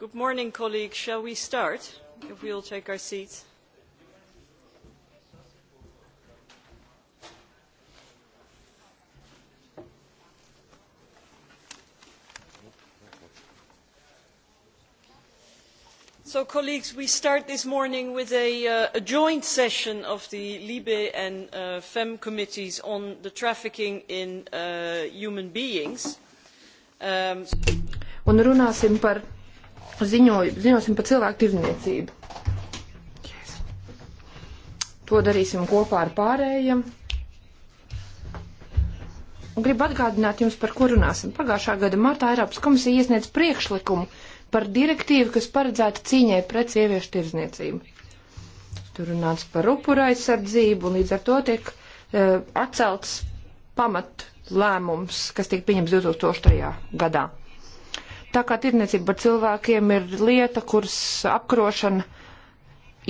Good morning, colleagues. Shall we start? If we all take our seats. So, colleagues, we start this morning with a, uh, a joint session of the Libe and uh, FEM committees on the trafficking in uh, human beings. Um, Un runāsim par ziņoju, ziņosim par cilvēku tirdzniecību. Yes. To darīsim kopā ar pārējiem. Un gribu atgādināt jums, par ko runāsim. Pagājušā gada martā Eiropas komisija iesniedz priekšlikumu par direktīvu, kas paredzēta cīņai pret sieviešu tirdzniecību. Tur runāts par upura aizsardzību, un līdz ar to tiek uh, atcelts pamat lēmums, kas tika pieņems 2003. gadā. Tā kā tirniecība ar cilvēkiem ir lieta, kuras apkrošana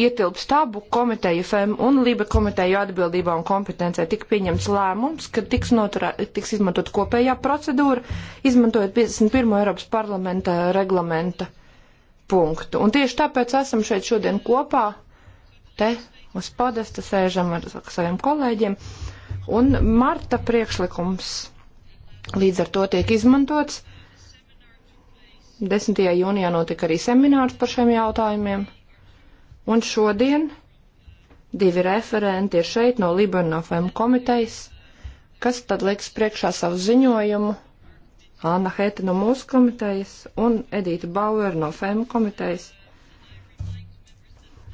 ietilpst abu komiteju FEM un LIBE komiteju atbildībā un kompetencē tika pieņemts lēmums, ka tiks, noturā, tiks izmantot kopējā procedūra, izmantojot 51. Eiropas parlamenta reglamenta punktu. Un tieši tāpēc esam šeit šodien kopā, te uz podesta sēžam ar saviem kolēģiem, un marta priekšlikums līdz ar to tiek izmantots 10. jūnijā notika arī seminārs par šiem jautājumiem. Un šodien divi referenti ir šeit no Libernovem komitejas, kas tad liks priekšā savu ziņojumu. Anna Hēta no mūsu komitejas un Edita Bauer no FEM komitejas.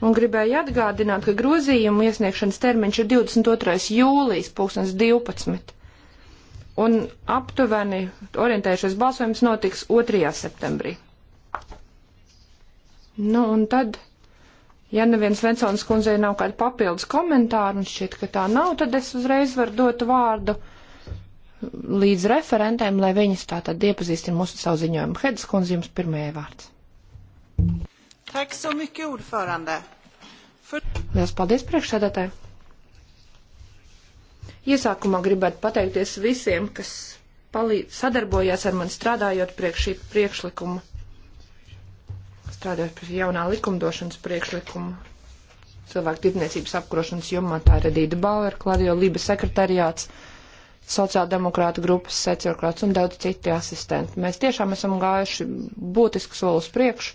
Un gribēju atgādināt, ka grozījumu iesniegšanas termiņš ir 22. jūlijas 2012 un aptuveni orientējušos balsojums notiks 2. septembrī. Nu, un tad, ja neviens nu Vensons kundzei nav kāda papildus komentāra, un šķiet, ka tā nav, tad es uzreiz varu dot vārdu līdz referentēm, lai viņas tā tad iepazīstina mūsu savu ziņojumu. Hedas kundze jums pirmajai vārds. Tack så mycket, ordförande. För... Liels paldies priekšsēdētāji. Iesākumā gribētu pateikties visiem, kas palīdz, sadarbojās ar mani strādājot priekš šī priekšlikuma, strādājot pie jaunā likumdošanas priekšlikuma cilvēku tirdzniecības apkrošanas jomā. Tā ir Edīta Bauer, Kladio Liba sekretariāts, sociāldemokrāta grupas secirkrāts un daudz citi asistenti. Mēs tiešām esam gājuši būtisku soli uz priekšu.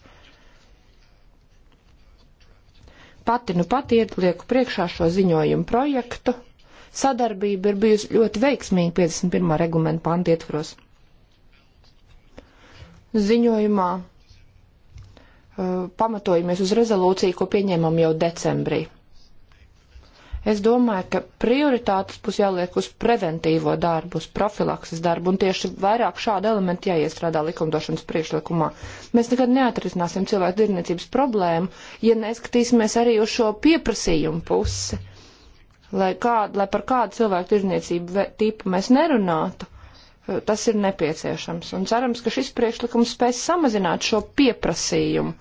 Pati nu pati ielieku priekšā šo ziņojumu projektu sadarbība ir bijusi ļoti veiksmīga 51. regulamenta panta ietvaros. Ziņojumā uh, pamatojamies uz rezolūciju, ko pieņēmām jau decembrī. Es domāju, ka prioritātes būs jāliek uz preventīvo darbu, uz profilakses darbu, un tieši vairāk šādu elementu jāiestrādā likumdošanas priekšlikumā. Mēs nekad neatrisināsim cilvēku dirniecības problēmu, ja neskatīsimies arī uz šo pieprasījumu pusi. Uh, lai, kād, lai par kādu cilvēku tirzniecību tipu mēs nerunātu, eh, tas ir nepieciešams. Un cerams, ka šis priekšlikums spēs samazināt šo pieprasījumu,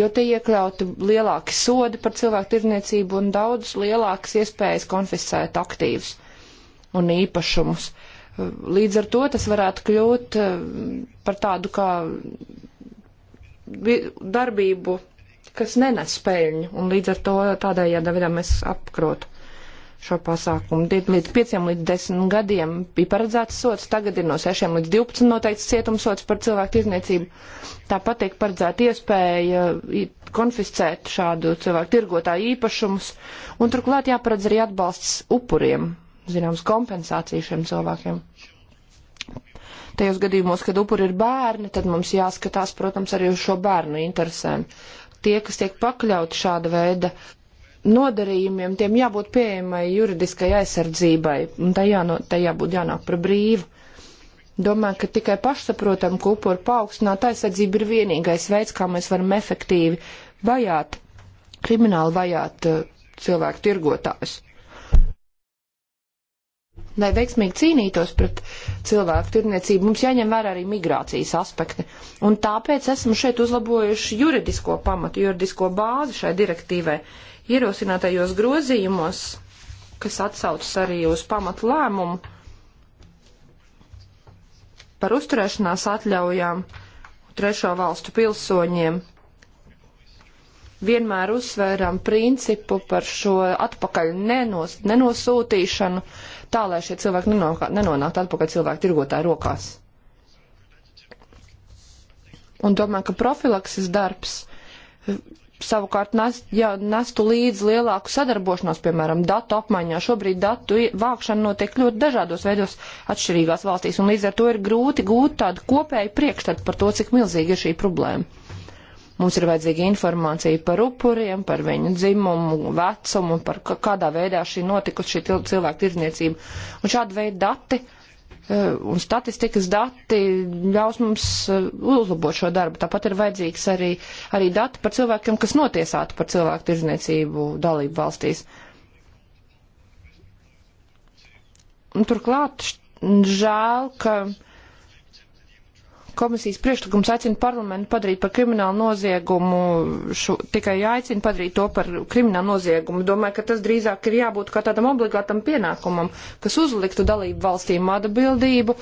jo te iekļauti lielāki sodi par cilvēku tirzniecību un daudz lielākas iespējas konfiscēt aktīvus un īpašumus. Eh, līdz ar to tas varētu kļūt eh, par tādu kā darbību, kas nenes peļņu, un līdz ar to tādējādi veidā mēs apkrotu šo pasākumu. Līdz 5 līdz 10 gadiem bija paredzēts sots, tagad ir no 6 līdz 12 noteikts cietumsots par cilvēku tirzniecību. Tāpat tiek paredzēta iespēja konfiscēt šādu cilvēku tirgotāju īpašumus, un turklāt jāparedz arī atbalsts upuriem, zināms, kompensāciju šiem cilvēkiem. Tajos gadījumos, kad upuri ir bērni, tad mums jāskatās, protams, arī uz šo bērnu interesēm. Tie, kas tiek pakļauti šāda veida nodarījumiem, tiem jābūt pieejamai juridiskai aizsardzībai, un tai, jāno, tai jābūt jānāk par brīvu. Domāju, ka tikai pašsaprotam, ka upuru paaugstināt aizsardzība ir vienīgais veids, kā mēs varam efektīvi vajāt, krimināli vajāt eh, cilvēku tirgotājus. Lai veiksmīgi cīnītos pret cilvēku tirniecību, mums jāņem vērā arī migrācijas aspekti. Un tāpēc esam šeit uzlabojuši juridisko pamatu, juridisko bāzi šai direktīvai ierosinātajos grozījumos, kas atsaucas arī uz pamatu lēmumu par uzturēšanās atļaujām trešo valstu pilsoņiem, vienmēr uzsvērām principu par šo atpakaļ nenos, nenosūtīšanu, tā lai šie cilvēki nenonāktu atpakaļ cilvēku tirgotāju rokās. Un domāju, ka profilakses darbs savukārt nest, ja, nestu līdzi lielāku sadarbošanos, piemēram, datu apmaiņā. Šobrīd datu vākšana notiek ļoti dažādos veidos atšķirīgās valstīs, un līdz ar to ir grūti gūt tādu kopēju priekšstatu par to, cik milzīga ir šī problēma. Mums ir vajadzīga informācija par upuriem, par viņu dzimumu, vecumu, par kādā veidā šī notikusi šī cilvēku tirdzniecība. Un šāda veida dati Eh, un statistikas dati ļaus mums eh, uzlabot šo darbu. Tāpat ir vajadzīgs arī, arī dati par cilvēkiem, kas notiesāti par cilvēku tirzniecību dalību valstīs. Un turklāt žēl, ka Komisijas priekšlikums aicina parlamentu padarīt par kriminālu noziegumu, šo, tikai aicina padarīt to par kriminālu noziegumu. Domāju, ka tas drīzāk ir jābūt kā tādam obligātam pienākumam, kas uzliktu dalību valstīm atbildību,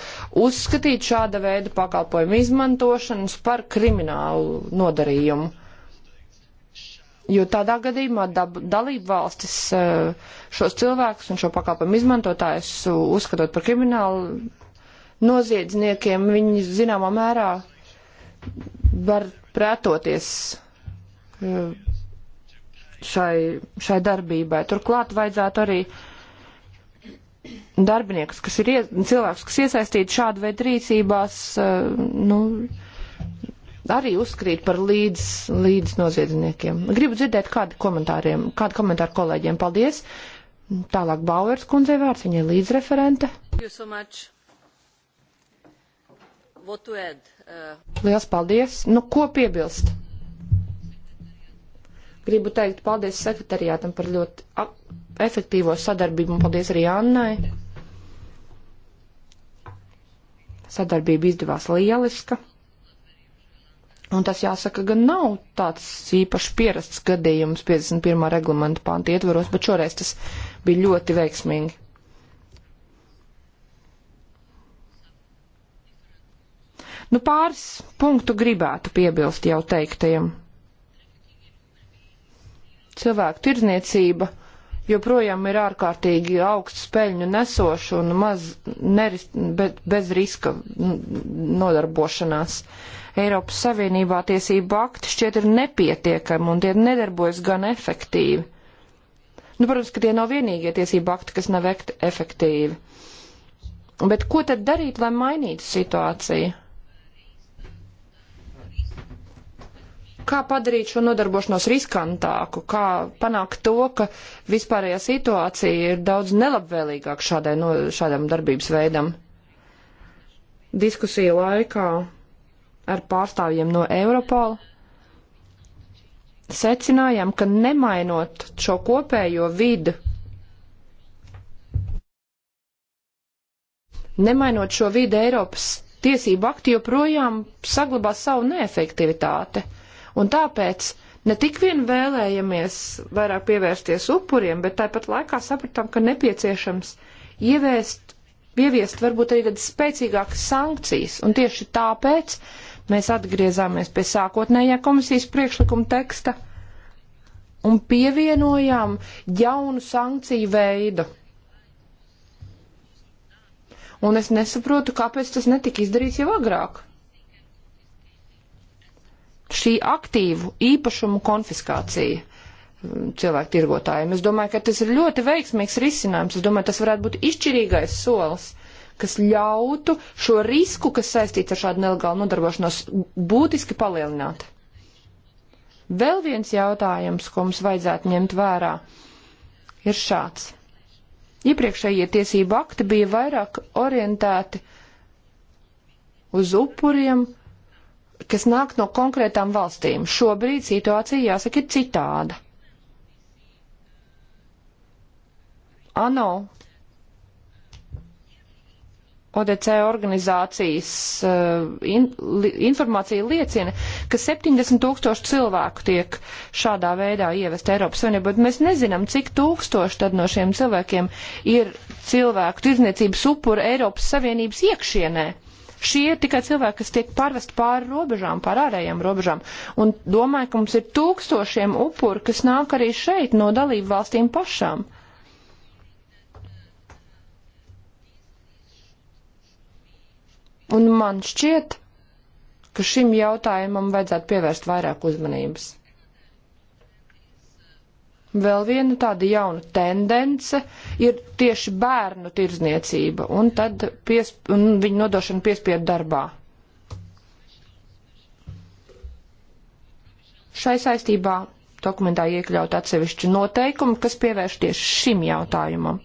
uzskatīt šāda veida pakalpojumu izmantošanas par kriminālu nodarījumu. Jo tādā gadījumā dab, dalību valstis eh, šos cilvēkus un šo pakalpojumu izmantotājus uzskatot par kriminālu noziedzniekiem viņi zināmā mērā var prētoties e, šai, šai darbībai. Turklāt vajadzētu arī darbinieks, kas ir cilvēks, kas iesaistīti šādu veidu rīcībās, e, nu, arī uzskrīt par līdz, līdz noziedzniekiem. Gribu dzirdēt kādu komentāriem, kādu komentāru kolēģiem. Paldies! Tālāk Bauers kundzei vārds, viņa ir līdzreferente. Thank you so much. Uh, Liels paldies! Nu, ko piebilst? Gribu teikt paldies sekretariātam par ļoti efektīvo sadarbību un paldies arī Annai. Sadarbība izdevās lieliska. Un tas jāsaka, gan nav tāds īpaši pierasts gadījums 51. reglamentu pānta ietvaros, bet šoreiz tas bija ļoti veiksmīgi. Nu, pāris punktu gribētu piebilst jau teiktajam. Cilvēku tirdzniecība joprojām ir ārkārtīgi augsts peļņu nesošu un maz neris, be, bez riska nodarbošanās. Eiropas Savienībā tiesību akti šķiet ir nepietiekami un tie nedarbojas gan efektīvi. Nu, protams, ka tie nav vienīgie tiesību akti, kas nav efektīvi. Bet ko tad darīt, lai mainītu situāciju? kā padarīt šo nodarbošanos riskantāku, kā panākt to, ka vispārējā situācija ir daudz nelabvēlīgāk šādai, no, šādam darbības veidam. Diskusija laikā ar pārstāvjiem no Europola secinājām, ka nemainot šo kopējo vidu, nemainot šo vidu Eiropas tiesību akti joprojām saglabās savu neefektivitāti Un tāpēc ne tik vien vēlējamies vairāk pievērsties upuriem, bet tāpat laikā sapratām, ka nepieciešams ieviest, ieviest varbūt arī tādas spēcīgākas sankcijas. Un tieši tāpēc mēs atgriezāmies pie sākotnējā komisijas priekšlikuma teksta un pievienojām jaunu sankciju veidu. Un es nesaprotu, kāpēc tas netika izdarīts jau agrāk šī aktīvu īpašumu konfiskācija mm, cilvēku tirgotājiem. Es domāju, ka tas ir ļoti veiksmīgs risinājums. Es domāju, tas varētu būt izšķirīgais solis, kas ļautu šo risku, kas saistīts ar šādu nelegālu nodarbošanos, būtiski palielināt. Vēl viens jautājums, ko mums vajadzētu ņemt vērā, ir šāds. Iepriekšējie tiesību akti bija vairāk orientēti uz upuriem kas nāk no konkrētām valstīm. Šobrīd situācija, jāsaka, ir citāda. ANO ODC organizācijas uh, in, li, informācija liecina, ka 70 tūkstoši cilvēku tiek šādā veidā ievest Eiropas Savienībā, bet mēs nezinām, cik tūkstoši tad no šiem cilvēkiem ir cilvēku tirdzniecības upuri Eiropas Savienības iekšienē. Šie ir tikai cilvēki, kas tiek pārvest pāri robežām, pār ārējām robežām. Un domāju, ka mums ir tūkstošiem upuri, kas nāk arī šeit no dalību valstīm pašām. Un man šķiet, ka šim jautājumam vajadzētu pievērst vairāk uzmanības. Vēl viena tāda jauna tendence ir tieši bērnu tirzniecība un tad pies, un viņu nodošana piespiedu darbā. Šai saistībā dokumentā iekļaut atsevišķu noteikumu, kas pievērš tieši šim jautājumam.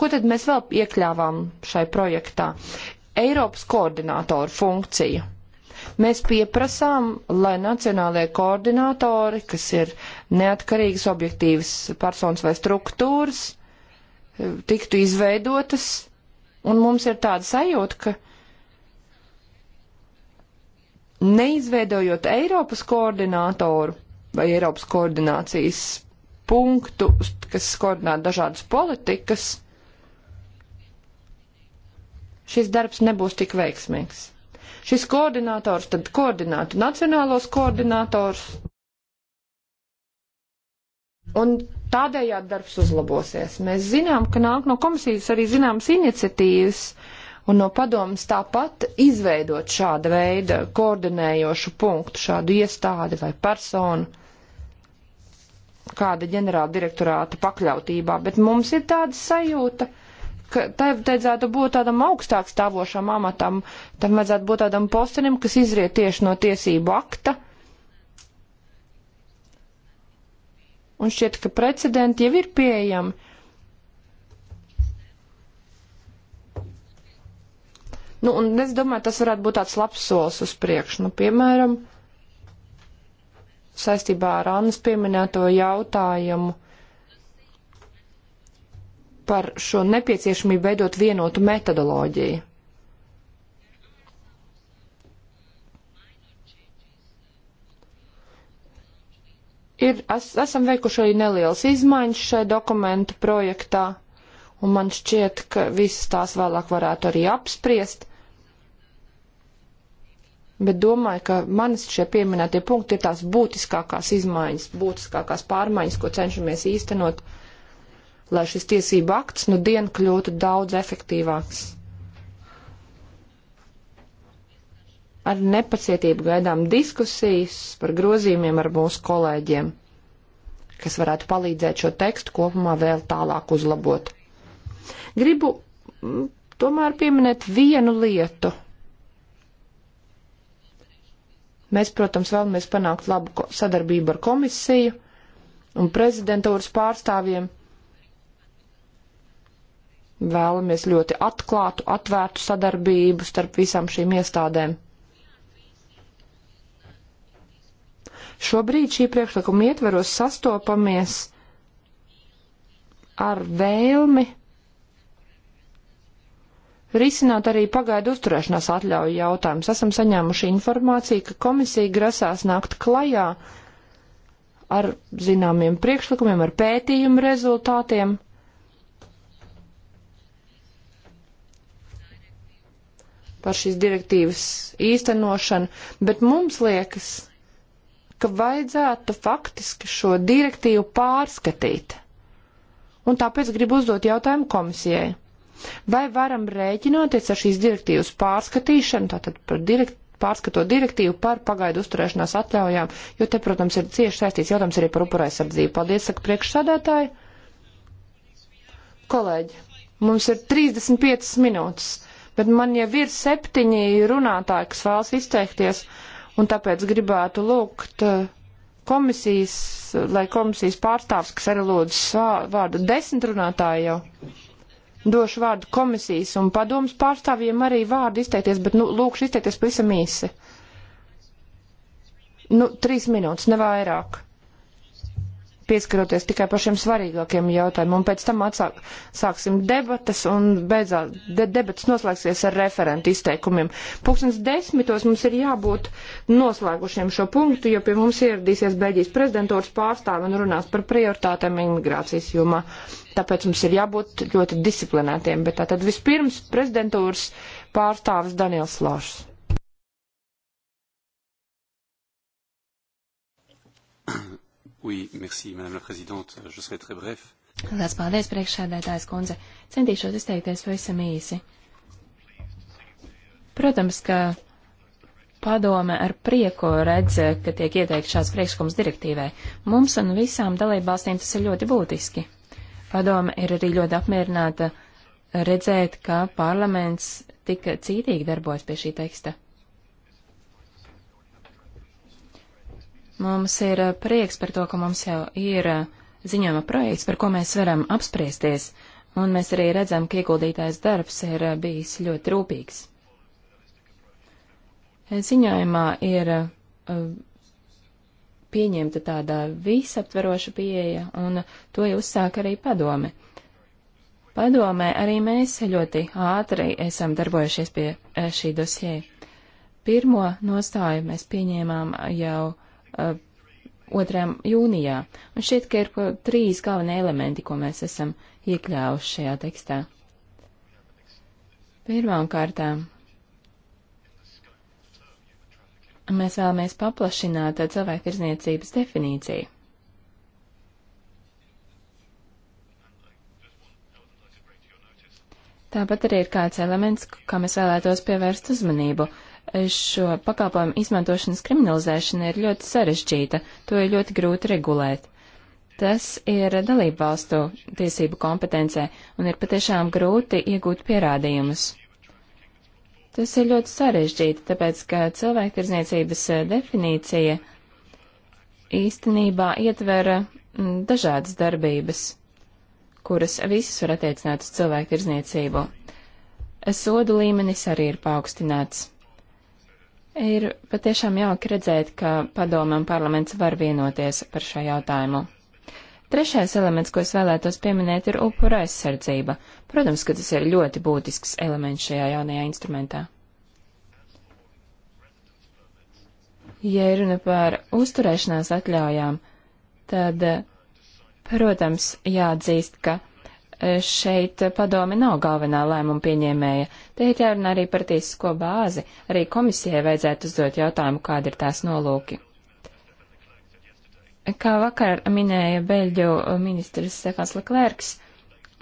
Ko tad mēs vēl iekļāvām šai projektā? Eiropas koordinātoru funkciju Mēs pieprasām, lai nacionālajie koordinātori, kas ir neatkarīgas objektīvas personas vai struktūras, tiktu izveidotas, un mums ir tāda sajūta, ka neizveidojot Eiropas koordinātoru vai Eiropas koordinācijas punktu, kas koordinētu dažādas politikas, šis darbs nebūs tik veiksmīgs. Šis koordinators tad koordinātu nacionālos koordinators. Un tādējādi darbs uzlabosies. Mēs zinām, ka nāk no komisijas arī zināmas iniciatīvas un no padomas tāpat izveidot šāda veida koordinējošu punktu, šādu iestādi vai personu kāda ģenerāla direktorāta pakļautībā, bet mums ir tāda sajūta, ka tai vajadzētu būt tādam augstāk stāvošam amatam, tam vajadzētu būt tādam postenim, kas izriet tieši no tiesību akta. Un šķiet, ka precedenti jau ir pieejami. Nu, un es domāju, tas varētu būt tāds labs solis uz priekšu. Nu, piemēram, saistībā ar Annas pieminēto jautājumu par šo nepieciešamību veidot vienotu metodoloģiju. Ir, es, esam veikuši arī nelielas izmaiņas šai dokumentu projektā, un man šķiet, ka visas tās vēlāk varētu arī apspriest. Bet domāju, ka manis šie pieminētie punkti ir tās būtiskākās izmaiņas, būtiskākās pārmaiņas, ko cenšamies īstenot uh, lai šis tiesība akts nu dien kļūtu daudz efektīvāks. Ar nepacietību gaidām diskusijas par grozījumiem ar mūsu kolēģiem, kas varētu palīdzēt šo tekstu kopumā vēl tālāk uzlabot. Gribu mm, tomēr pieminēt vienu lietu. Mēs, protams, vēlamies panākt labu sadarbību ar komisiju un prezidentūras pārstāvjiem Vēlamies ļoti atklātu, atvērtu sadarbību starp visām šīm iestādēm. Šobrīd šī priekšlikuma ietveros sastopamies ar vēlmi risināt arī pagaidu uzturēšanās atļauju jautājumus. Esam saņēmuši informāciju, ka komisija grasās nākt klajā ar zināmiem priekšlikumiem, ar pētījumu rezultātiem par šīs direktīvas īstenošanu, bet mums liekas, ka vajadzētu faktiski šo direktīvu pārskatīt. Un tāpēc gribu uzdot jautājumu komisijai. Vai varam rēķināties ar šīs direktīvas pārskatīšanu, tātad par direkt, pārskatot direktīvu par pagaidu uzturēšanās atļaujām, jo te, protams, ir cieši saistīts jautājums arī par upuraizsardzību. Paldies, saka priekšsādātāji. Kolēģi, mums ir 35 minūtes bet man jau ir septiņi runātāji, kas vēlas izteikties, un tāpēc gribētu lūgt eh, komisijas, lai komisijas pārstāvs, kas arī lūdz vārdu desmit runātāji jau, došu vārdu komisijas un padomas pārstāvjiem arī vārdu izteikties, bet nu, lūkšu izteikties pavisam īsi. Nu, trīs minūtes, ne vairāk pieskaroties tikai pašiem svarīgākiem jautājumiem, un pēc tam atsāk, sāksim debatas, un beidzā de, debatas noslēgsies ar referentu izteikumiem. Pūkstens desmitos mums ir jābūt noslēgušiem šo punktu, jo pie mums ieradīsies Beļģijas prezidentūras pārstāvi un runās par prioritātēm imigrācijas jomā. Tāpēc mums ir jābūt ļoti disciplinētiem, bet tātad vispirms prezidentūras pārstāvis Daniels Lāšs. Oui, merci, Madame la Présidente. Je serai très bref. Lielas paldies, priekšsēdētājs kundze. Centīšos izteikties pavisam īsi. Protams, ka padome ar prieku redz, ka tiek ieteikts šāds priekšlikums direktīvai. Mums un visām dalībvalstīm tas ir ļoti būtiski. Padome ir arī ļoti apmierināta redzēt, ka parlaments tik cītīgi darbojas pie šī teksta. Mums ir eh, prieks par to, ka mums jau ir eh, ziņojuma projekts, par ko mēs varam apspriesties, un mēs arī redzam, ka ieguldītais darbs ir eh, bijis ļoti rūpīgs. Ziņojumā ir pieņemta tāda visaptveroša pieeja, un to jau uzsāk arī padome. Padomē arī mēs ļoti ātri esam darbojušies pie šī dosie. Pirmo nostāju mēs pieņēmām jau uh, 2. jūnijā. Un šķiet, ka ir uh, trīs galvenie elementi, ko mēs esam iekļāvuši šajā tekstā. Pirmām kārtām mēs vēlamies paplašināt uh, cilvēktirdzniecības definīciju. Tāpat arī ir kāds elements, kam es vēlētos pievērst uzmanību. Uh, šo pakāpojumu izmantošanas kriminalizēšana ir ļoti sarežģīta, to ir ļoti grūti regulēt. Tas ir dalību valstu tiesību kompetencē un ir patiešām grūti iegūt pierādījumus. Tas ir ļoti sarežģīti, tāpēc, ka cilvēktirdzniecības definīcija īstenībā ietver mm, dažādas darbības, kuras visas var attiecināt uz cilvēktirdzniecību. Sodu līmenis arī ir paaugstināts. Ir patiešām jauki redzēt, ka padome un parlaments var vienoties par šo jautājumu. Trešais elements, ko es vēlētos pieminēt, ir upura aizsardzība. Protams, ka tas ir ļoti būtisks elements šajā jaunajā instrumentā. Ja runa par uzturēšanās atļaujām, tad, protams, jāatzīst, ka šeit padome nav galvenā lēmuma pieņēmēja. Te ir jārunā arī par tiesisko bāzi. Arī komisijai vajadzētu uzdot jautājumu, kāda ir tās nolūki. Kā vakar minēja Beļģu ministrs Stefans Leklērks,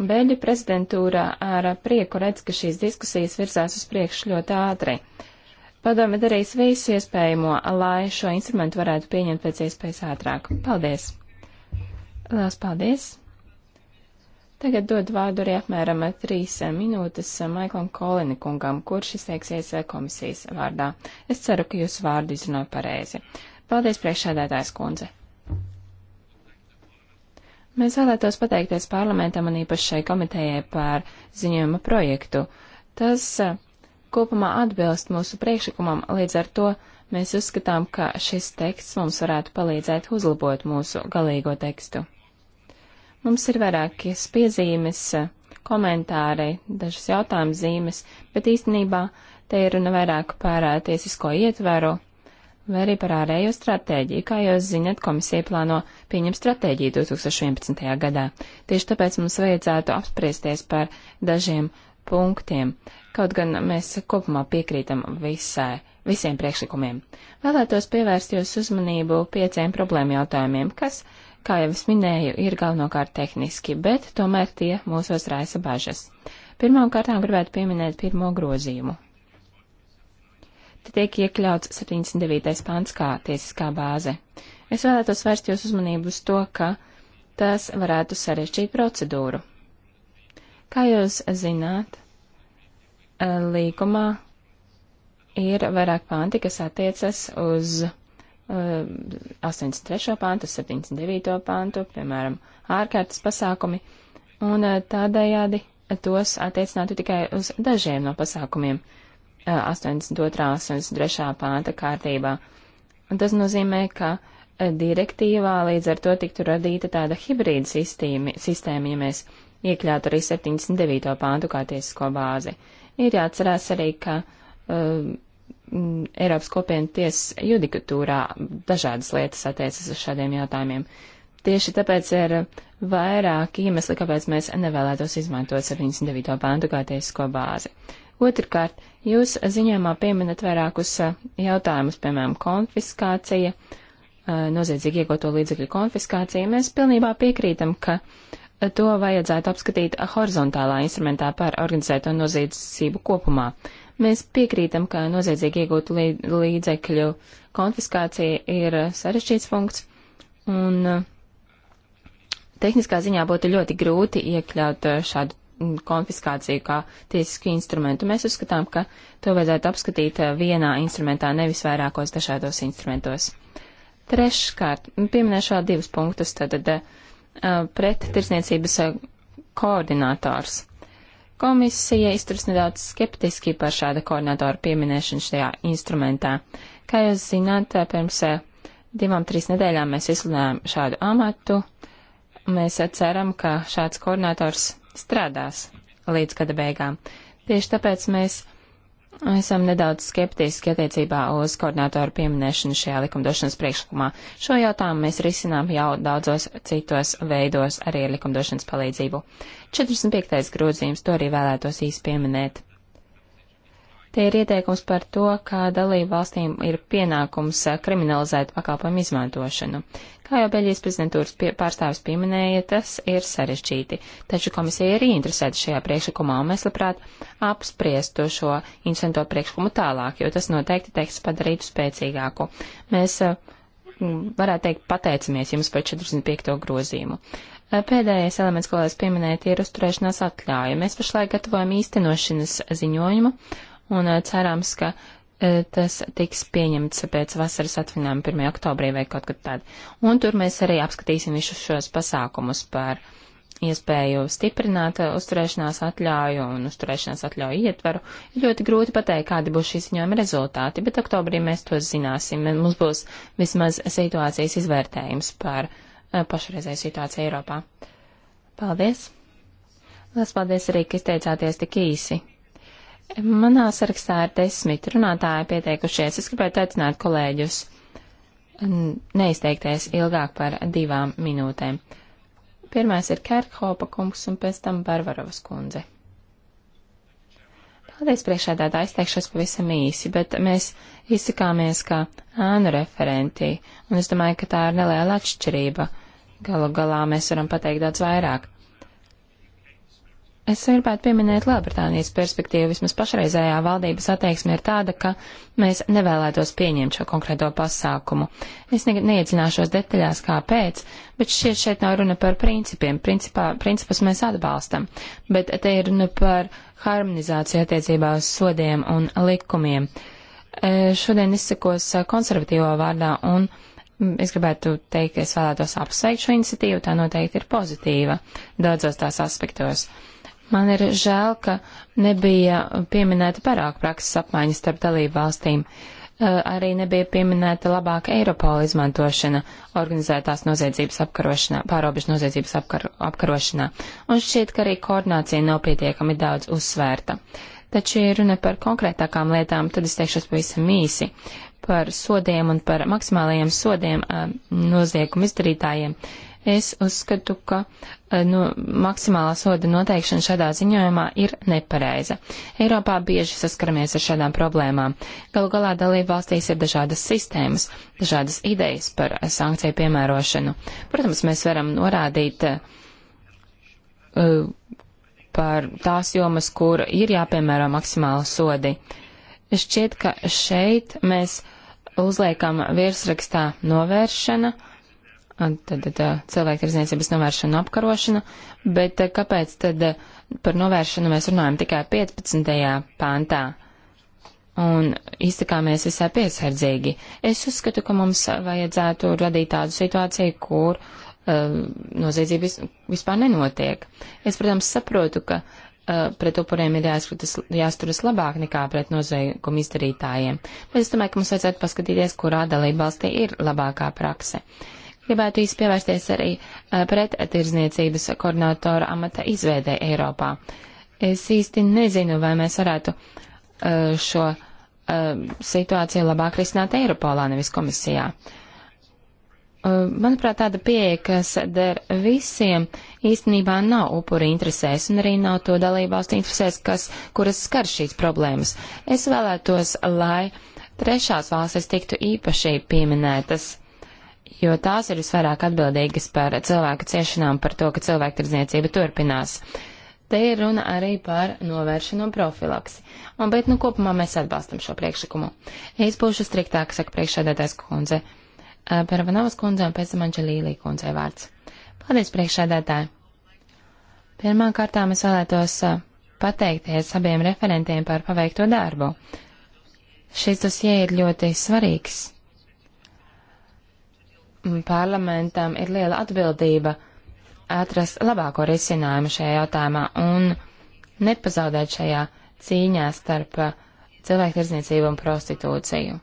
Beļģu prezidentūra ar prieku redz, ka šīs diskusijas virzās uz priekšu ļoti ātri. Padome darīs visu iespējamo, lai šo instrumentu varētu pieņemt pēc iespējas ātrāk. Paldies! Lielas paldies! Tagad dod vārdu arī apmēram trīs minūtes Maiklam Kolinikungam, kurš izteiksies komisijas vārdā. Es ceru, ka jūsu vārdu izrunāju pareizi. Paldies, priekšsēdētājs kundze! Mēs vēlētos pateikties parlamentam un īpašai komitejai par ziņojuma projektu. Tas eh, kopumā atbilst mūsu priekšlikumam, līdz ar to mēs uzskatām, ka šis teksts mums varētu palīdzēt uzlabot mūsu galīgo tekstu. Mums ir vairākas piezīmes, komentāri, dažas jautājuma zīmes, bet īstenībā te ir runa vairāk par tiesisko ietveru vai arī par ārējo stratēģiju. Kā jūs zinat, komisija plāno pieņemt stratēģiju 2011. gadā. Tieši tāpēc mums vajadzētu apspriesties par dažiem punktiem, kaut gan mēs kopumā piekrītam visai, visiem priekšlikumiem. Vēlētos pievērst jūs uzmanību pieciem problēmu jautājumiem, kas kā jau es minēju, ir galvenokārt tehniski, bet tomēr tie mūsos raisa bažas. Pirmām kārtām gribētu pieminēt pirmo grozījumu. Te tiek iekļauts 79. pants kā tiesiskā bāze. Es vēlētos vērst jūs uzmanību uz to, ka tas varētu sarežģīt procedūru. Kā jūs zināt, līgumā ir vairāk panti, kas attiecas uz 83. pantu, 79. pantu, piemēram, ārkārtas pasākumi, un eh, tādējādi tos attiecinātu tikai uz dažiem no pasākumiem 82. un 83. panta kārtībā. Un tas nozīmē, ka eh, direktīvā līdz ar to tiktu radīta tāda hibrīda sistēma, sistēma, ja mēs iekļautu arī 79. pāntu kā tiesisko bāzi. Ir jāatcerās arī, ka uh, m, mm, Eiropas kopienu tiesas judikatūrā dažādas lietas attiecas uz šādiem jautājumiem. Tieši tāpēc ir vairāk iemesli, kāpēc mēs nevēlētos izmantot 79. pāntu kā tiesisko bāzi. Otrkārt, jūs ziņojumā pieminat vairākus jautājumus, piemēram, konfiskācija, noziedzīgi iegūto līdzekļu konfiskācija. Mēs pilnībā piekrītam, ka to vajadzētu apskatīt horizontālā instrumentā par organizēto noziedzību kopumā. Mēs piekrītam, ka noziedzīgi iegūtu līdzekļu konfiskācija ir sarešķīts funkts, un uh, tehniskā ziņā būtu ļoti grūti iekļaut uh, šādu mm, konfiskāciju kā tiesisku instrumentu. Mēs uzskatām, ka to vajadzētu apskatīt uh, vienā instrumentā, nevis vairākos dažādos instrumentos. Treškārt, pieminēšu vēl divus punktus, tad uh, pret tirsniecības koordinātors. Komisija izturas nedaudz skeptiski par šāda koordinatora pieminēšanu šajā instrumentā. Kā jūs zināt, pirms eh, divām, trīs nedēļām mēs izsludinājām šādu amatu. Mēs eh, ceram, ka šāds koordinators strādās līdz gada beigām. Tieši tāpēc mēs Esam nedaudz skeptiski attiecībā uz koordinātoru pieminēšanu šajā likumdošanas priekšlikumā. Šo jautājumu mēs risinām jau daudzos citos veidos arī ar likumdošanas palīdzību. 45. grozījums to arī vēlētos īsti pieminēt. Te ir ieteikums par to, ka dalību valstīm ir pienākums eh, kriminalizēt pakalpojumu izmantošanu. Kā jau Beļģijas prezidentūras pie, pārstāvis pieminēja, tas ir sarežģīti, taču komisija ir interesēta šajā priekšlikumā, un mēs labprāt apspriestu šo incidento priekšlikumu tālāk, jo tas noteikti teiks padarītu spēcīgāku. Mēs eh, varētu teikt pateicamies jums par 45. grozījumu. Eh, pēdējais elements, ko es pieminēju, ir uzturēšanās atļauja. Mēs pašlaik gatavojam īstenošanas ziņojumu, un eh, cerams, ka eh, tas tiks pieņemts pēc vasaras atvinājuma 1. oktobrī vai kaut kad tad. Un tur mēs arī apskatīsim visus šos pasākumus par iespēju stiprināt eh, uzturēšanās atļauju un uzturēšanās atļauju ietvaru. Ir ļoti grūti pateikt, kādi būs šīs ziņojuma rezultāti, bet oktobrī mēs to zināsim. Mums būs vismaz situācijas izvērtējums par pašreizēju situāciju Eiropā. Paldies! Lielas paldies arī, ka izteicāties tik īsi. Manā sarakstā ir desmit runātāji pieteikušies. Es gribētu aicināt kolēģus neizteikties ilgāk par divām minūtēm. Pirmais ir Kerkhopa kungs un pēc tam Barvarovas kundze. Paldies priekšādātā, izteikšos pavisam īsi, bet mēs izsakāmies kā ānu referenti, un es domāju, ka tā ir neliela atšķirība. Galu galā mēs varam pateikt daudz vairāk. Es gribētu pieminēt Lielbritānijas perspektīvu. Vismaz pašreizējā valdības attieksme ir tāda, ka mēs nevēlētos pieņemt šo konkrēto pasākumu. Es ne, neiedzināšos detaļās, kāpēc, bet šeit, šeit nav runa par principiem. Principā, principus mēs atbalstam, bet te ir runa par harmonizāciju attiecībā uz sodiem un likumiem. E, šodien izsakos e, konservatīvo vārdā un es gribētu teikt, ka es vēlētos apsveikt šo iniciatīvu, tā noteikti ir pozitīva daudzos tās aspektos. Man ir žēl, ka nebija pieminēta parāku prakses apmaiņa starp dalību valstīm. Eh, arī nebija pieminēta labāka Eiropola izmantošana organizētās noziedzības apkarošanā, pārobežu noziedzības apkar, apkarošanā. Un šķiet, ka arī koordinācija nav pietiekami daudz uzsvērta. Taču, ja runa par konkrētākām lietām, tad es teikšos pavisam īsi par sodiem un par maksimālajiem sodiem eh, nozieguma izdarītājiem, es uzskatu, ka Eh, no, nu, maksimālā soda noteikšana šādā ziņojumā ir nepareiza. Eiropā bieži saskaramies ar šādām problēmām. Galu galā dalību valstīs ir dažādas sistēmas, dažādas idejas par sankciju piemērošanu. Protams, mēs varam norādīt uh, par tās jomas, kur ir jāpiemēro maksimāli sodi. Šķiet, ka šeit mēs uzliekam virsrakstā novēršana tad, tad eh, cilvēktirdzniecības novēršana un apkarošana, bet eh, kāpēc tad eh, par novēršanu mēs runājam tikai 15. pāntā? Un iztikāmies visai piesardzīgi. Es uzskatu, ka mums vajadzētu radīt tādu situāciju, kur uh, noziedzība vis, vispār nenotiek. Es, protams, saprotu, ka uh, pret upuriem ir jāskatās, jāsturas labāk nekā pret noziegumu izdarītājiem, bet es domāju, ka mums vajadzētu paskatīties, kurā dalībvalstī ir labākā prakse. Uh, Gribētu īsti pievērsties arī eh, pret tirzniecības koordinātora amata izveidē Eiropā. Es īsti nezinu, vai mēs varētu eh, šo eh, situāciju labāk risināt Eiropolā, nevis komisijā. Manuprāt, tāda pieeja, kas der visiem, īstenībā nav upuri interesēs un arī nav to dalībvalstu interesēs, kas, kuras skar šīs problēmas. Es vēlētos, lai trešās valstis tiktu īpaši pieminētas jo tās ir visvairāk atbildīgas par cilvēku ciešanām, par to, ka cilvēku tirdzniecība turpinās. Te ir runa arī par novēršanu un profilaksi. Un, bet, nu, kopumā mēs atbalstam šo priekšlikumu. Es būšu striktāk, saka priekšsēdētājs kundze. Eh, par Vanovas kundze un pēc tam Anģelīlī kundzei vārds. Paldies, priekšsēdētāji! Pirmā kārtā es vēlētos eh, pateikties abiem referentiem par paveikto darbu. Šis dosie ir ļoti svarīgs parlamentam ir liela atbildība atrast labāko risinājumu šajā jautājumā un nepazaudēt šajā cīņā starp uh, cilvēktirdzniecību un prostitūciju.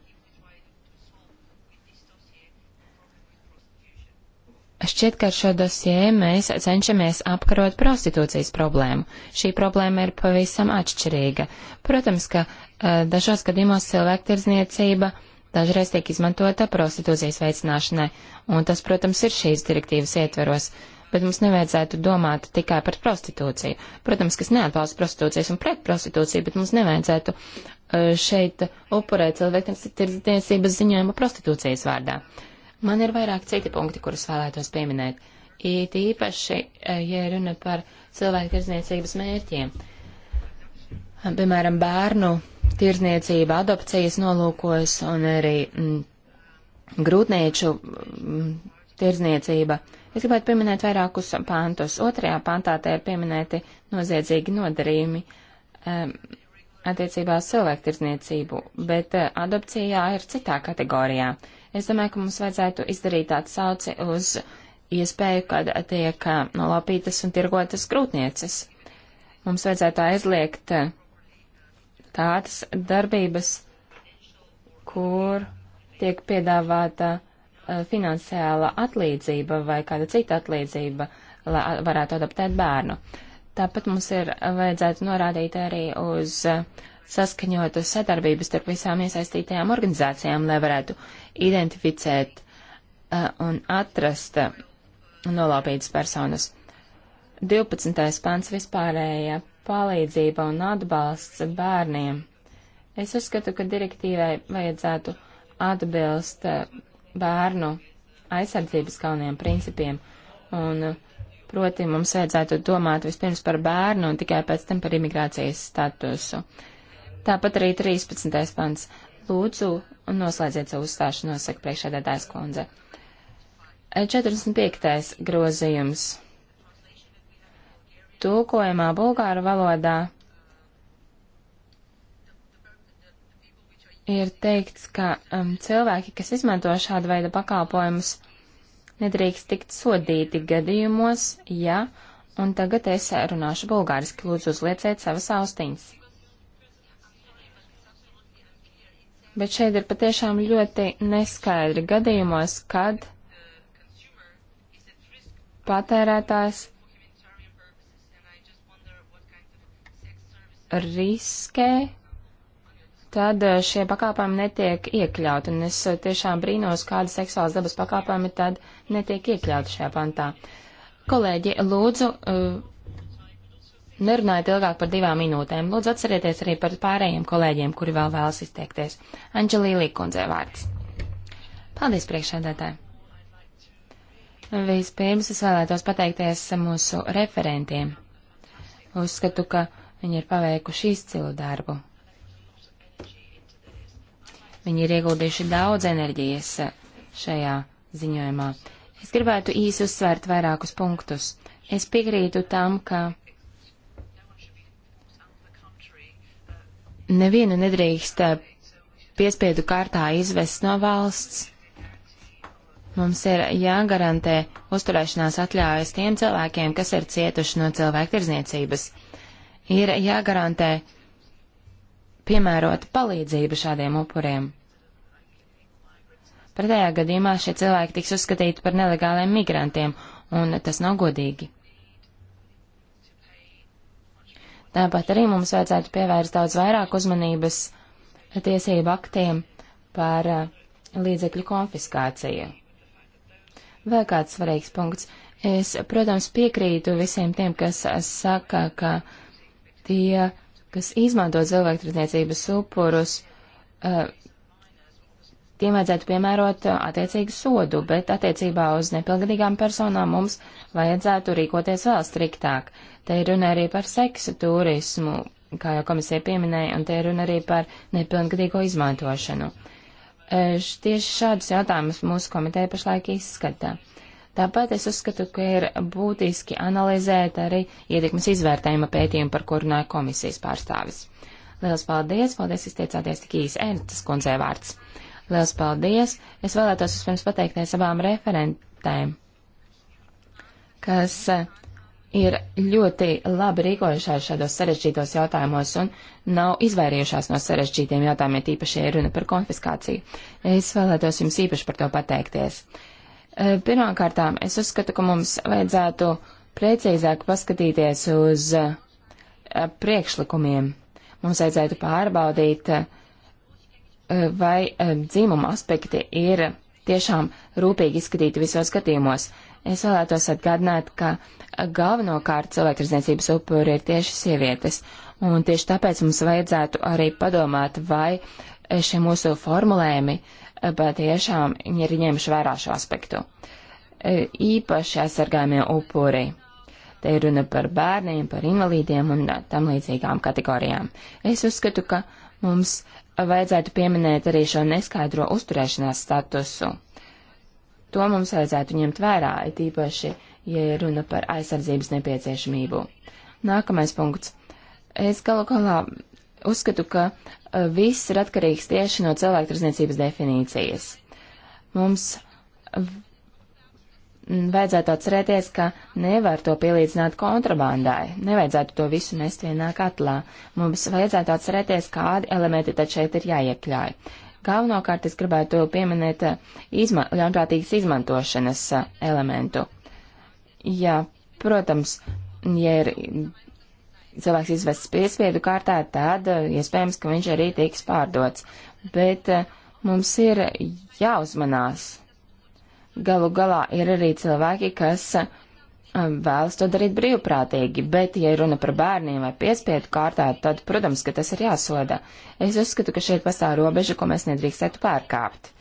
Šķiet, ka ar šo dosie mēs cenšamies apkarot prostitūcijas problēmu. Šī problēma ir pavisam atšķirīga. Protams, ka uh, dažos gadījumos cilvēktirdzniecība uh, dažreiz tiek izmantota prostitūzijas veicināšanai, un tas, protams, ir šīs direktīvas ietveros. Bet mums nevajadzētu domāt tikai par prostitūciju. Protams, kas neatbalsta prostitūcijas un pret prostitūciju, bet mums nevajadzētu eh, šeit upurēt cilvēktiesības ziņojumu prostitūcijas vārdā. Man ir vairāk citi punkti, kurus vēlētos pieminēt. It īpaši, eh, ja runa par cilvēku tirdzniecības mērķiem. Uh, piemēram, bērnu tirzniecība adopcijas nolūkos un arī mm, grūtnieču mm, tirzniecība. Es gribētu pieminēt vairākus pantus. Otrajā pantā te ir pieminēti noziedzīgi nodarījumi um, attiecībā uz cilvēku tirzniecību, bet uh, adopcijā ir citā kategorijā. Es domāju, ka mums vajadzētu izdarīt tādu sauci uz iespēju, kad tiek uh, eh, nolapītas un tirgotas grūtnieces. Mums vajadzētu aizliegt uh, tādas darbības, kur tiek piedāvāta e, finansiāla atlīdzība vai kāda cita atlīdzība, lai varētu adaptēt bērnu. Tāpat mums ir vajadzētu norādīt arī uz saskaņotu sadarbību starp visām iesaistītajām organizācijām, lai varētu identificēt e, un atrast nolaupītas personas. 12. pants vispārējā palīdzība un atbalsts bērniem. Es uzskatu, ka direktīvai vajadzētu atbilst eh, bērnu aizsardzības galvenajiem principiem, un eh, proti mums vajadzētu domāt vispirms par bērnu un tikai pēc tam par imigrācijas statusu. Tāpat arī 13. pants. Lūdzu, noslēdziet savu uzstāšanos, saka priekšēdētājs kundze. 45. Eh, grozījums tulkojumā bulgāru valodā ir teikts, ka um, cilvēki, kas izmanto šādu veidu pakalpojumus, nedrīkst tikt sodīti gadījumos, ja, un tagad es runāšu bulgāriski, lūdzu uzlieciet savas austiņas. Bet šeit ir patiešām ļoti neskaidri gadījumos, kad patērētājs riskē, tad eh, šie pakāpojumi netiek iekļauti. Un es eh, tiešām brīnos, kāda seksuālas dabas pakāpojumi tad netiek iekļauti šajā pantā. Kolēģi, lūdzu, eh, nerunājiet ilgāk par divām minūtēm. Lūdzu, atcerieties arī par pārējiem kolēģiem, kuri vēl vēlas izteikties. Anģelī Līkundzē vārds. Paldies, priekšsēdētāji! Vispirms es vēlētos pateikties mūsu referentiem. Uzskatu, ka Viņi ir paveikuši izcilu darbu. Viņi ir ieguldījuši daudz enerģijas šajā ziņojumā. Es gribētu īsi uzsvērt vairākus punktus. Es piekrītu tam, ka nevienu nedrīkst piespiedu kārtā izvest no valsts. Mums ir jāgarantē uzturēšanās atļaujas tiem cilvēkiem, kas ir cietuši no cilvēktirzniecības ir jāgarantē piemērota palīdzība šādiem upuriem. Pretējā gadījumā šie cilvēki tiks uzskatīti par nelegāliem migrantiem, un tas nav godīgi. Tāpat arī mums vajadzētu pievērst daudz vairāk uzmanības tiesību aktiem par uh, līdzekļu konfiskāciju. Vēl kāds svarīgs punkts. Es, protams, piekrītu visiem tiem, kas saka, ka uh, Tie, kas izmanto cilvēktirdzniecības upurus, eh, tiem vajadzētu piemērot eh, attiecīgu sodu, bet attiecībā uz nepilngadīgām personām mums vajadzētu rīkoties vēl striktāk. Te ir runa arī par seksu turismu, kā jau komisija pieminēja, un te ir runa arī par nepilngadīgo izmantošanu. Eh, tieši šādus jautājumus mūsu komiteja pašlaik izskata. Uh, Tāpat es uzskatu, ka ir būtiski analizēt arī ietekmes izvērtējuma pētījumu, par kur runāja komisijas pārstāvis. Lielas paldies, paldies izteicāties tik īsi Ernstas kundzē vārds. Lielas paldies, es vēlētos vispirms pateikties abām referentēm, kas eh, ir ļoti labi rīkojušās šādos sarežģītos jautājumos un nav izvairījušās no sarežģītiem jautājumiem, tīpaši, ja runa par konfiskāciju. Es vēlētos jums īpaši par to pateikties. Eh, pirmkārtām, es uzskatu, ka mums vajadzētu precīzāk paskatīties uz eh, priekšlikumiem. Mums vajadzētu pārbaudīt, eh, vai dzimuma aspekti ir tiešām rūpīgi izskatīti visos skatījumos. Es vēlētos atgādināt, ka galvenokārt cilvēktirdzniecības upuri ir tieši sievietes, un tieši tāpēc mums vajadzētu arī padomāt, vai šie mūsu formulējumi uh, patiešām ir ņēmuši vērā šo aspektu. E, īpaši aizsargājumie upuri. Te ir runa par bērniem, par invalīdiem un tam līdzīgām kategorijām. Es uzskatu, ka mums vajadzētu pieminēt arī šo neskaidro uzturēšanās statusu. To mums vajadzētu ņemt vērā, it īpaši, ja ir runa par aizsardzības nepieciešamību. Nākamais punkts. Es galu galā uzskatu, ka e, viss ir atkarīgs tieši no cilvēktirdzniecības definīcijas. Mums vajadzētu atcerēties, ka nevar to pielīdzināt kontrabandai, nevajadzētu to visu nest vienā katlā. Mums vajadzētu atcerēties, kādi elementi tad šeit ir jāiekļauj. Galvenokārt es gribētu pieminēt e, izma ļaunprātīgas izmantošanas e, elementu. Jā, protams, ja ir cilvēks izvests piespiedu kārtā, tad eh, iespējams, ka viņš arī tiks pārdots. Bet eh, mums ir jāuzmanās. Galu galā ir arī cilvēki, kas eh, vēlas to darīt brīvprātīgi, bet, ja runa par bērniem vai piespiedu kārtā, tad, protams, ka tas ir jāsoda. Es uzskatu, ka šeit pastāv robeža, ko mēs nedrīkstētu pārkāpt.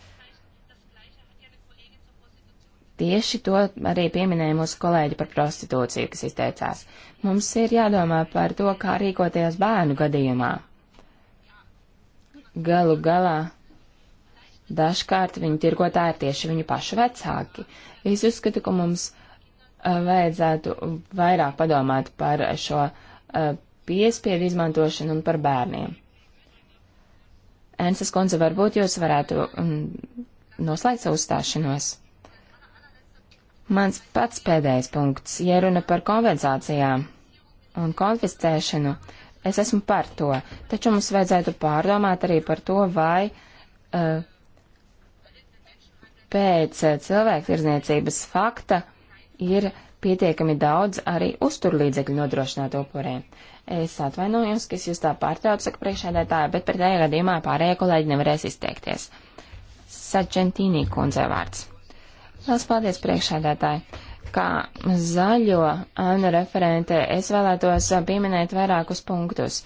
Tieši to arī pieminēja mūsu kolēģi par prostitūciju, kas izteicās. Mums ir jādomā par to, kā rīkoties bērnu gadījumā. Galu galā dažkārt viņu tirgotāji ir tieši viņu pašu vecāki. Es uzskatu, ka mums vajadzētu vairāk padomāt par šo piespiedu izmantošanu un par bērniem. Ensas kundze, varbūt jūs varētu noslēgt savu stāšanos? Mans pats pēdējais punkts, ja runa par kompensācijām un konfiscēšanu, es esmu par to, taču mums vajadzētu pārdomāt arī par to, vai uh, pēc eh, cilvēktirdzniecības fakta ir pietiekami daudz arī uzturlīdzekļu nodrošināt upuriem. Es atvainojos, ka es jūs tā pārtraucu, saka priekšēdētāja, bet pretējā gadījumā pārējie kolēģi nevarēs izteikties. Sačentīnī kundze vārds. Lielas paldies priekšādātāji! Kā zaļo Anna referente, es vēlētos uh, pieminēt vairākus punktus.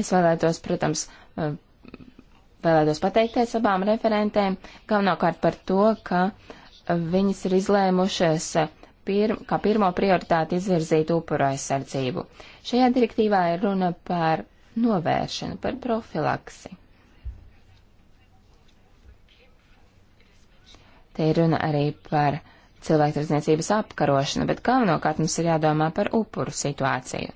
Es vēlētos, protams, uh, vēlētos pateikties abām referentēm, galvenokārt par to, ka uh, viņas ir izlēmušas pir, kā pirmo prioritāti izvirzīt upuru aizsardzību. Šajā direktīvā ir runa par novēršanu, par profilaksi. Te ir runa arī par cilvēktirdzniecības apkarošanu, bet galvenokārt mums ir jādomā par upuru situāciju.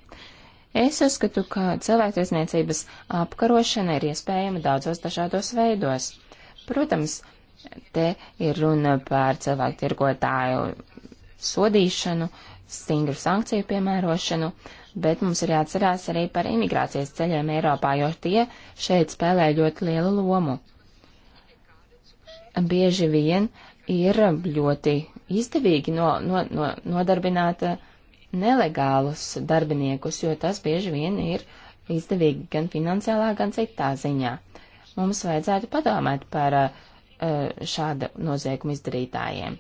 Es uzskatu, ka cilvēktirdzniecības apkarošana ir iespējama daudzos dažādos veidos. Protams, te ir runa par cilvēktirgotāju sodīšanu, stingru sankciju piemērošanu, bet mums ir jāatcerās arī par imigrācijas ceļiem Eiropā, jo tie šeit spēlē ļoti lielu lomu. Bieži vien uh, ir ļoti izdevīgi no, no, no, nodarbināt nelegālus darbiniekus, jo tas bieži vien ir izdevīgi gan finansiālā, gan citā ziņā. Mums vajadzētu padomāt par eh, šāda nozieguma izdarītājiem,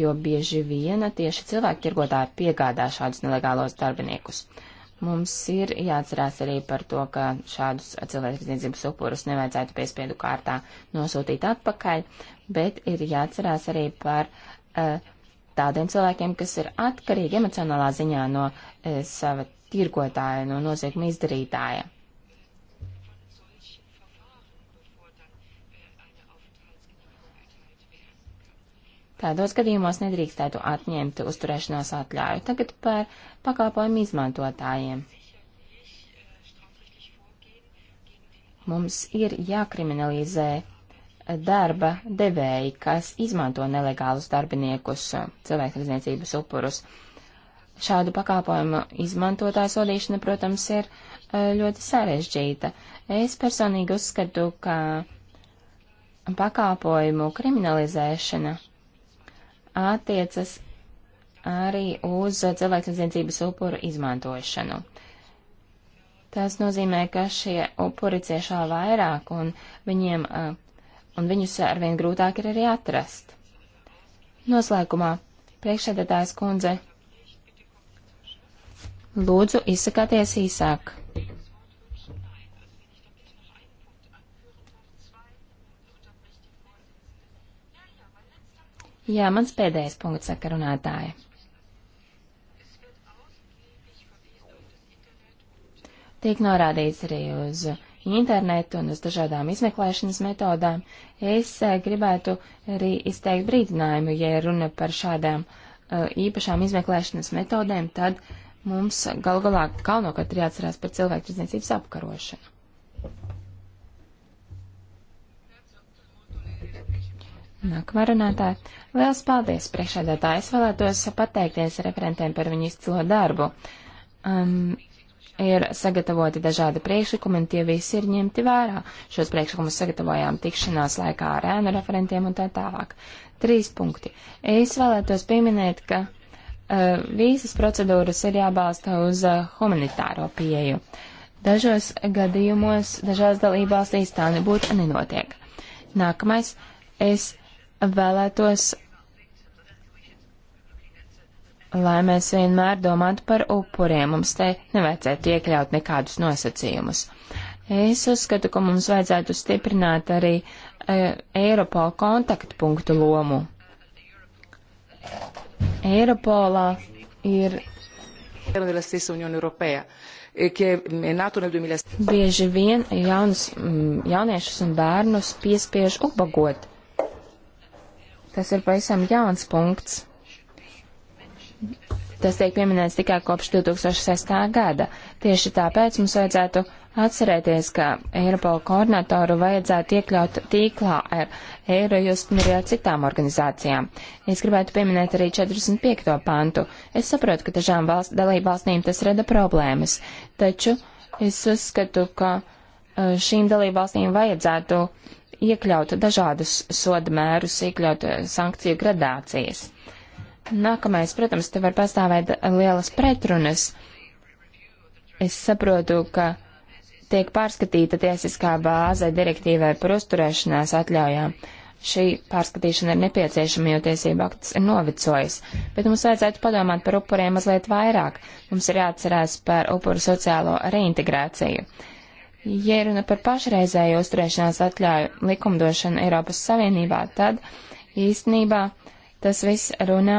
jo bieži viena tieši cilvēku tirgotāji piegādā šādus nelegālos darbiniekus. Mums ir jāatcerās arī par to, ka šādus cilvēku tirdzniecības upurus nevajadzētu piespiedu kārtā nosūtīt atpakaļ, bet ir jāatcerās arī par uh, tādiem cilvēkiem, kas ir atkarīgi emocionālā ziņā no uh, sava tirgotāja, no nozieguma izdarītāja. Tādos gadījumos nedrīkstētu atņemt uzturēšanās atļauju. Tagad par pakalpojumu izmantotājiem. Mums ir jākriminalizē darba devēji, kas izmanto nelegālus darbiniekus, cilvēktirdzniecības upurus. Šādu pakalpojumu izmantotāju sodīšana, protams, ir e, ļoti sarežģīta. Es personīgi uzskatu, ka pakalpojumu kriminalizēšana attiecas arī uz cilvēktirdzniecības upuru izmantošanu. Tas nozīmē, ka šie upuri ciešā vairāk un viņiem uh, un viņus arvien grūtāk ir arī atrast. Noslēgumā, priekšsēdētājs kundze, lūdzu izsakāties īsāk. Jā, mans pēdējais punkts saka runātāja. Tiek norādīts arī uz internetu un uz dažādām izmeklēšanas metodām, es eh, gribētu arī izteikt brīdinājumu, ja runa par šādām eh, īpašām izmeklēšanas metodēm, tad mums gal galā galvenokārt ir jāatcerās par cilvēku tirdzniecības apkarošanu. Nākamā runātāja. Liels paldies, priekšādātāji. Es vēlētos pateikties referentiem par viņu izcilo darbu. Um, ir sagatavoti dažādi priekšlikumi, un tie visi ir ņemti vērā. Šos priekšlikumus sagatavojām tikšanās laikā ar ēnu referentiem un tā tālāk. Trīs punkti. Es vēlētos pieminēt, ka uh, visas procedūras ir jābalsta uz uh, humanitāro pieju. Dažos gadījumos, dažās dalībvalstīs tā nebūtu nenotiek. Nākamais. Es vēlētos lai mēs vienmēr domātu par upuriem. Mums te nevajadzētu iekļaut nekādus nosacījumus. Es uzskatu, ka mums vajadzētu stiprināt arī e, Eiropola kontaktpunktu lomu. Eiropolā ir. Bieži vien jaunus, jauniešus un bērnus piespiež ubagot. Tas ir pavisam jauns punkts. Tas tiek pieminēts tikai kopš 2006. gada. Tieši tāpēc mums vajadzētu atcerēties, ka Eiropola koordinatoru vajadzētu iekļaut tīklā ar Eirojust un arī ar citām organizācijām. Es gribētu pieminēt arī 45. pantu. Es saprotu, ka dažām valst, dalībvalstīm tas rada problēmas, taču es uzskatu, ka uh, šīm dalībvalstīm vajadzētu iekļaut dažādus soda mērus, iekļaut uh, sankciju gradācijas. Nākamais, protams, te var pastāvēt lielas pretrunas. Es saprotu, ka tiek pārskatīta tiesiskā bāze direktīvai par uzturēšanās atļaujām. Šī pārskatīšana ir nepieciešama, jo tiesība akts ir novicojis, bet mums vajadzētu padomāt par upuriem mazliet vairāk. Mums ir jāatcerās par upuru sociālo reintegrāciju. Ja runa par pašreizēju uzturēšanās atļauju likumdošanu Eiropas Savienībā, tad īstenībā Tas viss runā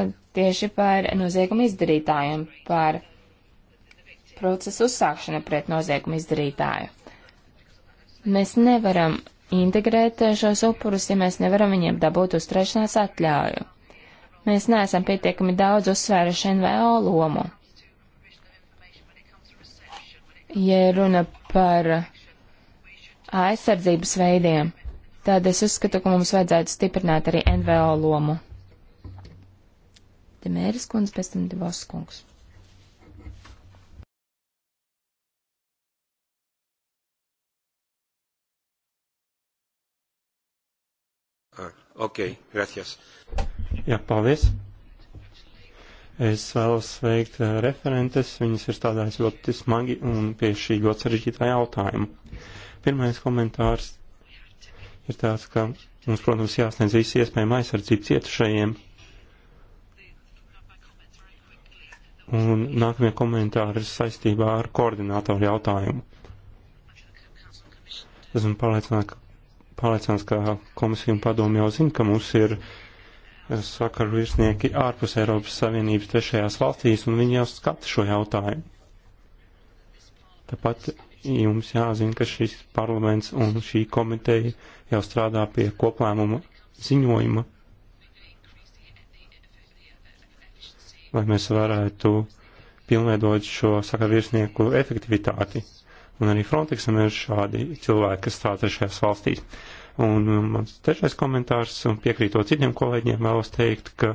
eh, tieši par noziegumu izdarītājiem, par procesu uzsākšanu pret noziegumu izdarītāju. Mēs nevaram integrēt eh, šos upurus, ja mēs nevaram viņiem dabūt uzturēšanās atļauju. Mēs neesam pietiekami daudz uzsvēruši NVO lomu. Ja runa par aizsardzības veidiem, tad es uzskatu, ka mums vajadzētu stiprināt arī NVO lomu. Demēris kundze, pēc tam Debos kungs. Ah, ok, gracias. Jā, paldies. Es vēlos sveikt eh, referentes, viņas ir strādājis ļoti smagi un pie šī ļoti sarežģītā jautājuma. Pirmais komentārs ir tāds, ka mums, protams, jāsniedz visi iespējami aizsardzību cietušajiem. Un nākamie komentāri ir saistībā ar koordinātoru jautājumu. Esmu pārliecināts, ka komisija un padomi jau zina, ka mums ir sakaru virsnieki ārpus Eiropas Savienības trešajās valstīs, un viņi jau skata šo jautājumu. Tāpat jums jāzina, ka šis parlaments un šī komiteja jau strādā pie koplēmuma ziņojuma, lai mēs varētu pilnveidot šo sakavirsnieku efektivitāti. Un arī Frontexam ir šādi cilvēki, kas strādā šajās valstīs. Un um, mans trešais komentārs, un piekrītot citiem kolēģiem, vēlos teikt, ka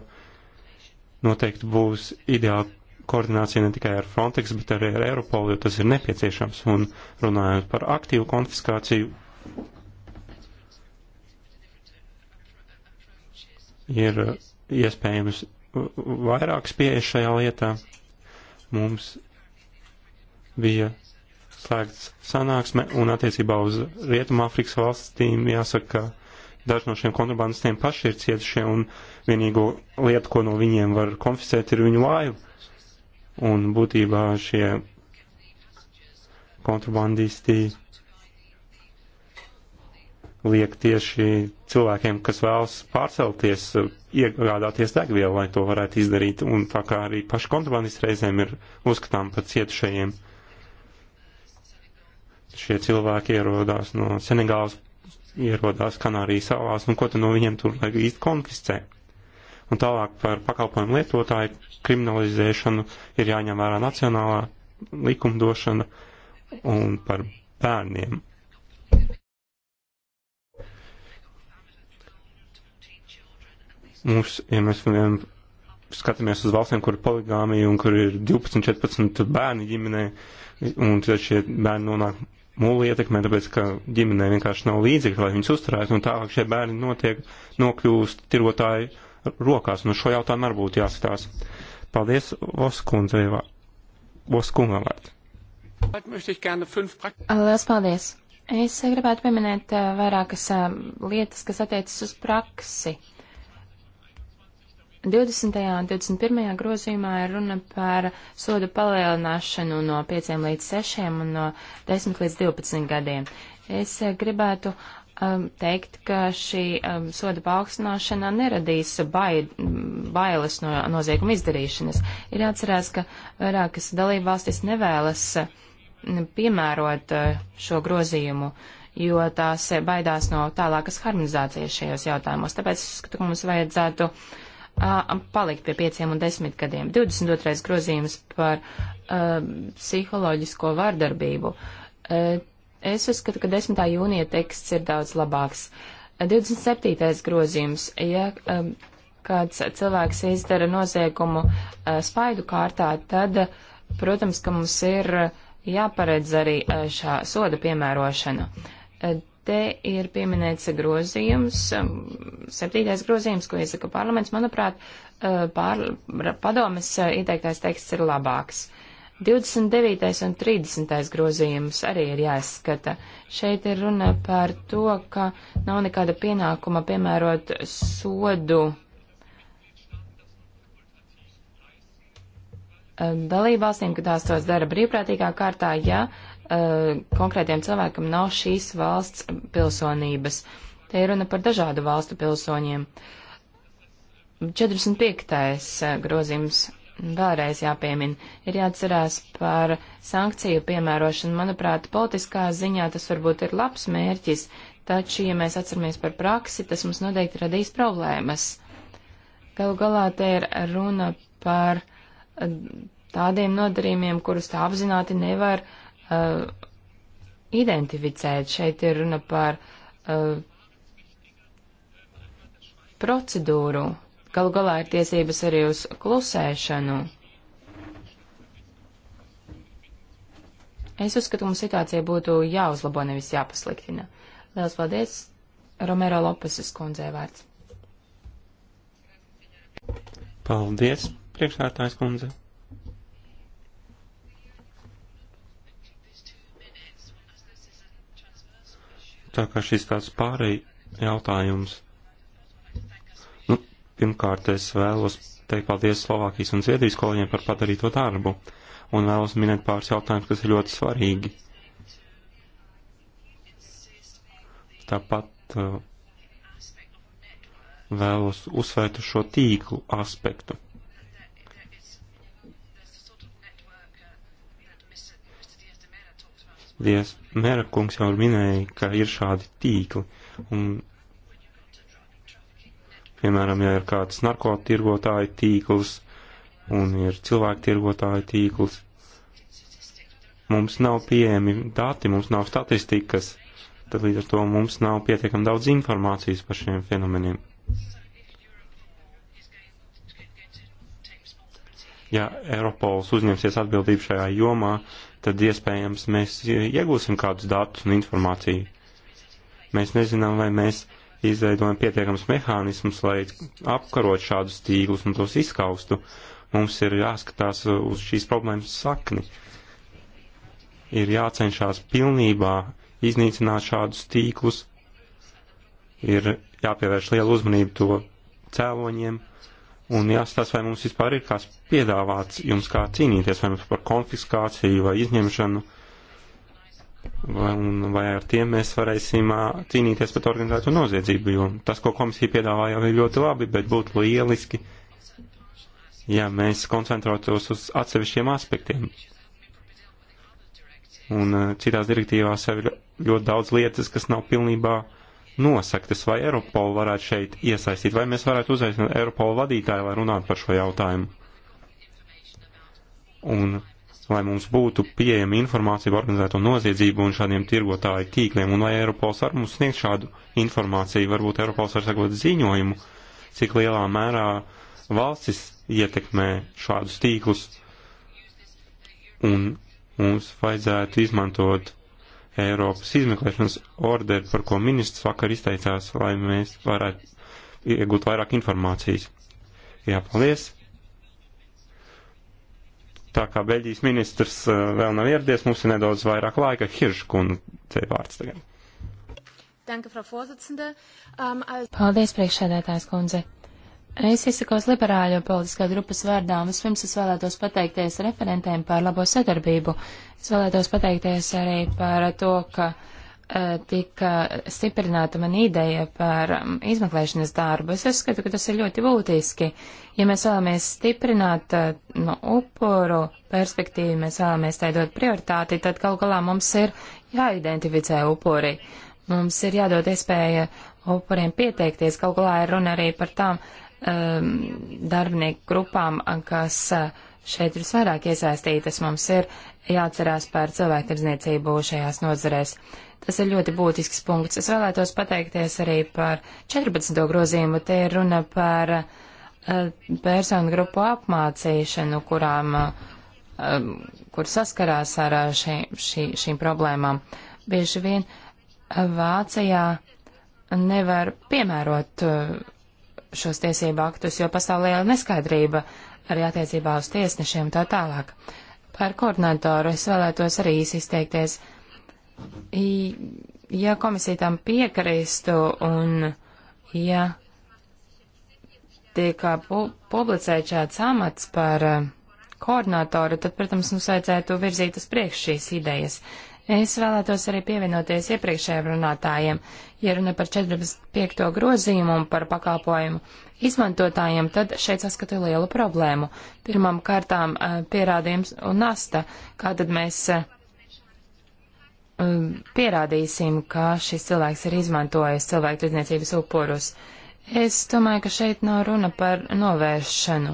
noteikti būs ideāli koordinācija ne tikai ar Frontex, bet arī ar Europolu, jo tas ir nepieciešams. Un runājot par aktīvu konfiskāciju, ir iespējams vairākas pieejas šajā lietā. Mums bija slēgts sanāksme, un attiecībā uz Rietumāfrikas valstīm jāsaka, ka daži no šiem kontrabandistiem paši ir cietušie, un vienīgo lietu, ko no viņiem var konfiscēt, ir viņu laivu un būtībā šie kontrabandisti liek tieši cilvēkiem, kas vēlas pārcelties, iegādāties degvielu, lai to varētu izdarīt, un tā kā arī paši kontrabandisti reizēm ir uzskatām par cietušajiem. Šie cilvēki ierodās no Senegālas, ierodās Kanārijas salās, un ko tad no viņiem tur lai īsti konfiscē? Un tālāk par pakalpojumu lietotāju kriminalizēšanu ir jāņem vērā nacionālā likumdošana un par bērniem. Mums, ja mēs skatāmies uz valstīm, kur ir poligāmija un kur ir 12, 14 bērni ģimenē, un tad šie bērni nonāk mūli ietekmē, tāpēc, ka ģimenē vienkārši nav līdzekļi, lai viņus uzturētu, un tālāk šie bērni notiek, nokļūst tirotāju rokās, un uz šo jautājumu arī būtu jāskatās. Paldies, Voskundzei, Voskungam vārds. Lielas paldies! Es gribētu pieminēt eh, vairākas eh, lietas, kas attiecas uz praksi. 20. un 21. grozījumā ir runa par sodu palielināšanu no 5 līdz 6 un no 10 līdz 12 gadiem. Es eh, gribētu um, teikt, ka šī um, soda paaugstināšana neradīs baid, bailes no nozieguma izdarīšanas. Ir jāatcerās, ka vairākas dalībvalstis nevēlas um, piemērot uh, šo grozījumu, jo tās baidās no tālākas harmonizācijas šajos jautājumos. Tāpēc es uzskatu, ka mums vajadzētu uh, palikt pie pieciem un desmit gadiem. 22. grozījums par uh, psiholoģisko vardarbību. Uh, Es uzskatu, ka 10. jūnija teksts ir daudz labāks. 27. grozījums, ja um, kāds cilvēks izdara noziegumu uh, spaidu kārtā, tad, uh, protams, ka mums ir uh, jāparedz arī uh, šā soda piemērošana. Uh, te ir pieminēts grozījums, um, septītais grozījums, ko iesaka parlaments, manuprāt, uh, pār, padomes ieteiktais teksts ir labāks. Uh, 29. un 30. grozījums arī ir jāizskata. Šeit ir runa par to, ka nav nekāda pienākuma piemērot sodu eh, dalībvalstīm, ka tās tos dara brīvprātīgā kārtā, ja uh, konkrētiem cilvēkam nav šīs valsts pilsonības. Te ir runa par dažādu valstu pilsoņiem. 45. Eh, grozījums vēlreiz jāpiemina, ir jāatcerās par sankciju piemērošanu. Manuprāt, politiskā ziņā tas varbūt ir labs mērķis, taču, ja mēs atceramies par praksi, tas mums noteikti radīs problēmas. Galu galā te ir runa par eh, tādiem nodarījumiem, kurus tā apzināti nevar uh, identificēt. Šeit ir runa par uh, procedūru Galu galā ir tiesības arī uz klusēšanu. Es uzskatu, mums situācija būtu jāuzlabo, nevis jāpasliktina. Lielas paldies! Romero Lopeses kundzē vārds. Paldies, priekšsārtājs kundze. Tā kā šis tāds pārēj jautājums Pirmkārt, es vēlos teikt paldies Slovākijas un Zviedrijas kolēģiem par padarīto darbu, un vēlos minēt pāris jautājumus, kas ir ļoti svarīgi. Tāpat uh, vēlos uzsvērt uz šo tīklu aspektu. Dievs, Mēra kungs jau minēja, ka ir šādi tīkli, un Piemēram, ja ir kāds narkotirgotāju tīkls un ir cilvēku tirgotāju tīkls, mums nav pieejami dati, mums nav statistikas, tad līdz ar to mums nav pietiekam daudz informācijas par šiem fenomeniem. Ja Eiropols uzņemsies atbildību šajā jomā, tad iespējams mēs iegūsim kādus datus un informāciju. Mēs nezinām, vai mēs izveidojam pietiekams mehānismus, lai apkarot šādus tīklus un tos izskaustu. Mums ir jāskatās uz šīs problēmas sakni. Ir jācenšās pilnībā iznīcināt šādus tīklus, ir jāpievērš liela uzmanība to cēloņiem, un jāstāsta, vai mums vispār ir kāds piedāvāts jums kā cīnīties, vai mums par konfiskāciju vai izņemšanu. Uh, un vai ar tiem mēs varēsim cīnīties pret organizēto noziedzību, jo tas, ko komisija piedāvā, jau ir ļoti labi, bet būtu lieliski, ja mēs koncentrētos uz atsevišķiem aspektiem. Un citās direktīvās jau ir ļoti daudz lietas, kas nav pilnībā nosaktas, vai Eiropola varētu šeit iesaistīt, vai mēs varētu uzaicināt Eiropola vadītāju, lai runātu par šo jautājumu. Un lai mums būtu pieejama informācija par organizēto noziedzību un šādiem tirgotāju tīkliem, un lai Eiropols var mums sniegt šādu informāciju, varbūt Eiropols var sagot ziņojumu, cik lielā mērā valstis ietekmē šādus tīklus, un mums vajadzētu izmantot Eiropas izmeklēšanas orderi, par ko ministrs vakar izteicās, lai mēs varētu iegūt vairāk informācijas. Jā, paldies! Tā kā Beļģijas ministrs eh, vēl nav ieradies, mums ir nedaudz vairāk laika. Hiržkundzei vārds tagad. Ähm, Paldies, priekšsēdētājs kundze. Es izsakos liberāļo politiskā grupas vārdā, un vispirms es vēlētos pateikties referentēm par labo sadarbību. Es vēlētos pateikties arī par to, ka uh, Eh, tika stiprināta man ideja par mm, izmeklēšanas darbu. Es uzskatu, ka tas ir ļoti būtiski. Ja mēs vēlamies stiprināt eh, no upuru perspektīvu, mēs vēlamies tai dot prioritāti, tad kaut galā mums ir jāidentificē upuri. Mums ir jādod iespēja upuriem pieteikties. Kaut galā ir runa arī par tām um, darbinieku grupām, kas uh, šeit ir visvairāk iesaistītas. Mums ir jāatcerās par cilvēktirdzniecību šajās nozarēs. Uh, Tas ir ļoti būtisks punkts. Es vēlētos pateikties arī par 14. grozījumu. Te ir runa par eh, personu grupu apmācīšanu, kurām, eh, kur saskarās ar eh, šī, šī, šīm problēmām. Bieži vien Vācijā nevar piemērot šos tiesību aktus, jo pastāv liela neskaidrība arī attiecībā uz tiesnešiem tā tālāk. Par koordinatoru es vēlētos arī izteikties ja komisija tam piekrīstu un ja tiek pu publicēt šāds amats par eh, koordinātoru, tad, protams, mums vajadzētu virzīt uz priekšu šīs idejas. Es vēlētos arī pievienoties iepriekšējiem runātājiem. Ja runa par 45. grozījumu un par pakalpojumu izmantotājiem, tad šeit saskatu lielu problēmu. Pirmām kārtām eh, pierādījums un nasta, kā tad mēs uh, Um, pierādīsim, ka šis cilvēks ir izmantojis cilvēku tirdzniecības upurus. Es domāju, ka šeit nav runa par novēršanu.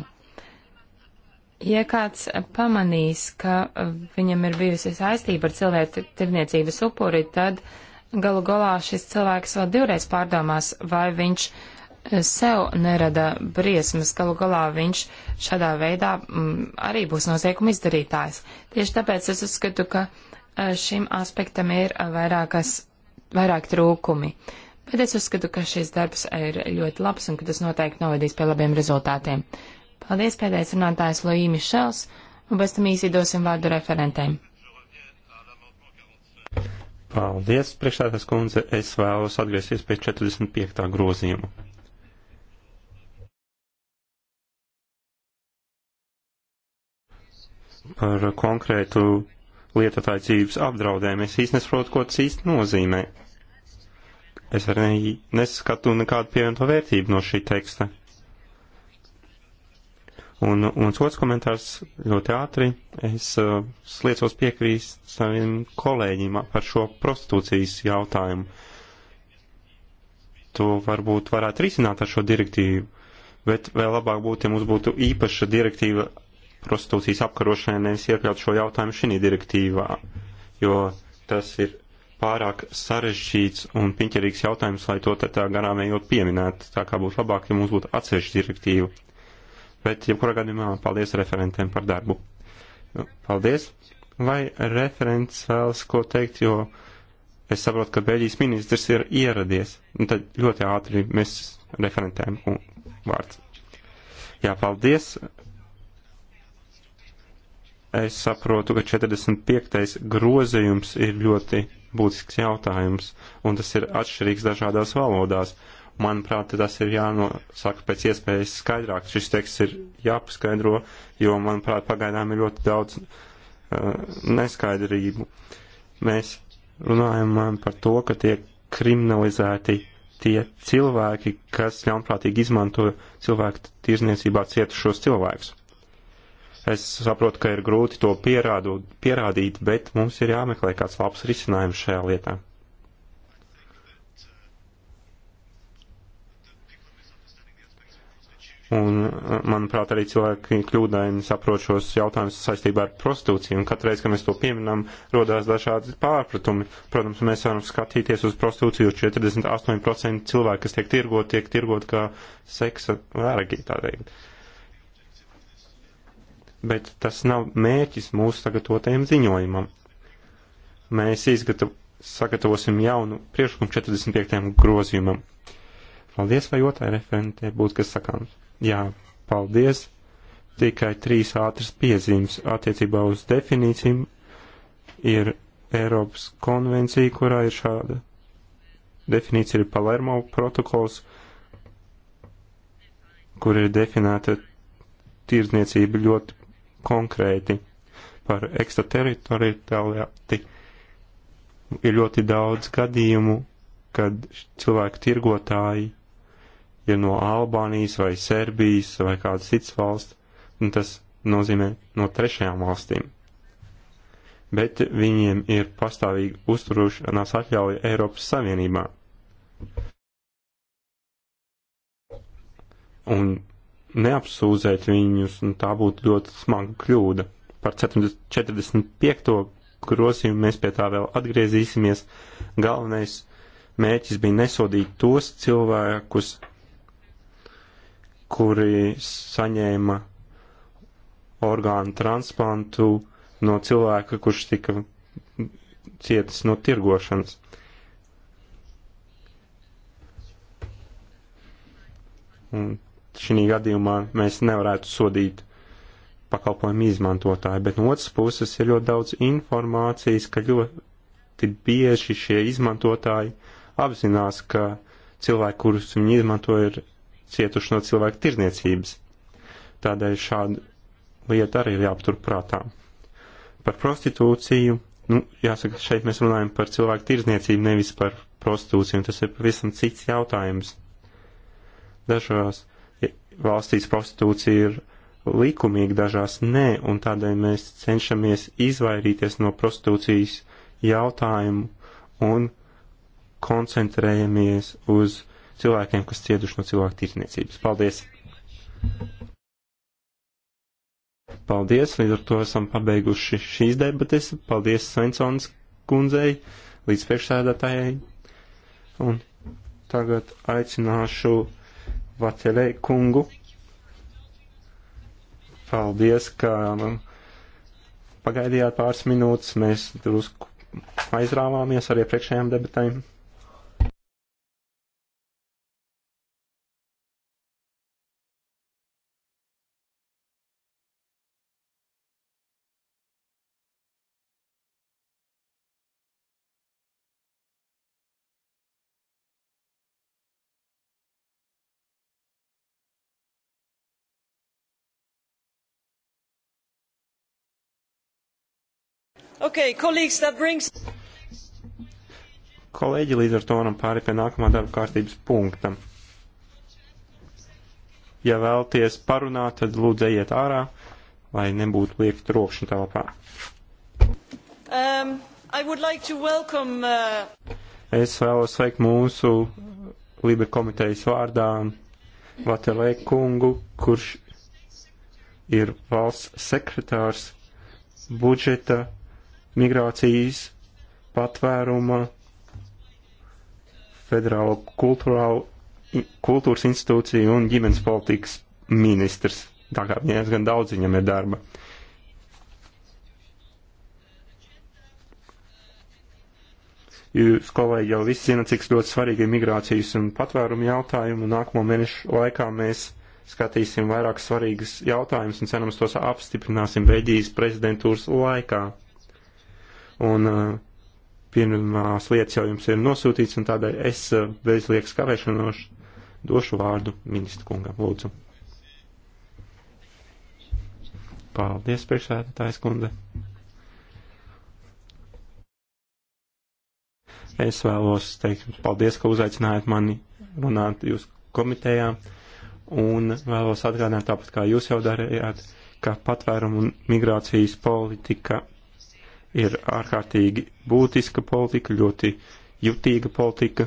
Ja kāds pamanīs, ka viņam ir bijusi saistība ar cilvēku tirdzniecības upuri, tad galu galā šis cilvēks vēl divreiz pārdomās, vai viņš eh, sev nerada briesmas, galu galā viņš šādā veidā m, mm, arī būs nozieguma izdarītājs. Tieši tāpēc es uzskatu, ka uh, Eh, šim aspektam ir eh, vairākas, vairāk trūkumi. Bet es uzskatu, ka šis darbs ir ļoti labs un ka tas noteikti novadīs pie labiem rezultātiem. Paldies pēdējais runātājs Loī Mišels, un pēc tam īsi dosim vārdu referentēm. Paldies, priekšstādas kundze, es vēlos atgriezties pie 45. grozījuma. Par konkrētu lietotāju dzīves apdraudējumu. Es īsti nesaprotu, ko tas īsti nozīmē. Es arī neskatu nekādu pievienoto vērtību no šī teksta. Un, un otrs komentārs ļoti ātri. Es uh, sliecos piekrīst saviem kolēģiem par šo prostitūcijas jautājumu. To varbūt varētu risināt ar šo direktīvu, bet vēl labāk būtu, ja mums būtu īpaša direktīva prostitūcijas apkarošanai nevis iekļaut šo jautājumu šī direktīvā, jo tas ir pārāk sarežģīts un piņķerīgs jautājums, lai to tā garām ejot pieminēt. Tā kā būtu labāk, ja mums būtu atsevišķa direktīva. Bet, jebkurā gadījumā, paldies referentiem par darbu. Paldies! Vai referents vēlas ko teikt, jo es saprotu, ka Beļģijas ministrs ir ieradies. Un nu, tad ļoti ātri mēs referentēm vārds. Jā, paldies! Es saprotu, ka 45. grozījums ir ļoti būtisks jautājums, un tas ir atšķirīgs dažādās valodās. Manuprāt, tas ir jānosaka pēc iespējas skaidrāk. Šis teksts ir jāpaskaidro, jo, manuprāt, pagaidām ir ļoti daudz uh, neskaidrību. Mēs runājam par to, ka tiek kriminalizēti tie cilvēki, kas ļaunprātīgi izmanto cilvēku tirzniecībā cietušos cilvēkus. Es saprotu, ka ir grūti to pierādu, pierādīt, bet mums ir jāmeklē kāds labs risinājums šajā lietā. Un, manuprāt, arī cilvēki kļūdaini saprot šos jautājumus saistībā ar prostitūciju, un katreiz, kad mēs to pieminam, rodās dažādi pārpratumi. Protams, mēs varam skatīties uz prostitūciju, jo 48% cilvēki, kas tiek tirgot, tiek tirgot kā seksa vērgi, tā teikt. Uh, bet tas nav mērķis mūsu sagatavotajam ziņojumam. Mēs izgatav, sagatavosim jaunu priekšlikumu 45. grozījumam. Paldies, vai otrai referentē būtu kas sakāms? Jā, paldies. Tikai trīs ātras piezīmes attiecībā uz definīcijām ir Eiropas konvencija, kurā ir šāda definīcija, ir Palermo protokols, kur ir definēta tirdzniecība ļoti konkrēti par ekstrateritorialitāti. Ir ļoti daudz gadījumu, kad cilvēku tirgotāji ir no Albānijas vai Serbijas vai kādas citas valsts, un tas nozīmē no trešajām valstīm. Bet viņiem ir pastāvīgi uzturēšanās atļauja Eiropas Savienībā. Un neapsūdzēt viņus, un tā būtu ļoti smaga kļūda. Par 45. grozījumu mēs pie tā vēl atgriezīsimies. Galvenais mērķis bija nesodīt tos cilvēkus, kuri saņēma orgānu transplantu no cilvēka, kurš tika cietis no tirgošanas. Un šī gadījumā mēs nevarētu sodīt pakalpojumu izmantotāju, bet no otras puses ir ļoti daudz informācijas, ka ļoti bieži šie izmantotāji apzinās, ka cilvēki, kurus viņi izmanto, ir cietuši no cilvēku tirniecības. Tādēļ šāda lieta arī ir jāaptur prātā. Par prostitūciju, nu, jāsaka, šeit mēs runājam par cilvēku tirzniecību, nevis par prostitūciju, un tas ir pavisam cits jautājums. Dažās valstīs prostitūcija ir likumīga, dažās nē, un tādēļ mēs cenšamies izvairīties no prostitūcijas jautājumu un koncentrējamies uz cilvēkiem, kas cieduši no cilvēku tirsniecības. Paldies! Paldies, līdz ar to esam pabeiguši šīs debates. Paldies Svensons kundzei, līdz priekšsēdētājai. Un tagad aicināšu Vacelei kungu. Paldies, ka nu, pagaidījāt pāris minūtes. Mēs drusku aizrāvāmies ar iepriekšējām debatēm. Okay, colleagues, that brings... Kolēģi, līdz ar to varam pāri pie nākamā darba kārtības punkta. Ja vēlties parunāt, tad lūdzu ejiet ārā, lai nebūtu lieka trokšņa telpā. Um, like welcome, uh... Es vēlos sveikt mūsu Libe komitejas vārdā Vatelē kungu, kurš ir valsts sekretārs budžeta migrācijas, patvēruma, federālo kultūrālu, kultūras institūciju un ģimenes politikas ministrs. Tā kā viņai gan daudz viņam ir darba. Jūs, kolēģi, jau visi zinat, cik ļoti svarīgi ir migrācijas un patvērumu jautājumi, un nākamo mēnešu laikā mēs skatīsim vairāk svarīgus jautājumus un cerams tos apstiprināsim Beļģijas prezidentūras laikā un uh, pirmās lietas jau jums ir nosūtīts, un tādēļ es uh, bez liekas kavēšanos došu vārdu ministru kungam. Lūdzu. Paldies, priekšsēdētājs kundze. Es vēlos teikt jums paldies, ka uzaicinājāt mani runāt jūs komitejā, un vēlos atgādināt tāpat, kā jūs jau darījāt, ka patvērumu un migrācijas politika ir ārkārtīgi būtiska politika, ļoti jutīga politika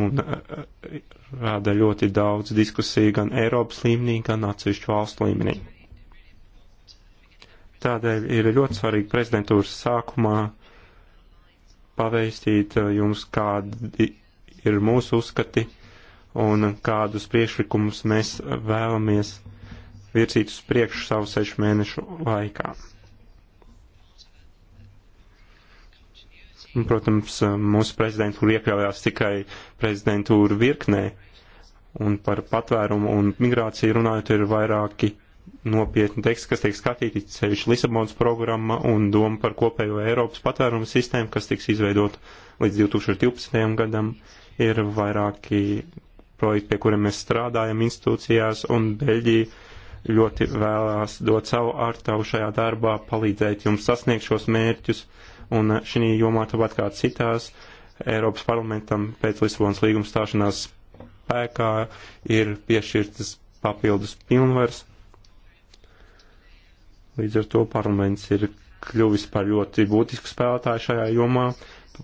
un uh, uh, rada ļoti daudz diskusiju gan Eiropas līmenī, gan atsevišķu valstu līmenī. Tādēļ ir ļoti svarīgi prezidentūras sākumā paveistīt uh, jums, kādi ir mūsu uzskati un kādus priekšlikumus mēs vēlamies virzīt uz priekšu savu sešu mēnešu laikā. Protams, eh, mūsu prezidentūra iekļaujās tikai prezidentūra virknē, un par patvērumu un migrāciju runājot ir vairāki nopietni teksti, kas tiek skatīti ceļš Lisabonas programma un doma par kopējo Eiropas patvērumu sistēmu, kas tiks izveidot līdz 2012. gadam. Ir vairāki projekti, pie kuriem mēs strādājam institūcijās, un Beļģija ļoti vēlās dot savu ārtavu šajā darbā, palīdzēt jums sasniegt šos mērķus. Uh, un eh, šī jomā tāpat kā citās Eiropas parlamentam pēc Lisabonas līguma stāšanās spēkā ir piešķirtas papildus pilnvars. Līdz ar to parlaments ir kļuvis par ļoti būtisku spēlētāju šajā jomā.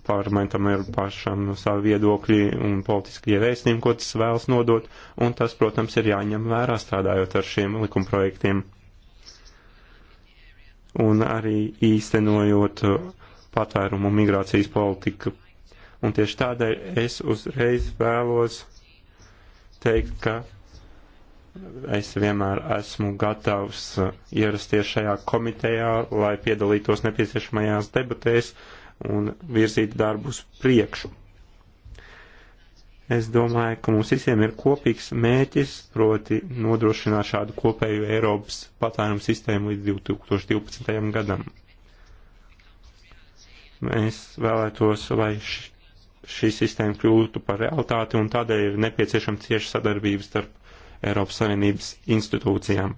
Parlamentam ir pašam savi viedokļi un politiskie vēstījumi, ko tas vēlas nodot, un tas, protams, ir jāņem vērā strādājot ar šiem likumprojektiem. Un arī īstenojot patērumu un migrācijas politika. Un tieši tādēļ es uzreiz vēlos teikt, ka es vienmēr esmu gatavs ierasties šajā komitejā, lai piedalītos nepieciešamajās debatēs un virzītu darbus priekšu. Es domāju, ka mums visiem ir kopīgs mēķis, proti nodrošināt šādu kopēju Eiropas patērumu sistēmu līdz 2012. gadam. Mēs vēlētos, lai šī sistēma kļūtu par realitāti un tādēļ ir nepieciešama cieša sadarbības starp Eiropas Savienības institūcijām.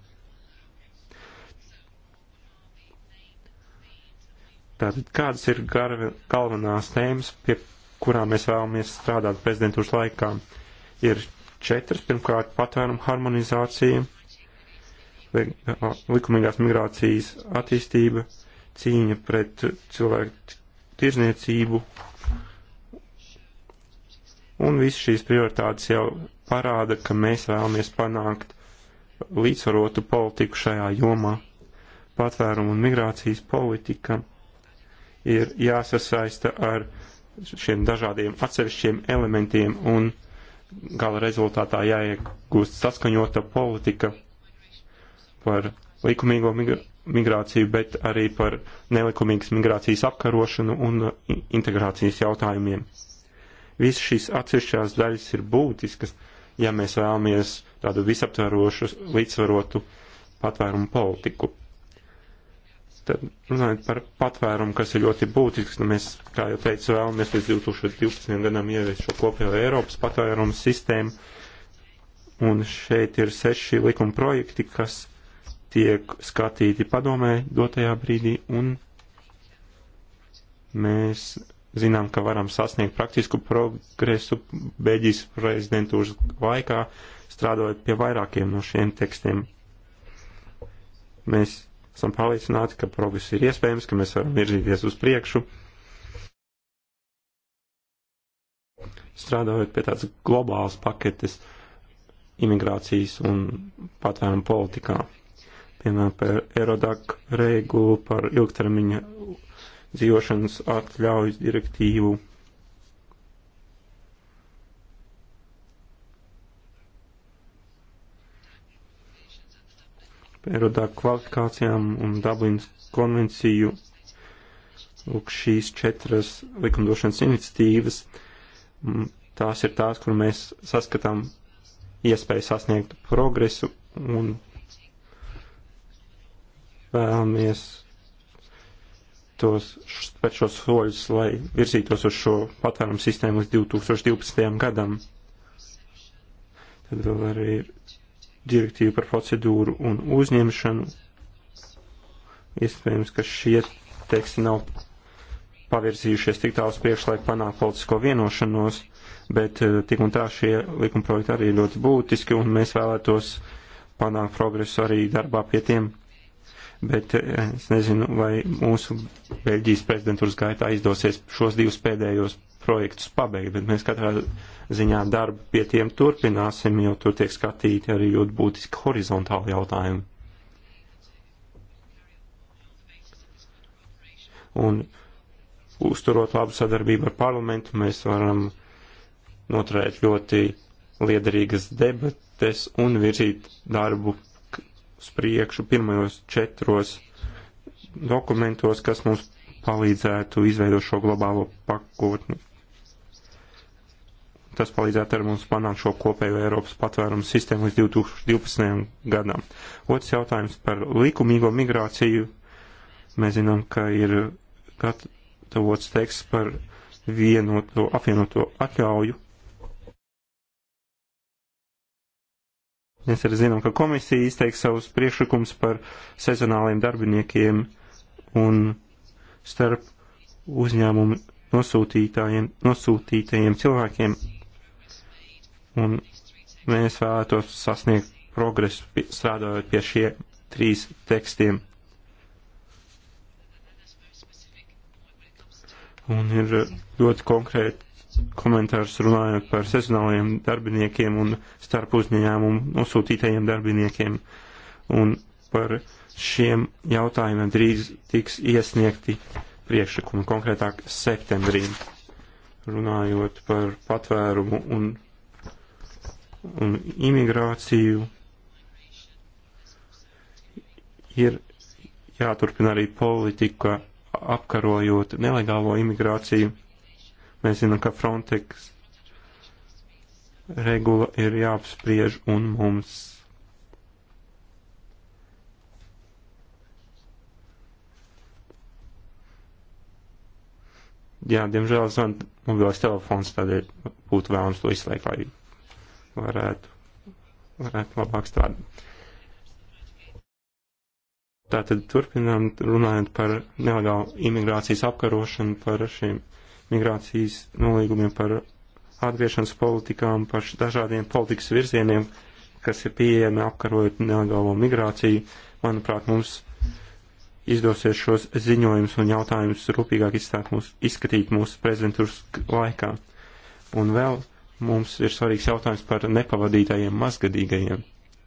Tātad, kādas ir galvenās tēmas, pie kurām mēs vēlamies strādāt prezidentūras laikā? Ir četras. Pirmkārt, patvērumu harmonizācija, likumīgās migrācijas attīstība, cīņa pret cilvēku tirzniecību. Un visas šīs prioritātes jau parāda, ka mēs vēlamies panākt līdzsvarotu politiku šajā jomā. Patvērumu un migrācijas politika ir jāsasaista ar šiem dažādiem atsevišķiem elementiem un gala rezultātā jāiegūst saskaņota politika par likumīgo migra migrāciju, bet arī par nelikumīgas migrācijas apkarošanu un integrācijas jautājumiem. Viss šīs atsevišķās daļas ir būtiskas, ja mēs vēlamies tādu visaptvarošu, līdzsvarotu patvērumu politiku. Tad runājot par patvērumu, kas ir ļoti būtisks, nu mēs, kā jau teicu, vēlamies līdz 2012. gadam ieviest šo kopējo Eiropas patvērumu sistēmu, un šeit ir seši likuma projekti, kas tiek skatīti padomē dotajā brīdī, un mēs zinām, ka varam sasniegt praktisku progresu Beļģijas prezidentūras laikā, strādājot pie vairākiem no šiem tekstiem. Mēs esam pārliecināti, ka progress ir iespējams, ka mēs varam virzīties uz priekšu. Strādājot pie tādas globālas paketes imigrācijas un patvērumu politikā piemēram, par Erodak regulu, par ilgtermiņa dzīvošanas atļaujas direktīvu. Erodak kvalifikācijām un Dublinas konvenciju. Lūk, šīs četras likumdošanas iniciatīvas, tās ir tās, kur mēs saskatām iespēju sasniegt progresu un vēlamies tos, spēc šos soļus, lai virzītos uz šo patvērumu sistēmu līdz 2012. gadam. Tad vēl arī ir direktīva par procedūru un uzņemšanu. Iespējams, ka šie teksti nav pavirzījušies tik tālu priekš, lai panāktu politisko vienošanos, bet eh, tik un tā šie likumprojekti arī ir ļoti būtiski, un mēs vēlētos panākt progresu arī darbā pie tiem bet eh, es nezinu, vai mūsu Beļģijas prezidentūras gaitā izdosies šos divus pēdējos projektus pabeigt, bet mēs katrā ziņā darbu pie tiem turpināsim, jo tur tiek skatīti arī ļoti būtiski horizontāli jautājumi. Un uzturot labu sadarbību ar parlamentu, mēs varam noturēt ļoti liederīgas debates un virzīt darbu uz priekšu pirmajos četros dokumentos, kas mums palīdzētu izveidot šo globālo pakotni. Tas palīdzētu arī mums panākt šo kopējo Eiropas patvērumu sistēmu līdz 2012. gadam. Otrs jautājums par likumīgo migrāciju. Mēs zinām, ka ir gatavots teksts par vienoto apvienoto atļauju Mēs arī zinām, ka komisija izteiks savus priekšlikumus par sezonāliem darbiniekiem un starp uzņēmumu nosūtītajiem cilvēkiem. Un mēs vēlētos sasniegt progresu strādājot pie šiem trīs tekstiem. Un ir ļoti konkrēti komentārs runājot par sezonāliem darbiniekiem un starp uzņēmumu nosūtītajiem darbiniekiem. Un par šiem jautājumiem drīz tiks iesniegti priekšlikumi, konkrētāk septembrī, runājot par patvērumu un, un imigrāciju. Ir jāturpina arī politika apkarojot nelegālo imigrāciju Mēs zinām, ka Frontex regula ir jāapspriež un mums. Jā, diemžēl zvan mobilais telefons, tādēļ būtu vēlams to izslēgt, lai varētu, varētu labāk strādāt. Tātad turpinām runājot par nelegālu imigrācijas apkarošanu, par šīm migrācijas nolīgumiem, par atgriešanas politikām, par dažādiem politikas virzieniem, kas ir pieejami apkarojot nelegālo migrāciju. Manuprāt, mums izdosies šos ziņojumus un jautājumus rūpīgāk mūs, izskatīt mūsu prezidentūras laikā. Un vēl mums ir svarīgs jautājums par nepavadītajiem mazgadīgajiem,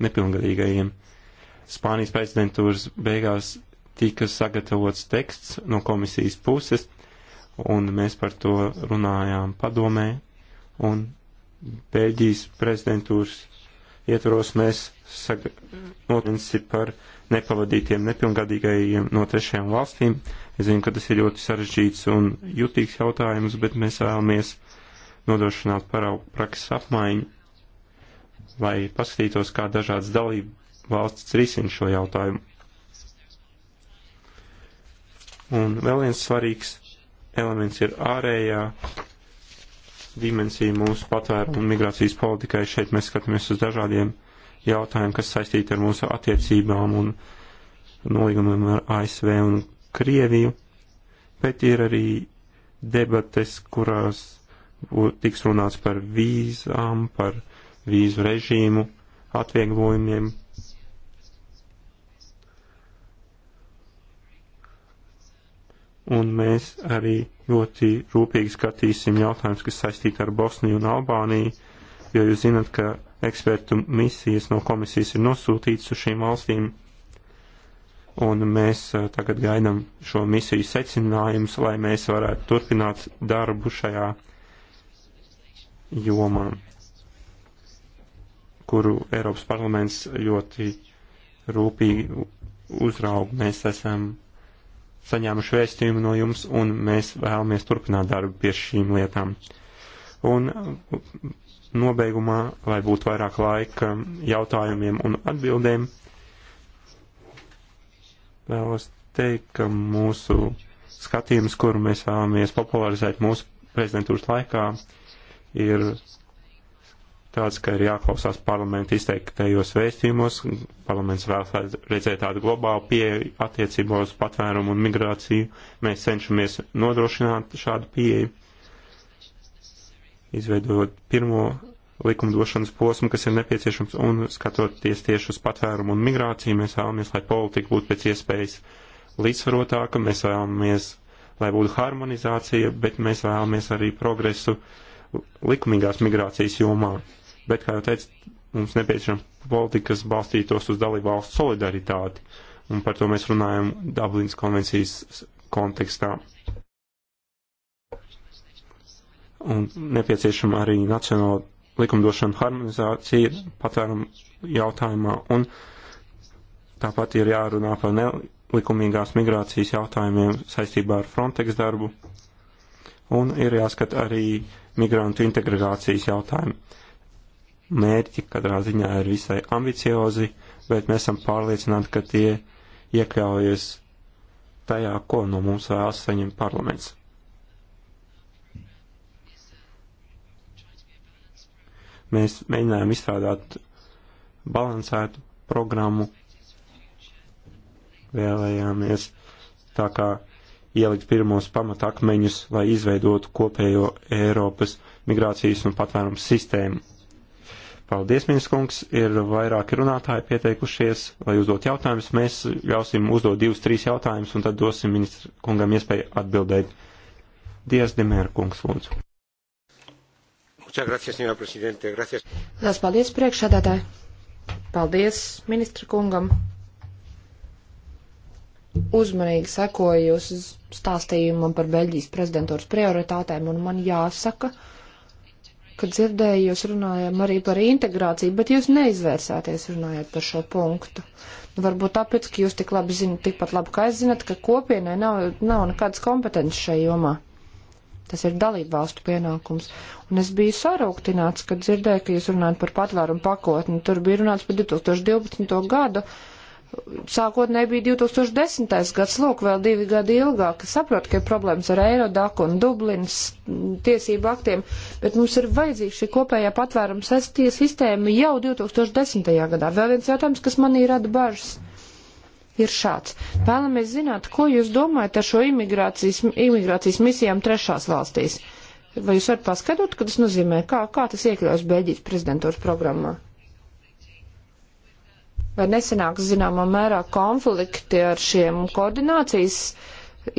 nepilngadīgajiem. Spānijas prezidentūras beigās tika sagatavots teksts no komisijas puses, un mēs par to runājām padomē, un Bēļģijas prezidentūras ietvaros mēs notiensi par nepavadītiem nepilngadīgajiem no trešajām valstīm. Es zinu, ka tas ir ļoti sarežģīts un jutīgs jautājums, bet mēs vēlamies nodrošināt paraugu prakses apmaiņu, lai paskatītos, kā dažādas dalība valsts risina šo jautājumu. Un vēl viens svarīgs elements ir ārējā dimensija mūsu patvērumu un migrācijas politikai. Šeit mēs skatāmies uz dažādiem jautājumiem, kas saistīti ar mūsu attiecībām un nolīgumiem ar ASV un Krieviju, bet ir arī debates, kurās tiks runāts par vīzām, par vīzu režīmu, atvieglojumiem, un mēs arī ļoti rūpīgi skatīsim jautājumus, kas saistīti ar Bosniju un Albāniju, jo jūs zinat, ka ekspertu misijas no komisijas ir nosūtītas uz šīm valstīm, un mēs uh, tagad gaidam šo misiju secinājumus, lai mēs varētu turpināt darbu šajā jomā, kuru Eiropas parlaments ļoti rūpīgi uzrauga. Mēs esam saņēmuši vēstījumu no jums, un mēs vēlamies turpināt darbu pie šīm lietām. Un uh, nobeigumā, lai būtu vairāk laika jautājumiem un atbildēm, vēlos teikt, ka mūsu skatījums, kuru mēs vēlamies popularizēt mūsu prezidentūras laikā, ir tāds, ka ir jāklausās parlamenta izteiktajos vēstījumos. Parlaments vēlas redzēt tādu globālu pieeju attiecībā uz patvērumu un migrāciju. Mēs cenšamies nodrošināt šādu pieeju, izveidojot pirmo likumdošanas posmu, kas ir nepieciešams, un skatoties tieši uz patvērumu un migrāciju, mēs vēlamies, lai politika būtu pēc iespējas līdzsvarotāka, mēs vēlamies, lai būtu harmonizācija, bet mēs vēlamies arī progresu likumīgās migrācijas jomā bet, kā jau teicu, mums nepieciešama politika, kas balstītos uz dalību valstu solidaritāti, un par to mēs runājam Dublinas konvencijas kontekstā. Un nepieciešama arī nacionāla likumdošana harmonizācija patvērumu jautājumā, un tāpat ir jārunā par nelikumīgās migrācijas jautājumiem saistībā ar Frontex darbu, un ir jāskat arī migrantu integrācijas jautājumi mērķi katrā ziņā ir visai ambiciozi, bet mēs esam pārliecināti, ka tie iekļaujas tajā, ko no mums vēlas saņemt parlaments. Mēs mēģinājām izstrādāt balansētu programmu, vēlējāmies tā kā ielikt pirmos pamatakmeņus, lai izveidotu kopējo Eiropas migrācijas un patvērums sistēmu Paldies, ministrs, ir vairāki runātāji pieteikušies, lai uzdot jautājumus. Mēs ļausim uzdot divus, trīs jautājumus, un tad dosim ministrs kungam iespēju atbildēt. Dievs, Demēra kungs, lūdzu. Lielas paldies priekšādātāji. Paldies ministra kungam. Uzmanīgi sekoju jūsu stāstījumam par Beļģijas prezidentūras prioritātēm, un man jāsaka, ka kad dzirdēju, jūs runājām arī par integrāciju, bet jūs neizvērsāties runājot par šo punktu. Nu, varbūt tāpēc, ka jūs tik labi zinat, tikpat labi, ka aizzinat, ka kopienai nav, nav nekādas kompetences šai jomā. Tas ir dalību valstu pienākums. Un es biju sarūktināts, kad dzirdēju, ka jūs runājat par patvērumu pakotni. Tur bija runāts par 2012. gadu sākotnēji bija 2010. gads, lūk, vēl divi gadi ilgāk. Saprotu, ka ir problēmas ar Eirodaku un Dublinas tiesību aktiem, bet mums ir vajadzīga šī kopējā patvēruma sistēma jau 2010. gadā. Vēl viens jautājums, kas manī rada bažas. Ir šāds. Vēlamies zināt, ko jūs domājat ar šo imigrācijas, imigrācijas misijām trešās valstīs. Vai jūs varat paskatot, ka tas nozīmē, kā, kā tas iekļaus Beļģijas prezidentūras programmā? vai nesenāks zināmā mērā konflikti ar šiem koordinācijas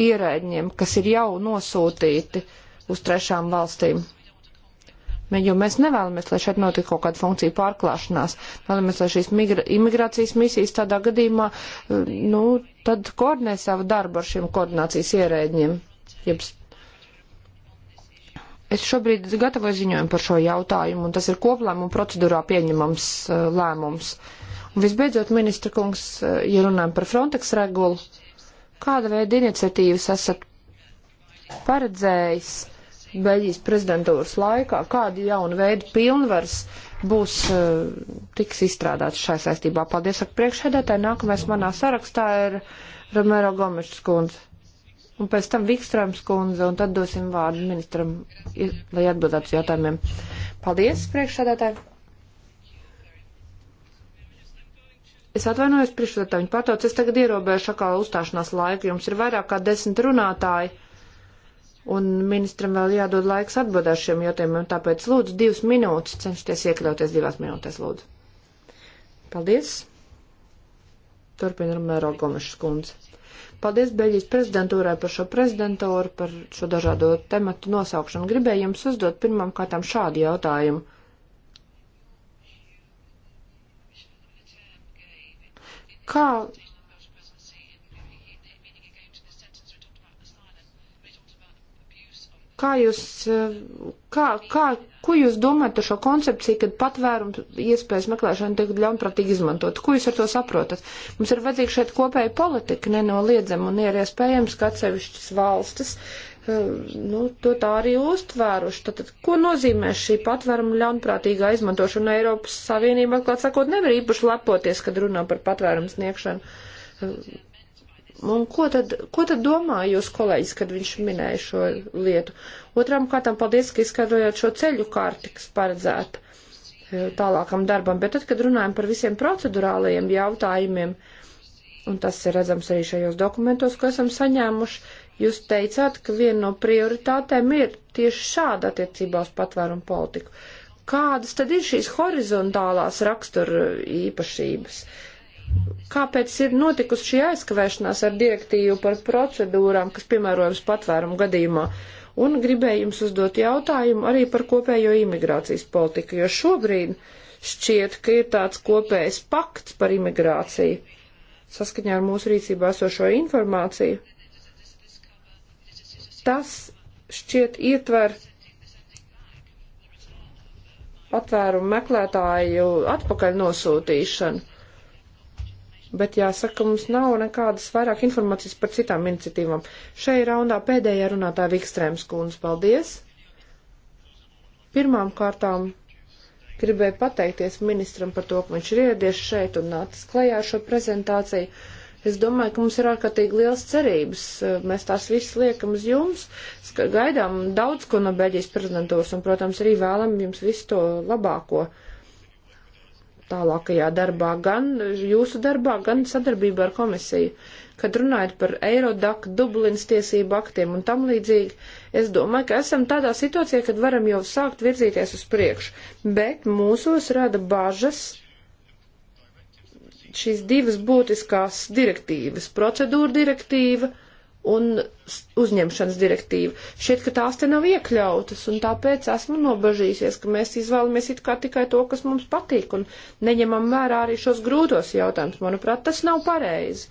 ierēģiem, kas ir jau nosūtīti uz trešām valstīm. Jo mēs nevēlamies, lai šeit notika kaut kāda funkcija pārklāšanās. Vēlamies, lai šīs migra, imigrācijas misijas tādā gadījumā, eh, nu, tad koordinē savu darbu ar šiem koordinācijas ierēģiem. Jeb... Es šobrīd gatavoju ziņojumu par šo jautājumu, un tas ir koplēmumu procedūrā pieņemams eh, lēmums. Uh, Un visbeidzot, ministra kungs, eh, ja runājam par Frontex regulu, kāda veida iniciatīvas esat paredzējis Beļģijas prezidentūras laikā, kādi jauni veidi pilnvars būs eh, tiks izstrādāts šai saistībā? Paldies, ak, priekšēdētāji, nākamais manā sarakstā ir Romero Gomešs kundze. Un pēc tam Vikstrāms kundze, un tad dosim vārdu ministram, lai atbildētu uz jautājumiem. Paldies, priekšsādātāji! Es atvainojos priekšsēdētāju, viņa patauc, es tagad ierobežu atkal uzstāšanās laiku, jums ir vairāk kā desmit runātāji, un ministram vēl jādod laiks atbildēt šiem jautājumiem, tāpēc lūdzu divas minūtes, cenšties iekļauties divās minūtēs, lūdzu. Paldies. Turpina Romēro Gomešs kundze. Paldies Beļģijas prezidentūrai par šo prezidentūru, par šo dažādo tematu nosaukšanu. Gribēju jums uzdot pirmām kārtām šādu jautājumu. kā Kā jūs, kā, kā, ko jūs domājat par šo koncepciju, kad patvērumu iespējas meklēšana tiek ļaunprātīgi izmantot? Ko jūs ar to saprotat? Mums ir vajadzīga šeit kopēja politika nenoliedzama un ir iespējams, ka atsevišķas valstis uh, Eh, nu, to tā arī uztvēruši. Tātad, ko nozīmē šī patvēruma ļaunprātīgā izmantošana Eiropas Savienībā, atklāt sakot, nevar īpaši lepoties, kad runā par patvērumu sniegšanu. Eh, un ko tad, ko tad domā jūs kolēģis, kad viņš minēja šo lietu? Otram kārtam paldies, ka izskaidrojāt šo ceļu kārti, kas paredzēta eh, tālākam darbam, bet tad, kad runājam par visiem procedurālajiem jautājumiem, un tas ir redzams arī šajos dokumentos, ko esam saņēmuši, Jūs teicāt, ka viena no prioritātēm ir tieši šāda attiecībā uz patvērumu politiku. Kādas tad ir šīs horizontālās rakstura e, īpašības? Kāpēc ir notikusi šī aizkavēšanās ar direktīvu par procedūrām, kas piemērojams patvērumu gadījumā? Un gribēju jums uzdot jautājumu arī par kopējo imigrācijas politiku, jo šobrīd šķiet, ka ir tāds kopējs pakts par imigrāciju saskaņā ar mūsu rīcībā esošo informāciju Tas šķiet ietver patvērumu meklētāju atpakaļ nosūtīšanu. Bet jāsaka, mums nav nekādas vairāk informācijas par citām iniciatīvām. Šai raundā pēdējā runātāja Vikstrēms kundze, paldies! Pirmām kārtām gribēju pateikties ministram par to, ka viņš ir iedies šeit un nācis klajā ar šo prezentāciju. Es domāju, ka mums ir ārkārtīgi liels cerības. Eh, mēs tās visas liekam uz jums, gaidām daudz ko no Beļģijas prezidentūras un, protams, arī vēlam jums visu to labāko tālākajā darbā, gan jūsu darbā, gan sadarbībā ar komisiju. Kad runājat par Eirodak, Dublinas tiesību aktiem un tam līdzīgi, es domāju, ka esam tādā situācijā, kad varam jau sākt virzīties uz priekšu, bet mūsos rada bažas šīs divas būtiskās direktīvas - procedūra direktīva un uzņemšanas direktīva. Šķiet, ka tās te nav iekļautas, un tāpēc esmu nobažījusies, ka mēs izvēlamies it kā tikai to, kas mums patīk, un neņemam vērā arī šos grūtos jautājumus. Manuprāt, tas nav pareizi.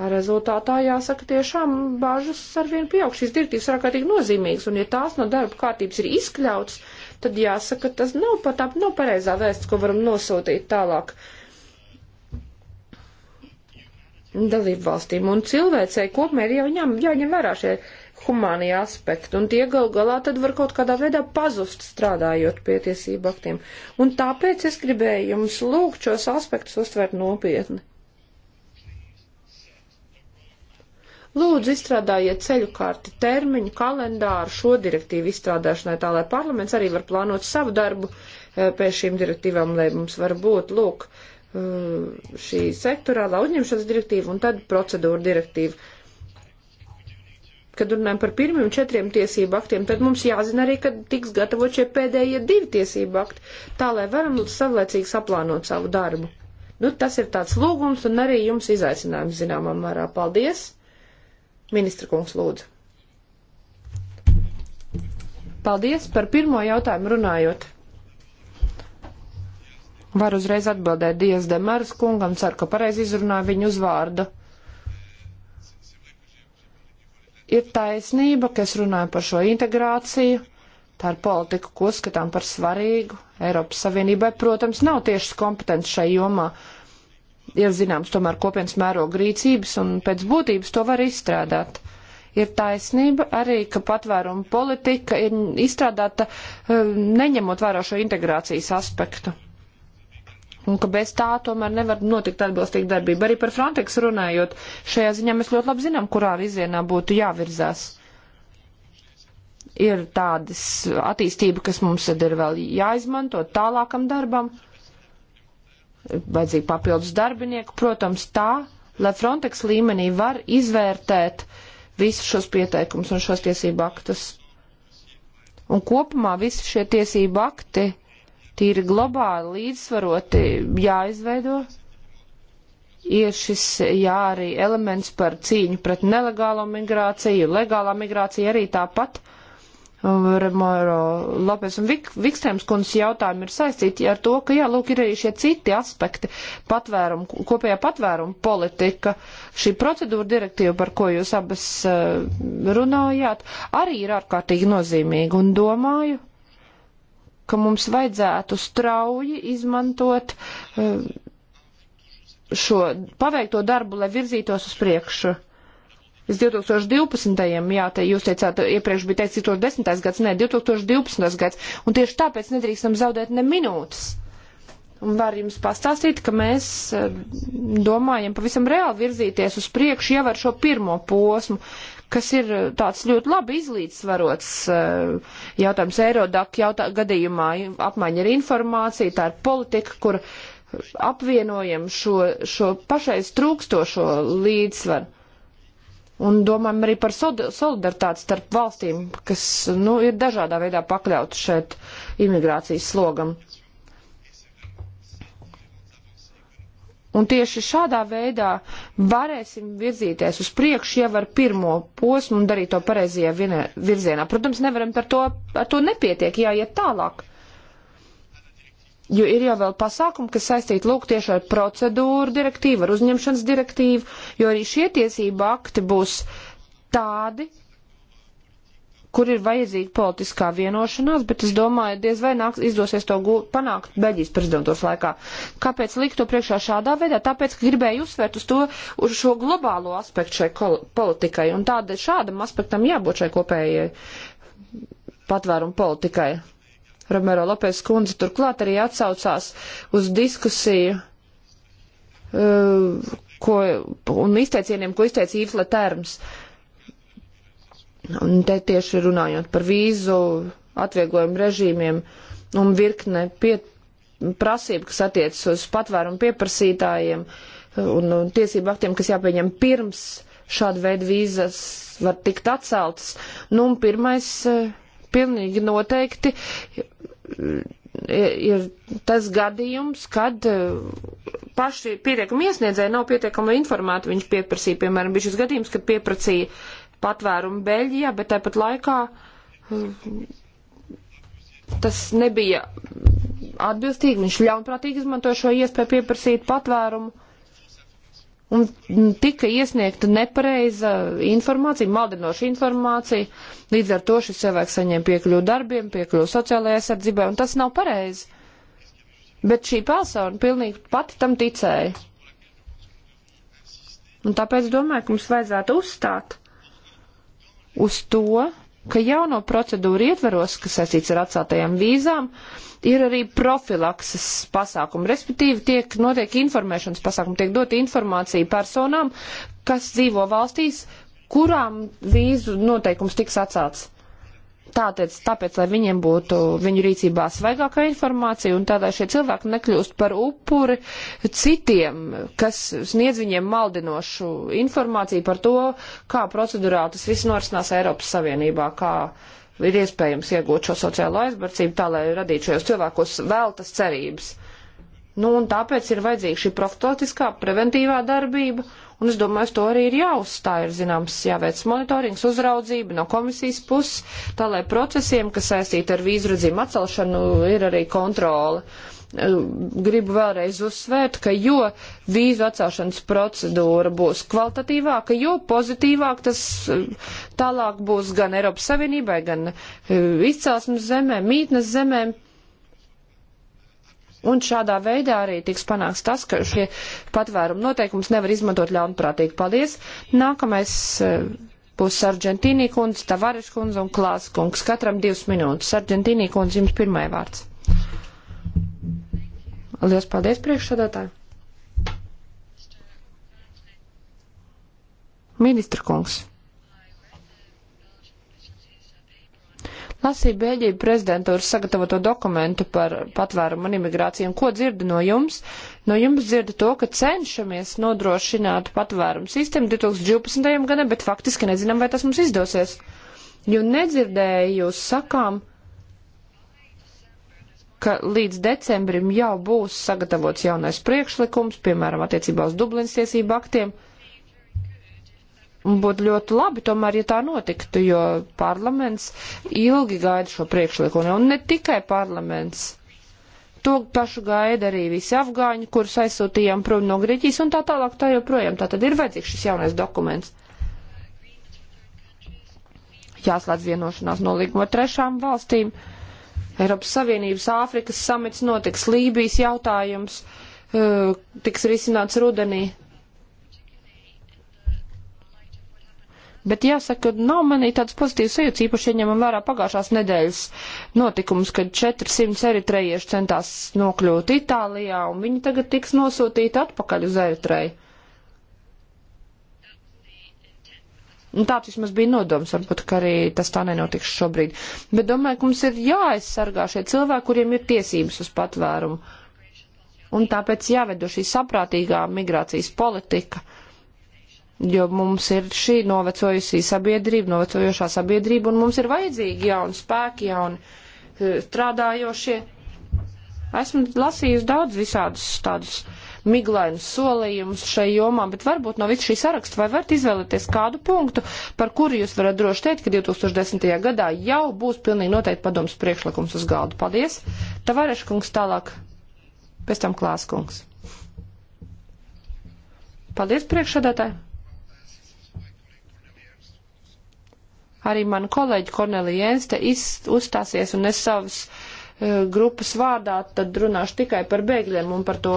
Tā rezultātā jāsaka tiešām bāžas arvien pieaug. Šīs direktīvas ir ārkārtīgi nozīmīgas, un ja tās no darba kārtības ir izkļauts, tad jāsaka, tas nav pat ap, nav pareizā vēsts, ko varam nosūtīt tālāk dalību valstīm. Un cilvēcei kopumā ir jau ņem, jāņem vērā šie humānie aspekti, un tie gal galā tad var kaut kādā veidā pazust strādājot pie tiesību aktiem. Un tāpēc es gribēju jums lūgt šos aspektus uztvert nopietni. Lūdzu, izstrādājiet ceļu kārti, termiņu, kalendāru šo direktīvu izstrādāšanai, tā lai parlaments arī var plānot savu darbu eh, pie šīm direktīvām, lai mums var būt, lūk, uh, šī sektorālā uzņemšanas direktīva un tad procedūra direktīva. Kad runājam par pirmiem četriem tiesību aktiem, tad mums jāzina arī, kad tiks gatavot šie pēdējie divi tiesību akti, tā lai varam savlaicīgi saplānot savu darbu. Nu, tas ir tāds lūgums un arī jums izaicinājums zināmā mērā. Paldies! Ministra kungs lūdzu. Paldies par pirmo jautājumu runājot. Var uzreiz atbildēt Dievs Demers kungam, ceru, ka pareizi izrunāju viņu uzvārdu. Ir taisnība, ka es runāju par šo integrāciju. Tā ir politika, ko skatām par svarīgu. Eiropas Savienībai, protams, nav tiešas kompetences šai jomā. Ir zināms, tomēr kopienas mēroga rīcības un pēc būtības to var izstrādāt ir taisnība arī, ka patvēruma politika ir izstrādāta eh, neņemot vērā šo integrācijas aspektu un ka bez tā tomēr nevar notikt atbilstīga darbība. Arī par Frontex runājot, šajā ziņā mēs ļoti labi zinām, kurā virzienā būtu jāvirzās. Ir tādas attīstība, kas mums tad ir vēl jāizmanto tālākam darbam, vajadzīgi papildus darbinieku, protams, tā, lai Frontex līmenī var izvērtēt visus šos pieteikumus un šos tiesību aktus. Un kopumā visi šie tiesību akti tīri globāli līdzsvaroti jāizveido. Ir šis jā arī elements par cīņu pret nelegālo migrāciju, legālā migrācija arī tāpat. Remoro Lopes un Vik, Vikstrēms kundzes jautājumi ir saistīti ar to, ka jā, lūk, ir arī šie citi aspekti patvērum, kopējā patvērum politika, šī procedūra direktīva, par ko jūs abas eh, runājāt, arī ir ārkārtīgi nozīmīga un domāju, ka mums vajadzētu strauji izmantot eh, šo paveikto darbu, lai virzītos uz priekšu. Līdz 2012. jā, te jūs teicāt, iepriekš bija teikts 2010. gads, nē, 2012. gads, un tieši tāpēc nedrīkstam zaudēt ne minūtes. Un var jums pastāstīt, ka mēs eh, domājam pavisam reāli virzīties uz priekšu jau ar šo pirmo posmu, kas ir uh, tāds ļoti labi izlīdzsvarots uh, jautājums Eirodak jautā, gadījumā, apmaiņa ar informāciju, tā ir politika, kur apvienojam šo, šo pašais trūkstošo līdzsvaru. Un domājam arī par solidaritāti starp valstīm, kas nu, ir dažādā veidā pakļautas šeit imigrācijas slogam. Un tieši šādā veidā varēsim virzīties uz priekšu jau ar pirmo posmu un darīt to pareizajā virzienā. Protams, nevaram par to, ar to nepietiek, jāiet tālāk. Jo ir jau vēl pasākumi, kas saistīti lūk tieši ar procedūru direktīvu, ar uzņemšanas direktīvu, jo arī šie tiesība akti būs tādi, kur ir vajadzīga politiskā vienošanās, bet es domāju, diez vai nāks, izdosies to gūt, panākt Beļģijas prezidentūras laikā. Kāpēc likt to priekšā šādā veidā? Tāpēc, ka gribēju uzsvērt uz to, uz šo globālo aspektu šai politikai, un tāda, šādam aspektam jābūt šai kopējai patvērumu politikai. Romero Lopes kundze turklāt arī atsaucās uz diskusiju, uh, ko, un izteicieniem, ko izteica Īvs Leterms. Uh, Un te tieši runājot par vīzu atvieglojumu režīmiem un virkne pie, prasību, kas attiecas uz patvērumu pieprasītājiem un, un tiesību aktiem, kas jāpieņem pirms šāda veida vīzas var tikt atceltas. Nu, un pirmais e, pilnīgi noteikti e, ir tas gadījums, kad e, paši pietiekami iesniedzēji nav pietiekami informēti. Viņš pieprasīja, piemēram, bija šis gadījums, kad pieprasīja patvērumu Beļģijā, bet tāpat laikā eh, tas nebija atbilstīgi. Viņš ļaunprātīgi izmantoja šo iespēju pieprasīt patvērumu. Un tika iesniegta nepareiza informācija, maldinoša informācija, līdz ar to šis cilvēks saņēma piekļuvu darbiem, piekļuvu sociālajai aizsardzībai, un tas nav pareizi. Bet šī persona pilnīgi pati tam ticēja. Un tāpēc domāju, ka mums vajadzētu uzstāt uz to, ka jauno procedūru ietveros, kas saistīts ar atceltajām vīzām, ir arī profilakses pasākumi, respektīvi tiek notiek informēšanas pasākumi, tiek dota informācija personām, kas dzīvo valstīs, kurām vīzu noteikums tiks atcelts. Tātad, tāpēc, lai viņiem būtu viņu rīcībā svaigākā informācija un tādā šie cilvēki nekļūst par upuri citiem, kas sniedz viņiem maldinošu informāciju par to, kā procedurā tas viss norisinās Eiropas Savienībā, kā ir iespējams iegūt šo sociālo aizbarcību, tā lai radītu šajos cilvēkos vēl tas cerības. Nu, un tāpēc ir vajadzīga šī profilaktiskā preventīvā darbība Un es domāju, to arī ir jāuzstāj, ir zināms, jāveic monitorings, uzraudzība no komisijas puses, tā lai procesiem, kas saistīti ar vīzu redzīmu atcelšanu, ir arī kontrole. Ehm, gribu vēlreiz uzsvērt, ka jo vīzu atcelšanas procedūra būs kvalitatīvāka, jo pozitīvāk tas ehm, tālāk būs gan Eiropas Savienībai, gan ehm, izcelsmes zemēm, mītnes zemēm Un šādā veidā arī tiks panāks tas, ka šie patvērumu noteikums nevar izmantot ļaunprātīgi. Paldies! Nākamais eh, būs Sargentīnī kundze, Tavares kundze un Klās kungs. Katram divas minūtes. Sargentīnī kundze, jums pirmai vārds. Lielas paldies priekšsādātāji! Ministra kungs! Lasīju Bēļģiju prezidentūras sagatavoto dokumentu par patvērumu un imigrāciju. Ko dzirdu no jums? No jums dzirdu to, ka cenšamies nodrošināt patvērumu sistēmu 2012. gadam, bet faktiski nezinām, vai tas mums izdosies. Jo nedzirdēju jūs sakām, ka līdz decembrim jau būs sagatavots jaunais priekšlikums, piemēram, attiecībā uz Dublinas tiesību aktiem. Būtu ļoti labi, tomēr, ja tā notiktu, jo parlaments ilgi gaida šo priekšlikumu, un ne tikai parlaments. To pašu gaida arī visi afgāņi, kurus aizsūtījām prom no Grieķijas un tā tālāk tā joprojām. Tā tad ir vajadzīgs šis jaunais dokuments. Jāslēdz vienošanās no līguma trešām valstīm. Eiropas Savienības Āfrikas samits notiks Lībijas jautājums, eh, tiks risināts rudenī Bet jāsaka, nav manī tāds pozitīvs sajūts, īpaši ieņemam vērā pagājušās nedēļas notikums, kad 400 eritrejieši centās nokļūt Itālijā, un viņi tagad tiks nosūtīti atpakaļ uz Eritreju. Un tāds vismaz bija nodoms, varbūt, ka arī tas tā nenotiks šobrīd. Bet domāju, ka mums ir jāaizsargā šie cilvēki, kuriem ir tiesības uz patvērumu. Un tāpēc jāvedo šī saprātīgā migrācijas politika jo mums ir šī novecojusī sabiedrība, novecojošā sabiedrība, un mums ir vajadzīgi jauni spēki, jauni eh, strādājošie. Esmu lasījusi daudz visādus tādus miglainus solījumus šai jomā, bet varbūt no visu šī saraksta vai varat izvēlēties kādu punktu, par kuru jūs varat droši teikt, ka 2010. gadā jau būs pilnīgi noteikti padoms priekšlikums uz galdu. Paldies! Tavareškungs tālāk, pēc tam klāskungs. Paldies priekšsēdētāji! Arī mana kolēģa Kornelija Jēnste uzstāsies un es savas uh, grupas vārdā tad runāšu tikai par bēgļiem un par to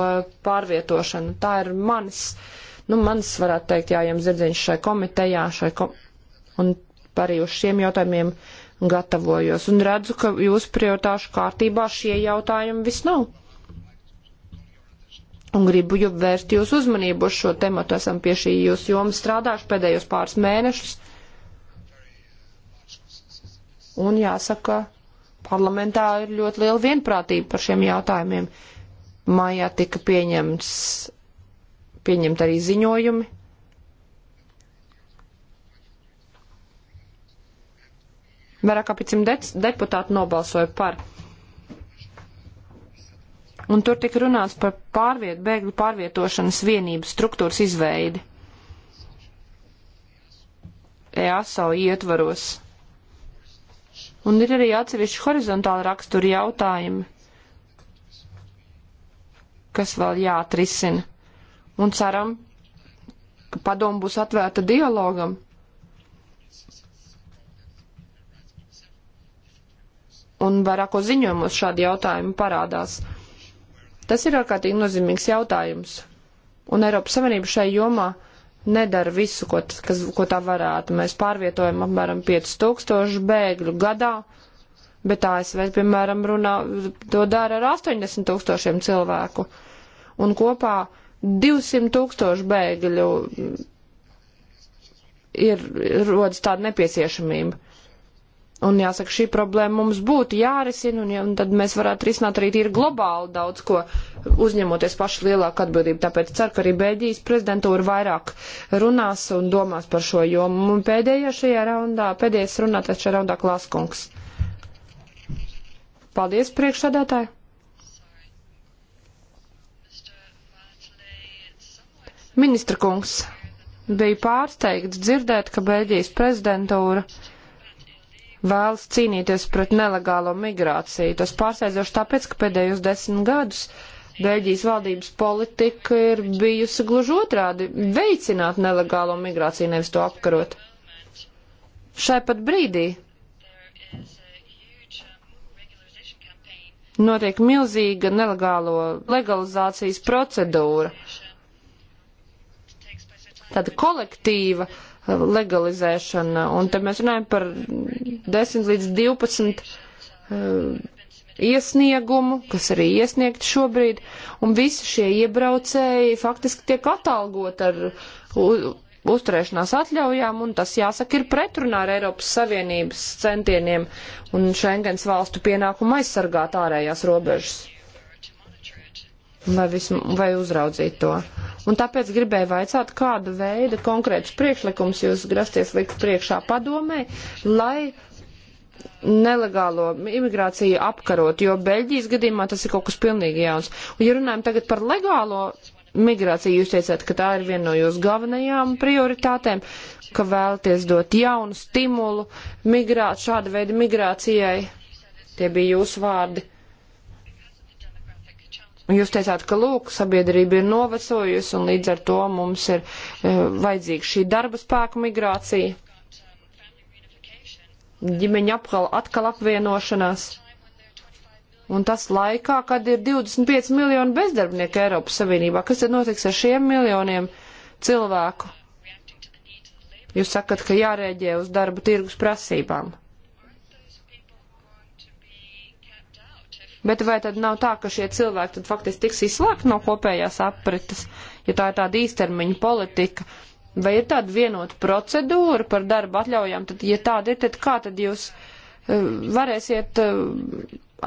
pārvietošanu. Tā ir mans, nu mans varētu teikt jājiem zirdziņš šai komitejā, šai kom un arī uz šiem jautājumiem gatavojos un redzu, ka jūsu prioritāšu kārtībā šie jautājumi vis nav. Un gribu jau vērst jūsu uzmanību uz šo tematu, esam pie šī jūsu joma strādājuši pēdējos pāris mēnešus. Un jāsaka, parlamentā ir ļoti liela vienprātība par šiem jautājumiem. Mājā tika pieņemts, pieņemt arī ziņojumi. Vairāk kā 500 deputāti nobalsoja par. Un tur tika runāts par pārviet, bēgļu pārvietošanas vienības struktūras izveidi. EASO ietvaros. Un ir arī atsevišķi horizontāli raksturi jautājumi, kas vēl jāatrisina. Un ceram, ka padomu būs atvērta dialogam. Un vairāko ziņojumos šādi jautājumi parādās. Tas ir ārkārtīgi nozīmīgs jautājums. Un Eiropas Savienība šai jomā nedara visu, ko, tas, kas, ko tā varētu. Mēs pārvietojam apmēram 5000 bēgļu gadā, bet ASV, piemēram, runā, to dara ar 80 tūkstošiem cilvēku. Un kopā 200 tūkstoši bēgļu ir, rodas tāda nepieciešamība. Un jāsaka, šī problēma mums būtu jārisina, un, ja, un tad mēs varētu risināt arī tīri globāli daudz ko, uzņemoties pašu lielāku atbildību. Tāpēc ceru, ka arī Bēļģijas prezidentūra vairāk runās un domās par šo jomu. Un pēdējā šajā raundā, pēdējais runātājs šajā raundā Klaskungs. Paldies, priekšsādātāji! Ministra kungs, biju pārsteigts dzirdēt, ka Bēļģijas prezidentūra vēlas cīnīties pret nelegālo migrāciju. Tas pārsteidzoši tāpēc, ka pēdējos desmit gadus Beļģijas valdības politika ir bijusi gluži otrādi - veicināt nelegālo migrāciju, nevis to apkarot. Šai pat brīdī notiek milzīga nelegālo legalizācijas procedūra. Tāda kolektīva uh, legalizēšana. Un te mēs runājam par 10 līdz 12 e, iesniegumu, kas arī iesniegt šobrīd, un visi šie iebraucēji faktiski tiek atalgot ar uzturēšanās atļaujām, un tas, jāsaka, ir pretrunā ar Eiropas Savienības centieniem un Schengens valstu pienākumu aizsargāt ārējās robežas vai, vism, vai uzraudzīt to. Un tāpēc gribēju vaicāt, kādu veidu konkrētus priekšlikumus jūs grasties likt priekšā padomē, lai nelegālo imigrāciju apkarot, jo Beļģijas gadījumā tas ir kaut kas pilnīgi jauns. Un ja runājam tagad par legālo migrāciju, jūs teicāt, ka tā ir viena no jūsu galvenajām prioritātēm, ka vēlaties dot jaunu stimulu migrāt, šāda veida migrācijai. Tie bija jūsu vārdi. Jūs teicāt, ka lūk, sabiedrība ir novecojusi un līdz ar to mums ir eh, vajadzīga šī darba spēku migrācija, ģimeņa apkal, atkal apvienošanās. Un tas laikā, kad ir 25 miljoni bezdarbnieku Eiropas Savienībā, kas tad notiks ar šiem miljoniem cilvēku? Jūs sakat, ka jārēģē uz darba tirgus prasībām. Bet vai tad nav tā, ka šie cilvēki tad faktiski tiks izslēgti no kopējās aprites, ja tā ir tāda īstermiņa politika? Vai ir tāda vienota procedūra par darba atļaujām? Tad, ja tāda ir, tad kā tad jūs eh, varēsiet eh,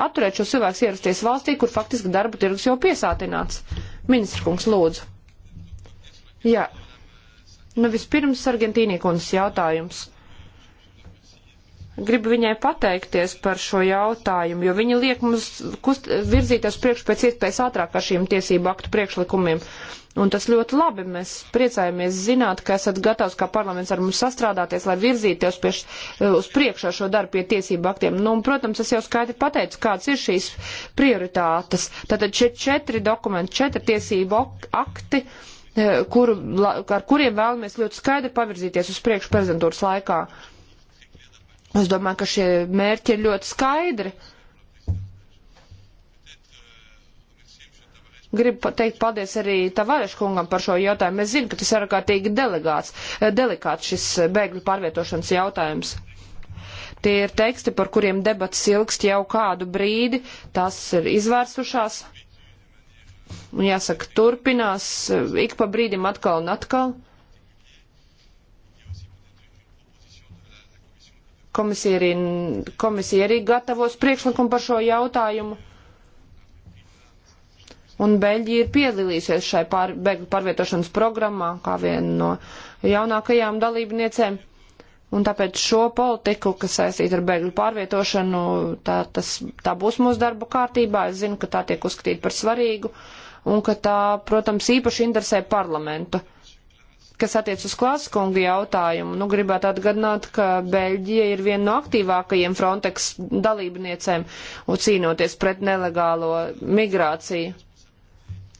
atturēt šo cilvēku ierasties valstī, kur faktiski darba tirgus jau piesātināts? Ministra kungs, lūdzu. Jā. Nu, vispirms Argentīnī kundas jautājums gribu viņai pateikties par šo jautājumu, jo viņa liek mums kust, virzīties priekš pēc iespējas ātrāk ar šiem tiesību aktu priekšlikumiem. Un tas ļoti labi. Mēs priecājamies zināt, ka esat gatavs kā parlaments ar mums sastrādāties, lai virzīties pieš, uz priekšu ar šo darbu pie tiesību aktiem. Nu, un, protams, es jau skaidri pateicu, kādas ir šīs prioritātes. Tātad šie četri dokumenti, četri tiesību akti, eh, kuru, ar kuriem vēlamies ļoti skaidri pavirzīties uz priekšu prezidentūras laikā. Es domāju, ka šie mērķi ir ļoti skaidri. Gribu pateikt paldies arī Tavarešu kungam par šo jautājumu. Es zinu, ka tas ir ārkārtīgi eh, delikāts šis bēgļu pārvietošanas jautājums. Tie ir teksti, par kuriem debats ilgst jau kādu brīdi, tās ir izvērsušās. Un jāsaka, turpinās eh, ik pa brīdim atkal un atkal. Komisija arī, komisija arī gatavos priekšlikumu par šo jautājumu. Un Beļģija ir piedalījusies šai pār, bēgļu pārvietošanas programmā kā viena no jaunākajām dalībniecēm. Un tāpēc šo politiku, kas saistīta ar bēgļu pārvietošanu, tā, tas, tā būs mūsu darba kārtībā. Es zinu, ka tā tiek uzskatīta par svarīgu un ka tā, protams, īpaši interesē parlamentu kas attiec uz klaskungu jautājumu, nu gribētu atgādināt, ka Beļģija ir viena no aktīvākajiem Frontex dalībniecēm un cīnoties pret nelegālo migrāciju.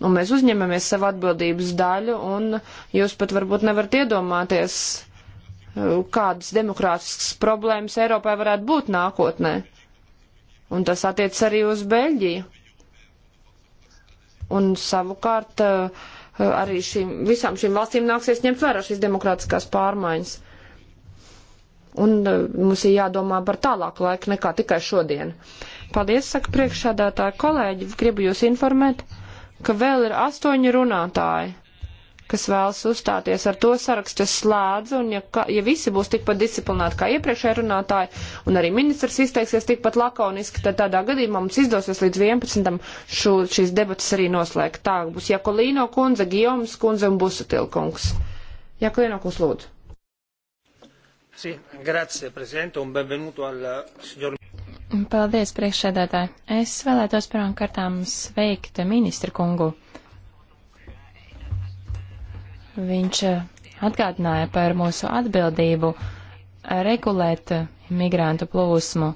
Un mēs uzņemamies savu atbildības daļu, un jūs pat varbūt nevarat iedomāties, kādas demokrātiskas problēmas Eiropai varētu būt nākotnē. Un tas attiec arī uz Beļģiju. Un savukārt uh, Eh, arī šīm, visām šīm valstīm nāksies ņemt vērā šīs demokrātiskās pārmaiņas. Un eh, mums ir jādomā par tālāku laiku nekā tikai šodien. Paldies, saka priekšsādātāji kolēģi, gribu jūs informēt, ka vēl ir astoņi runātāji kas vēlas uzstāties ar to sarakstu slēdzu, un ja, ka, ja visi būs tikpat disciplināti kā iepriekšējā runātāji, un arī ministrs izteiksies tikpat lakoniski, tad tādā gadījumā mums izdosies līdz 11. Šo, šīs debatas arī noslēgt. Tā būs Jakolīno kundze, Gijomas kundze un Busutilkungs. Jakolīno kungs lūdzu. Sí, grazie, prezidente, un benvenuto al signor. Paldies, priekšsēdētāji. Es vēlētos pirmām kārtām sveikt ministru kungu. Viņš eh, atgādināja par mūsu atbildību regulēt eh, migrantu plūsmu.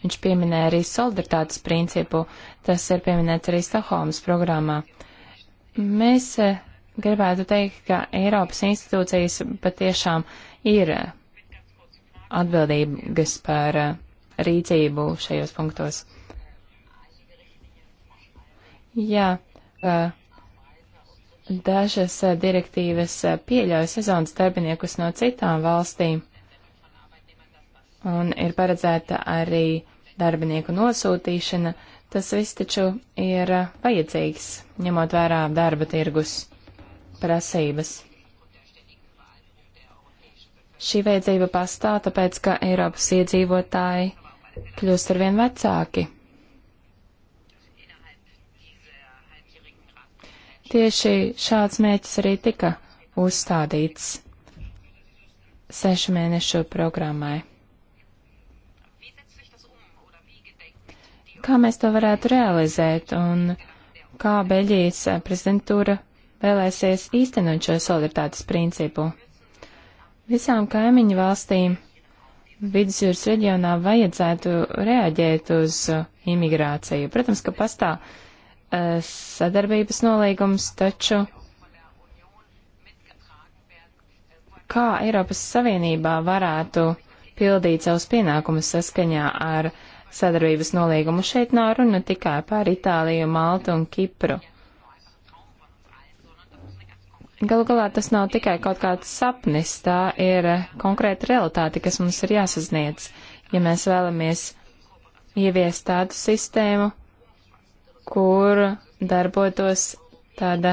Viņš pieminēja arī solidaritātes principu, tas ir pieminēts arī Stokholmas programmā. Mēs eh, gribētu teikt, ka Eiropas institūcijas patiešām ir atbildīgas par rīcību šajos punktos. Jā, uh, Dažas eh, direktīvas eh, pieļauj sezonas darbiniekus no citām valstīm, un ir paredzēta arī darbinieku nosūtīšana. Tas viss taču ir eh, vajadzīgs, ņemot vērā darba tirgus prasības. Šī vajadzība pastāv tāpēc, ka Eiropas iedzīvotāji kļūst arvien vecāki. Tieši šāds mēķis arī tika uzstādīts sešu mēnešu programmai. Kā mēs to varētu realizēt un kā Beļģijas prezidentūra vēlēsies īstenot šo solidaritātes principu? Visām kaimiņu valstīm vidusjūras reģionā vajadzētu reaģēt uz imigrāciju. Protams, ka pastāv sadarbības nolīgums, taču kā Eiropas Savienībā varētu pildīt savus pienākumus saskaņā ar sadarbības nolīgumu. Šeit nav runa tikai par Itāliju, Maltu un Kipru. Galu galā tas nav tikai kaut kāds sapnis, tā ir konkrēta realitāte, kas mums ir jāsasniedz, ja mēs vēlamies ieviest tādu sistēmu, kur darbotos tāda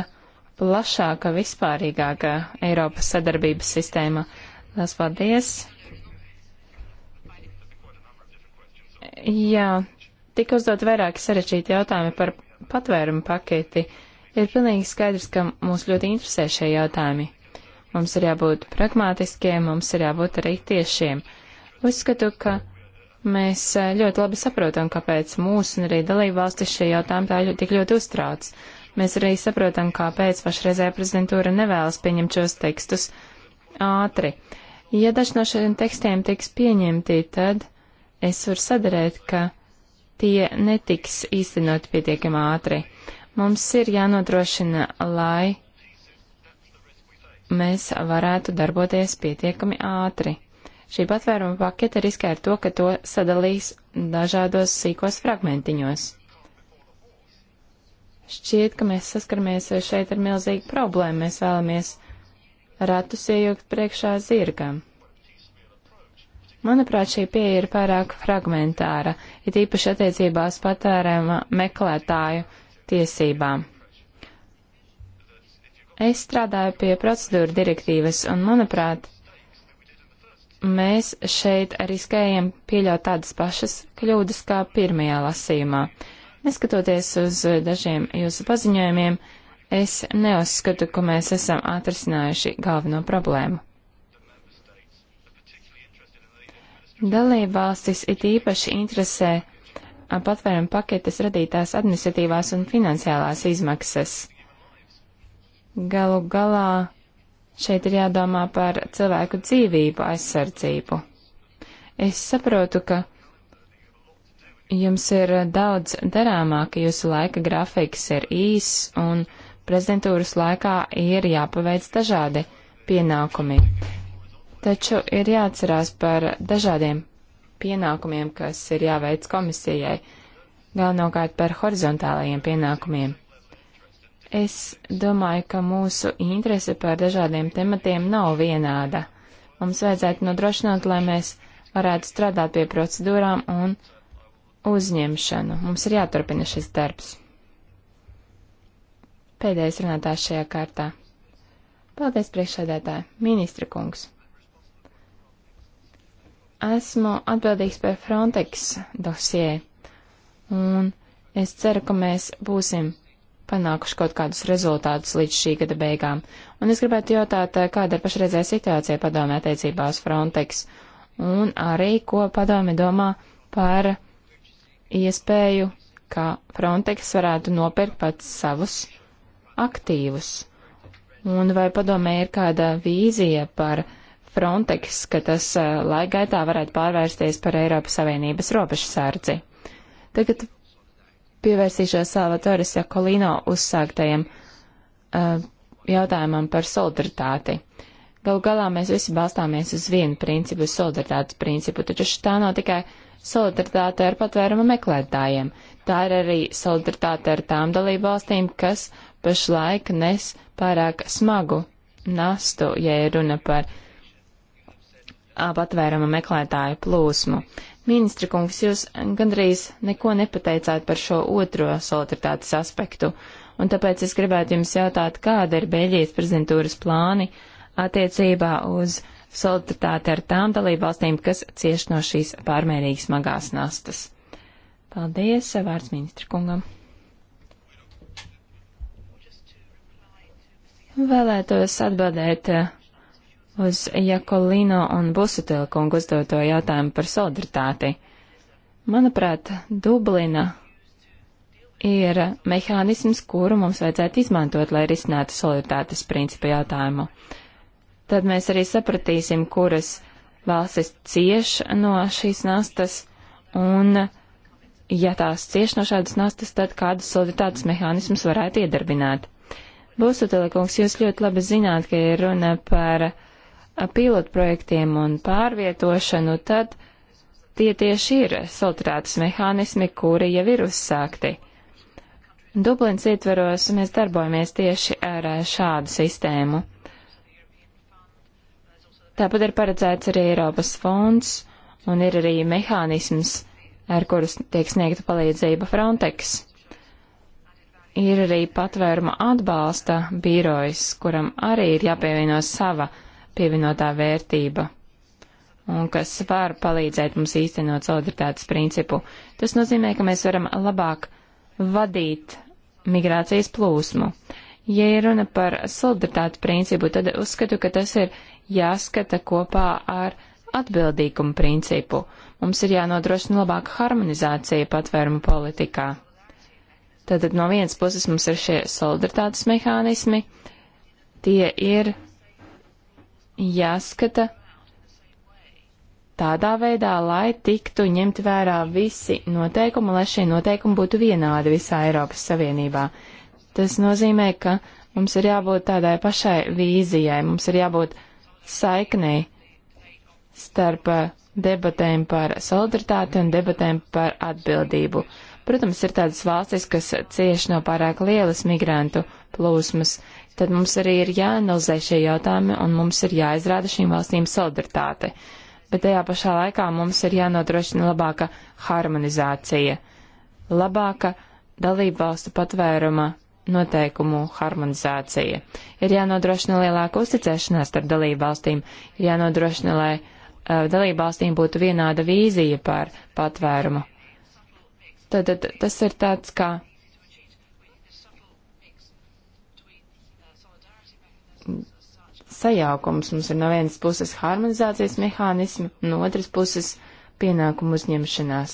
plašāka, vispārīgāka Eiropas sadarbības sistēma. Lielas paldies! Jā, tika uzdot vairāki sarežģīti jautājumi par patvērumu paketi. Ir pilnīgi skaidrs, ka mūs ļoti interesē šie jautājumi. Mums ir jābūt pragmātiskiem, mums ir jābūt arī tiešiem. Uzskatu, ka Mēs eh, ļoti labi saprotam, kāpēc mūsu un arī dalību valstis šie jautājumi tā ļoti, tik ļoti uztrauc. Mēs arī saprotam, kāpēc pašreizē prezidentūra nevēlas pieņemt šos tekstus ātri. Ja daži no šiem tekstiem tiks pieņemti, tad es varu sadarēt, ka tie netiks īstenot pietiekami ātri. Mums ir jānodrošina, lai mēs varētu darboties pietiekami ātri. Šī patvēruma pakete riskē ar to, ka to sadalīs dažādos sīkos fragmentiņos. Šķiet, ka mēs saskaramies šeit ar milzīgu problēmu. Mēs vēlamies ratus iejukt priekšā zirgam. Manuprāt, šī pieeja ir pārāk fragmentāra, it īpaši attiecībās patērēma meklētāju tiesībām. Es strādāju pie procedūra direktīvas, un, manuprāt, mēs šeit riskējam pieļaut tādas pašas kļūdas kā pirmajā lasījumā. Neskatoties uz dažiem jūsu paziņojumiem, es neuzskatu, ka mēs esam atrisinājuši galveno problēmu. Dalībvalstis it īpaši interesē patvērumu paketes radītās administratīvās un finansiālās izmaksas. Galu galā Šeit ir jādomā par cilvēku dzīvību aizsardzību. Es saprotu, ka jums ir daudz darāmā, ka jūsu laika grafiks ir īss un prezidentūras laikā ir jāpaveic dažādi pienākumi. Taču ir jāatcerās par dažādiem pienākumiem, kas ir jāveic komisijai, galvenokārt par horizontālajiem pienākumiem. Es domāju, ka mūsu interese par dažādiem tematiem nav vienāda. Mums vajadzētu nodrošināt, lai mēs varētu strādāt pie procedūrām un uzņemšanu. Mums ir jāturpina šis darbs. Pēdējais runātājs šajā kārtā. Paldies, priekšsēdētāji, ministra kungs. Esmu atbildīgs par Frontex dosie, un es ceru, ka mēs būsim panākuši kaut kādus rezultātus līdz šī gada beigām. Un es gribētu jautāt, eh, kāda ir pašreizējā situācija padomē attiecībā uz Frontex, un arī, ko padome domā par iespēju, ka Frontex varētu nopirkt pats savus aktīvus. Un vai padomē ir kāda vīzija par Frontex, ka tas eh, laikgaitā varētu pārvērsties par Eiropas Savienības robežsardzi? Tagad pievērsīšos Salvatoris Jakolino uzsāktajam uh, jautājumam par solidaritāti. Galu galā mēs visi balstāmies uz vienu principu, solidaritātes principu, taču tā nav tikai solidaritāte ar patvērumu meklētājiem. Tā ir arī solidaritāte ar tām dalību valstīm, kas pašlaik nes pārāk smagu nastu, ja ir runa par patvēruma meklētāju plūsmu. Ministra kungs, jūs gandrīz neko nepateicāt par šo otro solidaritātes aspektu, un tāpēc es gribētu jums jautāt, kāda ir Beļģijas prezidentūras plāni attiecībā uz solidaritāti ar tām dalībvalstīm, kas cieš no šīs pārmērīgas smagās nastas. Paldies, vārds ministra kungam. Vēlētos atbildēt uz Jakolino un Busutila kungu uzdoto jautājumu par solidaritāti. Manuprāt, Dublina ir mehānisms, kuru mums vajadzētu izmantot, lai risinātu solidaritātes principu jautājumu. Tad mēs arī sapratīsim, kuras valstis cieš no šīs nastas, un, ja tās cieš no šādas nastas, tad kādus solidaritātes mehānismus varētu iedarbināt. Būsu telekungs, jūs ļoti labi zināt, ka ir runa par uh, pilotprojektiem un pārvietošanu, tad tie tieši ir filtrētas mehānismi, kuri jau ir uzsākti. Dublins ietveros mēs darbojamies tieši ar šādu sistēmu. Tāpat ir paredzēts arī Eiropas fonds un ir arī mehānisms, ar kurus tiek sniegta palīdzība Frontex. Ir arī patvēruma atbalsta birojs, kuram arī ir jāpievieno sava uh, pievienotā vērtība un kas var palīdzēt mums īstenot solidaritātes principu. Tas nozīmē, ka mēs varam labāk vadīt migrācijas plūsmu. Ja ir runa par solidaritātes principu, tad uzskatu, ka tas ir jāskata kopā ar atbildīgumu principu. Mums ir jānodrošina labāka harmonizācija patvērumu politikā. Tātad no vienas puses mums ir šie solidaritātes mehānismi, tie ir jāskata tādā veidā, lai tiktu ņemt vērā visi noteikumi, lai šie noteikumi būtu vienādi visā Eiropas Savienībā. Tas nozīmē, ka mums ir jābūt tādai pašai vīzijai, mums ir jābūt saiknei starp debatēm par solidaritāti un debatēm par atbildību. Protams, ir tādas valstis, kas cieši no pārāk lielas migrantu plūsmas, tad mums arī ir jāanalizē šie jautājumi un mums ir jāizrāda šīm valstīm solidaritāte. Bet tajā pašā laikā mums ir jānodrošina labāka harmonizācija, labāka dalību valstu patvēruma noteikumu harmonizācija. Ir jānodrošina lielāka uzticēšanās starp dalību valstīm, ir jānodrošina, lai uh, dalību valstīm būtu vienāda vīzija par patvērumu. Tad, tad tas ir tāds kā sajaukums. Mums ir no vienas puses harmonizācijas mehānismi, no otras puses pienākumu uzņemšanās.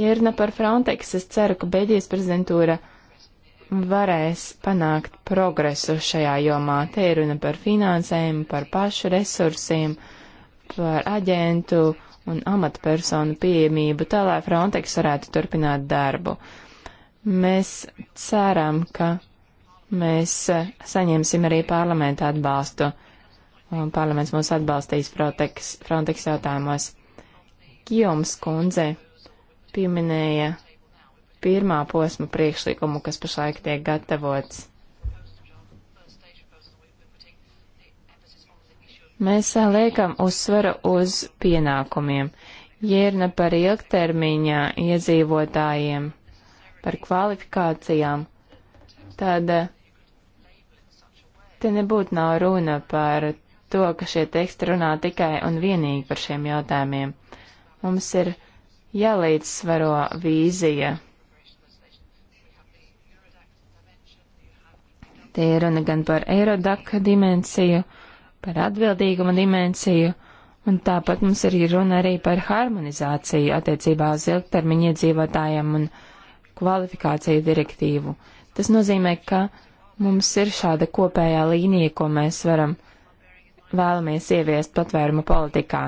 Ja runa par Frontex, es ceru, ka Beļģijas prezidentūra varēs panākt progresu šajā jomā. Te ir runa par finansēm, par pašu resursiem, par aģentu un amatpersonu pieejamību, tā lai Frontex varētu turpināt darbu. Mēs ceram, ka mēs e, saņemsim arī parlamentu atbalstu. Un parlaments mūs atbalstīs Frontex, Frontex jautājumos. Gijoms kundze pieminēja pirmā posma priekšlikumu, kas pašlaik tiek gatavots. Mēs e, liekam uzsvaru uz pienākumiem. Jērna par ilgtermiņā iedzīvotājiem, par kvalifikācijām, tad e, Te nebūtu nav runa par to, ka šie teksti runā tikai un vienīgi par šiem jautājumiem. Mums ir jālīdzsvaro vīzija. Te ir runa gan par Eirodaka dimensiju, par atbildīguma dimensiju, un tāpat mums ir runa arī par harmonizāciju attiecībā uz ilgtermiņa iedzīvotājiem un kvalifikāciju direktīvu. Tas nozīmē, ka Mums ir šāda kopējā līnija, ko mēs varam vēlamies ieviest patvēruma politikā.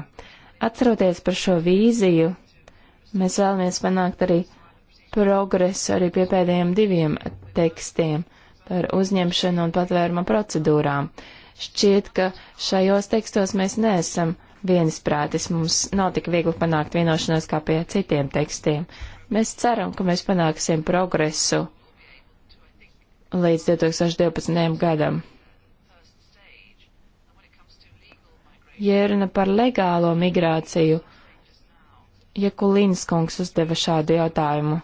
Atceroties par šo vīziju, mēs vēlamies panākt arī progresu arī pie pēdējiem diviem tekstiem par uzņemšanu un patvēruma procedūrām. Šķiet, ka šajos tekstos mēs neesam viensprātis, mums nav tik viegli panākt vienošanos kā pie citiem tekstiem. Mēs ceram, ka mēs panāksim progresu līdz 2012. gadam. Ja runa par legālo migrāciju, Jekulīns kungs uzdeva šādu jautājumu.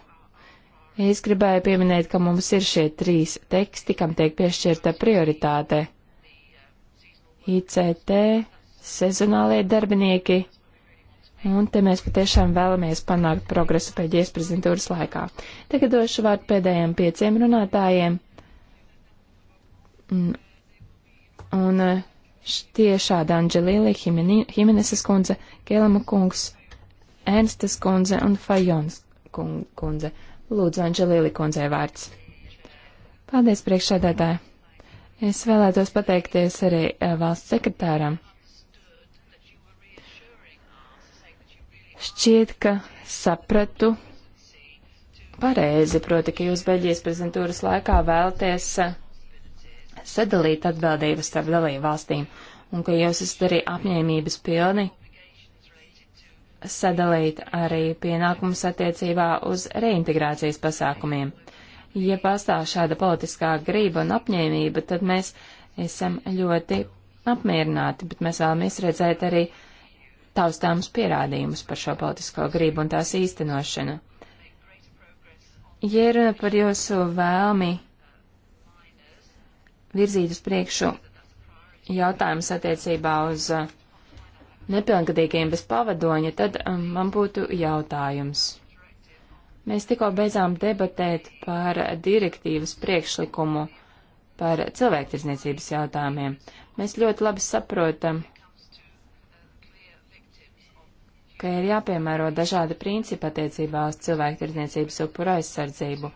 Es gribēju pieminēt, ka mums ir šie trīs teksti, kam tiek piešķirta prioritāte. ICT, sezonālie darbinieki, un te mēs patiešām vēlamies panākt progresu pēdējais prezentūras laikā. Tagad došu vārdu pēdējiem pieciem runātājiem. Un, un e, tiešādi Anģelīli, Himeneses kundze, Kēlama kungs, Ernstas kundze un Fajons kundze. Lūdzu, Anģelīli kundzei vārds. Paldies, priekšsēdētāji. Es vēlētos pateikties arī e, valsts sekretāram. Šķiet, ka sapratu pareizi, proti, ka jūs Beļģijas prezentūras laikā vēlaties e, sadalīt atbildības starp dalību valstīm un ka jūs esat arī apņēmības pilni sadalīt arī pienākumus attiecībā uz reintegrācijas pasākumiem. Ja pastāv šāda politiskā grība un apņēmība, tad mēs esam ļoti apmierināti, bet mēs vēlamies redzēt arī taustāmus pierādījumus par šo politisko gribu un tās īstenošanu. Ja runa par jūsu vēlmi virzīt uz priekšu jautājumus attiecībā uz uh, nepilngadīgiem bez pavadoņa, tad um, man būtu jautājums. Mēs tikko beidzām debatēt par direktīvas priekšlikumu par cilvēktiesniecības jautājumiem. Mēs ļoti labi saprotam, ka ir jāpiemēro dažādi principi attiecībā uz cilvēktiesniecības upuru aizsardzību,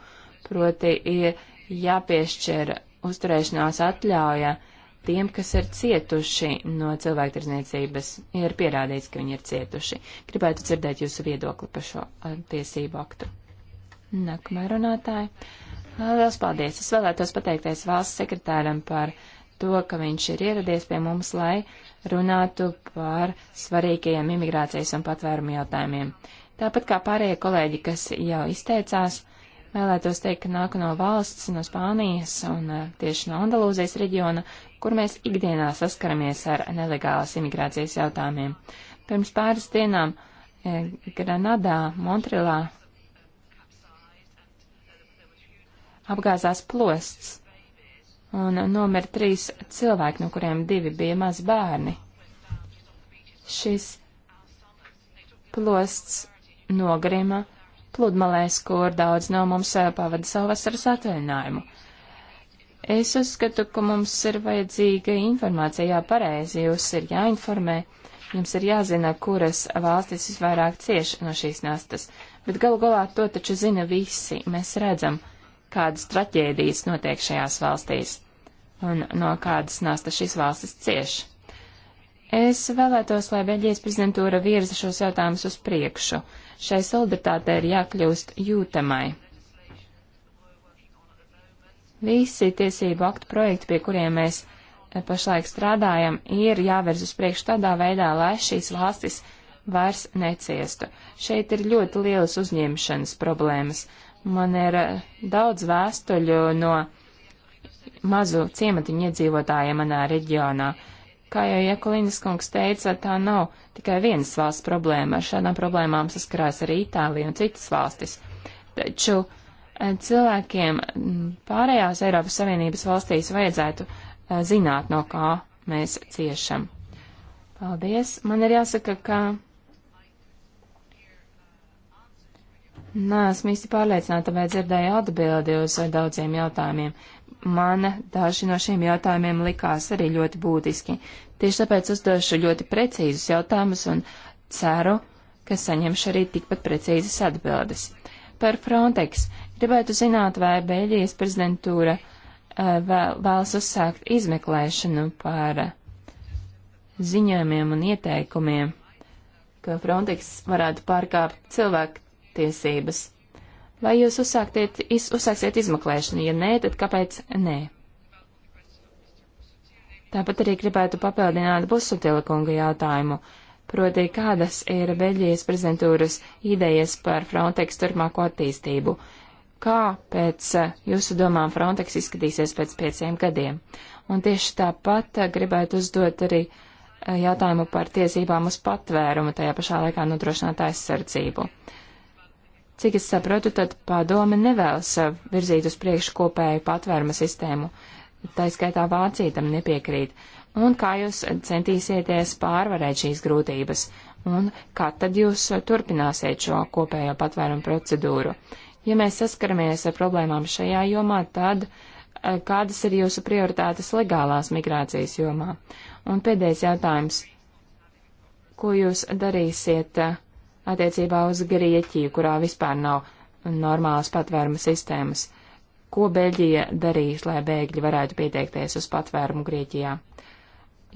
proti ir jāpiešķir uzturēšanās atļauja tiem, kas ir cietuši no cilvēktirdzniecības, ir pierādīts, ka viņi ir cietuši. Gribētu dzirdēt jūsu viedokli par šo tiesību aktu. Nākamā runātāja. Lielas paldies! Es vēlētos pateikties valsts sekretāram par to, ka viņš ir ieradies pie mums, lai runātu par svarīgajiem imigrācijas un patvērumu jautājumiem. Tāpat kā pārējie kolēģi, kas jau izteicās, Vēlētos teikt, ka nāku no valsts, no Spānijas un eh, tieši no Andalūzijas reģiona, kur mēs ikdienā saskaramies ar nelegālas imigrācijas jautājumiem. Pirms pāris dienām eh, Granadā, Montrilā apgāzās plosts un nomira trīs cilvēki, no kuriem divi bija mazi bērni. Šis plosts nogrima pludmalēs, kur daudz no mums pavada savu vasaras atvaļinājumu. Es uzskatu, ka mums ir vajadzīga informācija, jā, pareizi, jūs ir jāinformē, jums ir jāzina, kuras valstis visvairāk cieš no šīs nastas, bet galu galā to taču zina visi, mēs redzam, kādas traģēdijas notiek šajās valstīs un no kādas nasta šīs valstis cieši. Es vēlētos, lai Beļģijas prezidentūra virza šos jautājumus uz priekšu. Šai solidaritātei ir jākļūst jūtamai. Visi tiesību aktu projekti, pie kuriem mēs eh, pašlaik strādājam, ir jāvirz uz priekšu tādā veidā, lai šīs valstis vairs neciestu. Šeit ir ļoti lielas uzņemšanas problēmas. Man ir eh, daudz vēstuļu no mazu ciematiņu iedzīvotājiem manā reģionā. Kā jau Jekolīnas kungs teica, tā nav tikai vienas valsts problēma. Ar šādām problēmām saskarās arī Itālija un citas valstis. Taču eh, cilvēkiem pārējās Eiropas Savienības valstīs vajadzētu eh, zināt, no kā mēs ciešam. Paldies. Man ir jāsaka, ka Nē, esmu īsti pārliecināta, vai dzirdēju atbildi uz daudziem jautājumiem, man daži no šiem jautājumiem likās arī ļoti būtiski. Tieši tāpēc uzdošu ļoti precīzus jautājumus un ceru, ka saņemšu arī tikpat precīzas atbildes. Par Frontex gribētu zināt, vai Beļģijas prezidentūra eh, vēl, vēlas uzsākt izmeklēšanu par eh, ziņojumiem un ieteikumiem, ka Frontex varētu pārkāpt cilvēku tiesības Vai jūs uzsāktiet, iz, uzsāksiet izmeklēšanu? Ja nē, tad kāpēc nē? Tāpat arī gribētu papildināt Busutila kunga jautājumu, proti, kādas ir Beļģijas prezidentūras idejas par Frontex turpmāko attīstību? Kā pēc eh, jūsu domām Frontex izskatīsies pēc pieciem gadiem? Un tieši tāpat eh, gribētu uzdot arī eh, jautājumu par tiesībām uz patvērumu, tajā pašā laikā nodrošināt aizsardzību. Uh, Cik es saprotu, tad padome nevēlas eh, virzīt uz priekšu kopēju patvēruma sistēmu. Tā skaitā Vācija tam nepiekrīt. Un kā jūs centīsieties pārvarēt šīs grūtības? Un kā tad jūs turpināsiet šo kopējo patvērumu procedūru? Ja mēs saskaramies ar problēmām šajā jomā, tad eh, kādas ir jūsu prioritātes legālās migrācijas jomā? Un pēdējais jautājums. Ko jūs darīsiet? Uh, attiecībā uz Grieķiju, kurā vispār nav normālas patvēruma sistēmas. Ko Beļģija darīs, lai bēgļi varētu pieteikties uz patvērumu Grieķijā?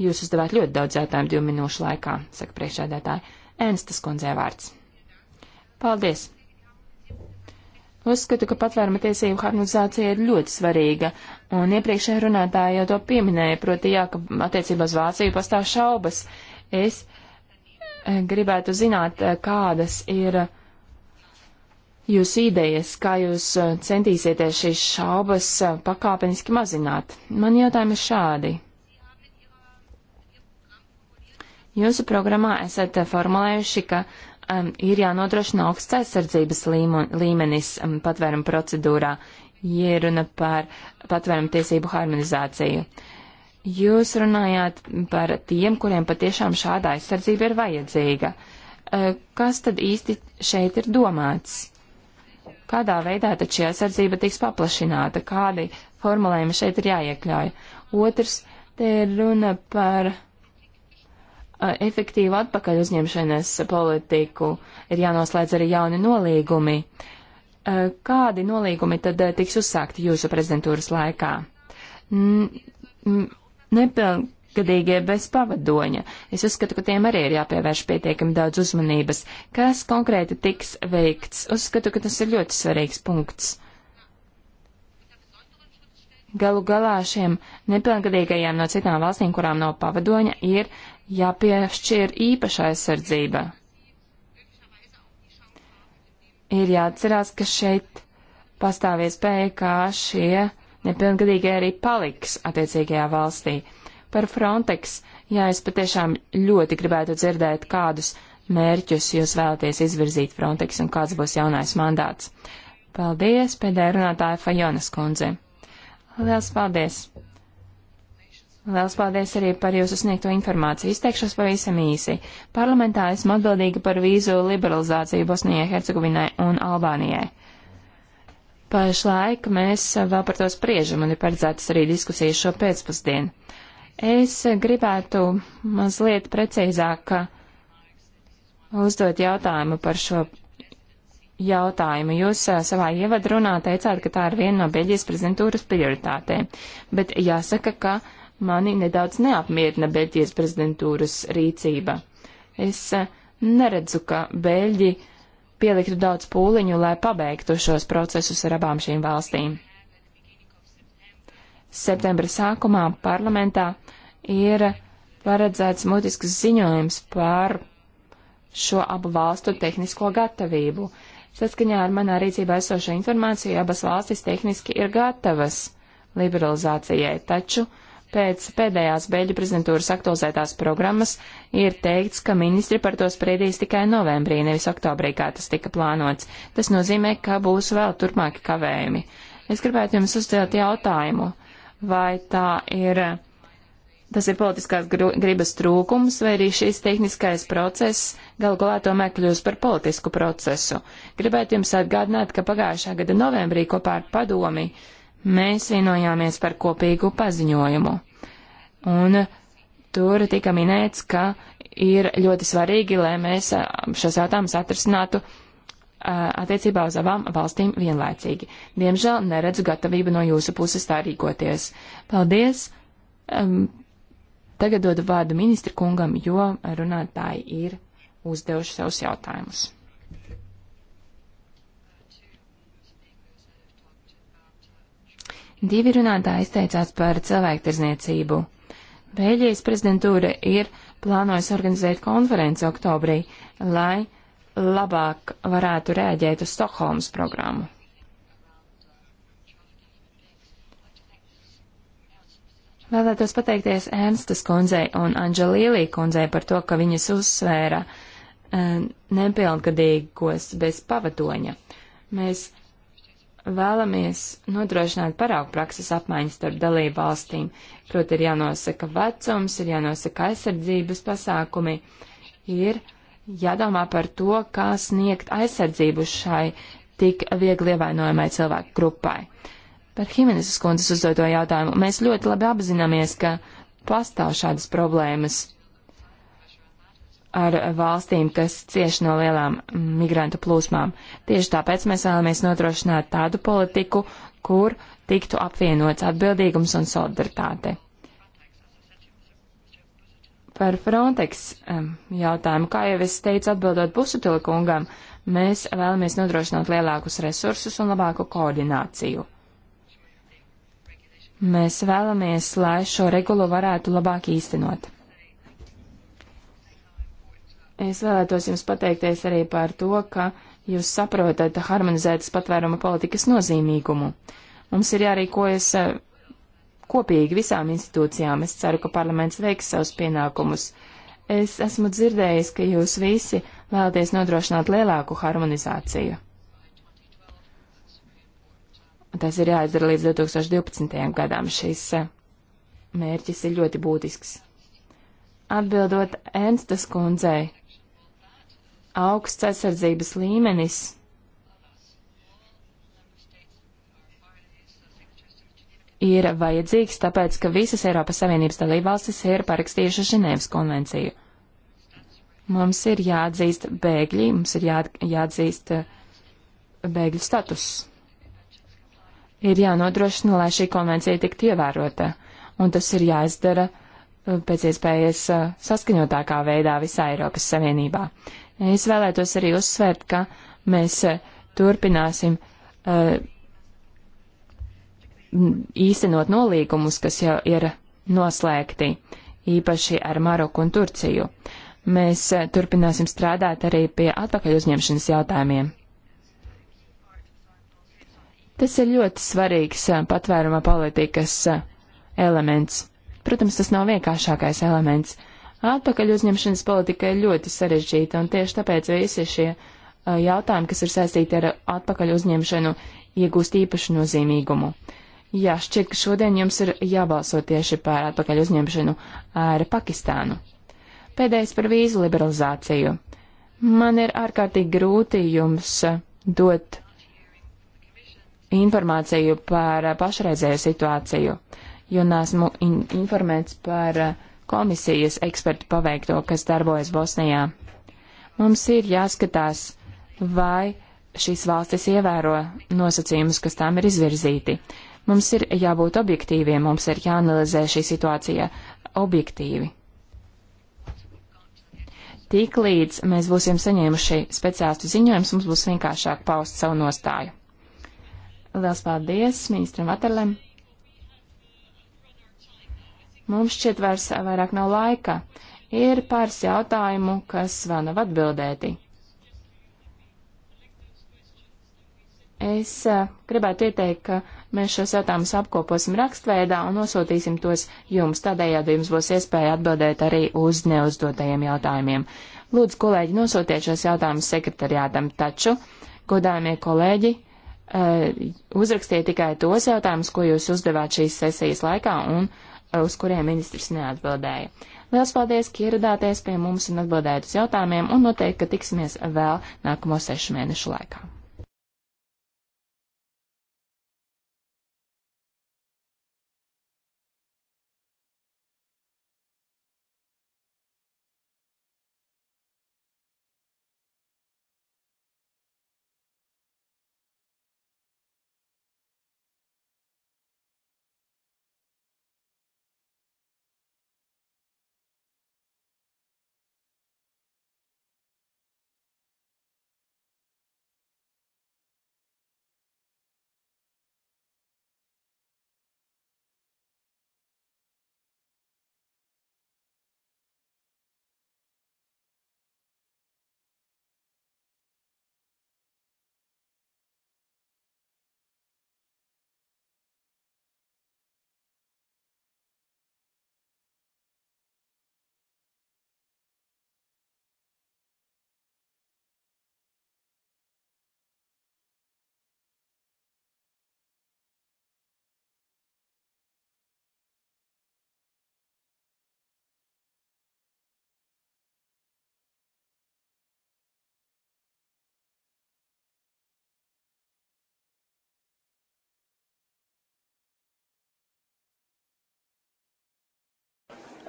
Jūs uzdevāt ļoti daudz jautājumu divu minūšu laikā, saka priekšēdētāji. Enstas kundzē vārds. Paldies! Uzskatu, ka patvēruma tiesību harmonizācija ir ļoti svarīga, un iepriekšējā runātāja jau to pieminēja, proti jā, ka attiecībā uz Vāciju pastāv šaubas. Es uh, gribētu zināt, eh, kādas ir jūsu idejas, kā jūs eh, centīsieties šīs šaubas eh, pakāpeniski mazināt. Man jautājumi ir šādi. Jūsu programmā esat formulējuši, ka um, ir jānodrošina augsts aizsardzības līmenis um, patvērumu procedūrā, ja runa par patvērumu tiesību harmonizāciju. Uh, Jūs runājāt par tiem, kuriem patiešām šāda aizsardzība ir vajadzīga. Eh, kas tad īsti šeit ir domāts? Kādā veidā tad šī aizsardzība tiks paplašināta? Kādi formulējumi šeit ir jāiekļauj? Otrs, te ir runa par eh, efektīvu atpakaļ uzņemšanas politiku. Ir jānoslēdz arī jauni nolīgumi. Eh, kādi nolīgumi tad tiks uzsākti jūsu prezidentūras laikā? nepilngadīgie bez pavadoņa. Es uzskatu, ka tiem arī ir jāpievērš pietiekami daudz uzmanības. Kas konkrēti tiks veikts? Uzskatu, ka tas ir ļoti svarīgs punkts. Galu galā šiem nepilngadīgajiem no citām valstīm, kurām nav pavadoņa, ir jāpiešķir īpaša aizsardzība. Ir jāatcerās, ka šeit pastāv iespēja, kā šie nepilngadīgie arī paliks attiecīgajā valstī. Par Frontex, jā, es patiešām ļoti gribētu dzirdēt, kādus mērķus jūs vēlaties izvirzīt Frontex un kāds būs jaunais mandāts. Paldies, pēdējā runātāja Fajonas kundze. Liels paldies! Liels paldies arī par jūsu sniegto informāciju. Izteikšos pavisam īsi. Parlamentā esmu atbildīga par vīzu liberalizāciju Bosnijai, Hercegovinai un Albānijai. Pašlaik mēs vēl par to spriežam un ir paredzētas arī diskusijas šo pēcpusdienu. Es gribētu mazliet precīzāk uzdot jautājumu par šo jautājumu. Jūs savā ievadrunā teicāt, ka tā ir viena no Beļģijas prezidentūras prioritātēm, bet jāsaka, ka mani nedaudz neapmierina Beļģijas prezidentūras rīcība. Es neredzu, ka Beļģi pieliktu daudz pūliņu, lai pabeigtu šos procesus ar abām šīm valstīm. Septembra sākumā parlamentā ir paredzēts mutisks ziņojums par šo abu valstu tehnisko gatavību. Saskaņā ar manā rīcībā esošo informāciju abas valstis tehniski ir gatavas liberalizācijai, taču uh, Pēc pēdējās Beļģu prezidentūras aktualizētās programmas ir teikts, ka ministri par to spriedīs tikai novembrī, nevis oktobrī, kā tas tika plānots. Tas nozīmē, ka būs vēl turpmāki kavējumi. Es gribētu jums uzdot jautājumu, vai tā ir tas ir politiskās gribas trūkums, vai arī šīs tehniskais process galu galā tomēr kļūst par politisku procesu. Gribētu jums atgādināt, ka pagājušā gada novembrī kopā ar padomi mēs vienojāmies par kopīgu paziņojumu. Un tur tika minēts, ka ir ļoti svarīgi, lai mēs šos jautājumus atrisinātu attiecībā uz abām valstīm vienlaicīgi. Diemžēl neredzu gatavību no jūsu puses tā rīkoties. Paldies! Um, tagad dodu vārdu ministra kungam, jo runātāji ir uzdevuši savus jautājumus. Divi runātāji izteicās par cilvēktirzniecību. Bēļģijas prezidentūra ir plānojusi organizēt konferenci oktobrī, lai labāk varētu rēģēt uz Stokholmas programmu. Vēlētos pateikties Ernstas kundzei un Anģelīlī kundzei par to, ka viņas uzsvēra eh, nepilngadīgos bez pavadoņa. Mēs vēlamies nodrošināt paraugu prakses apmaiņas starp dalību valstīm. Proti, ir jānosaka vecums, ir jānosaka aizsardzības pasākumi, ir jādomā par to, kā sniegt aizsardzību šai tik viegli ievainojamai cilvēku grupai. Par Himenes kundzes uzdoto jautājumu mēs ļoti labi apzināmies, ka pastāv šādas problēmas ar valstīm, kas cieši no lielām migrantu plūsmām. Tieši tāpēc mēs vēlamies nodrošināt tādu politiku, kur tiktu apvienots atbildīgums un solidaritāte. Par Frontex jautājumu, kā jau es teicu atbildot Busutila kungam, mēs vēlamies nodrošināt lielākus resursus un labāku koordināciju. Mēs vēlamies, lai šo regulu varētu labāk īstenot. Es vēlētos jums pateikties arī par to, ka jūs saprotat harmonizētas patvēruma politikas nozīmīgumu. Mums ir jārīkojas eh, kopīgi visām institūcijām. Es ceru, ka parlaments veiks savus pienākumus. Es esmu dzirdējis, ka jūs visi vēlaties nodrošināt lielāku harmonizāciju. Tas ir jāizdara līdz 2012. gadam. Šis eh, mērķis ir ļoti būtisks. Atbildot Enstas kundzei, augsts aizsardzības līmenis ir vajadzīgs, tāpēc, ka visas Eiropas Savienības dalībvalstis ir parakstījušas Ženēvas konvenciju. Mums ir jāatzīst bēgļi, mums ir jā, jāatzīst uh, bēgļu status. Ir jānodrošina, lai šī konvencija tiktu ievērota, un tas ir jāizdara uh, pēc iespējas uh, saskaņotākā veidā visā Eiropas Savienībā. Es vēlētos arī uzsvērt, ka mēs eh, turpināsim uh, īstenot nolīgumus, kas jau ir noslēgti, īpaši ar Maroku un Turciju. Mēs eh, turpināsim strādāt arī pie atpakaļ uzņemšanas jautājumiem. Tas ir ļoti svarīgs patvēruma politikas elements. Protams, tas nav vienkāršākais elements. Uh, Atpakaļ uzņemšanas politika ir ļoti sarežģīta, un tieši tāpēc visi šie jautājumi, kas ir saistīti ar atpakaļ uzņemšanu, iegūst īpašu nozīmīgumu. Jā, šķiet, ka šodien jums ir jābalso tieši par atpakaļ uzņemšanu ar Pakistānu. Pēdējais par vīzu liberalizāciju. Man ir ārkārtīgi grūti jums dot informāciju par pašreizēju situāciju, jo nesmu in informēts par uh, komisijas ekspertu paveikto, kas darbojas Bosnijā. Mums ir jāskatās, vai šīs valstis ievēro nosacījumus, kas tām ir izvirzīti. Mums ir jābūt objektīviem, mums ir jāanalizē šī situācija objektīvi. Tiklīdz mēs būsim saņēmuši speciālistu ziņojums, mums būs vienkāršāk paust savu nostāju. Liels paldies ministram Vatarlem! Mums šķiet vairs vairāk nav laika. Ir pāris jautājumu, kas vēl nav atbildēti. Es eh, gribētu ieteikt, ka mēs šos jautājumus apkoposim rakstveidā un nosūtīsim tos jums. Tādējādi jums būs iespēja atbildēt arī uz neuzdotajiem jautājumiem. Lūdzu, kolēģi, nosūtiet šos jautājumus sekretariātam, taču, godājumie kolēģi, eh, uzrakstiet tikai tos jautājumus, ko jūs uzdevāt šīs sesijas laikā, un uz kuriem ministrs neatbildēja. Liels paldies, ka ieradāties pie mums un atbildējāt uz jautājumiem, un noteikti, ka tiksimies vēl nākamo sešu mēnešu laikā.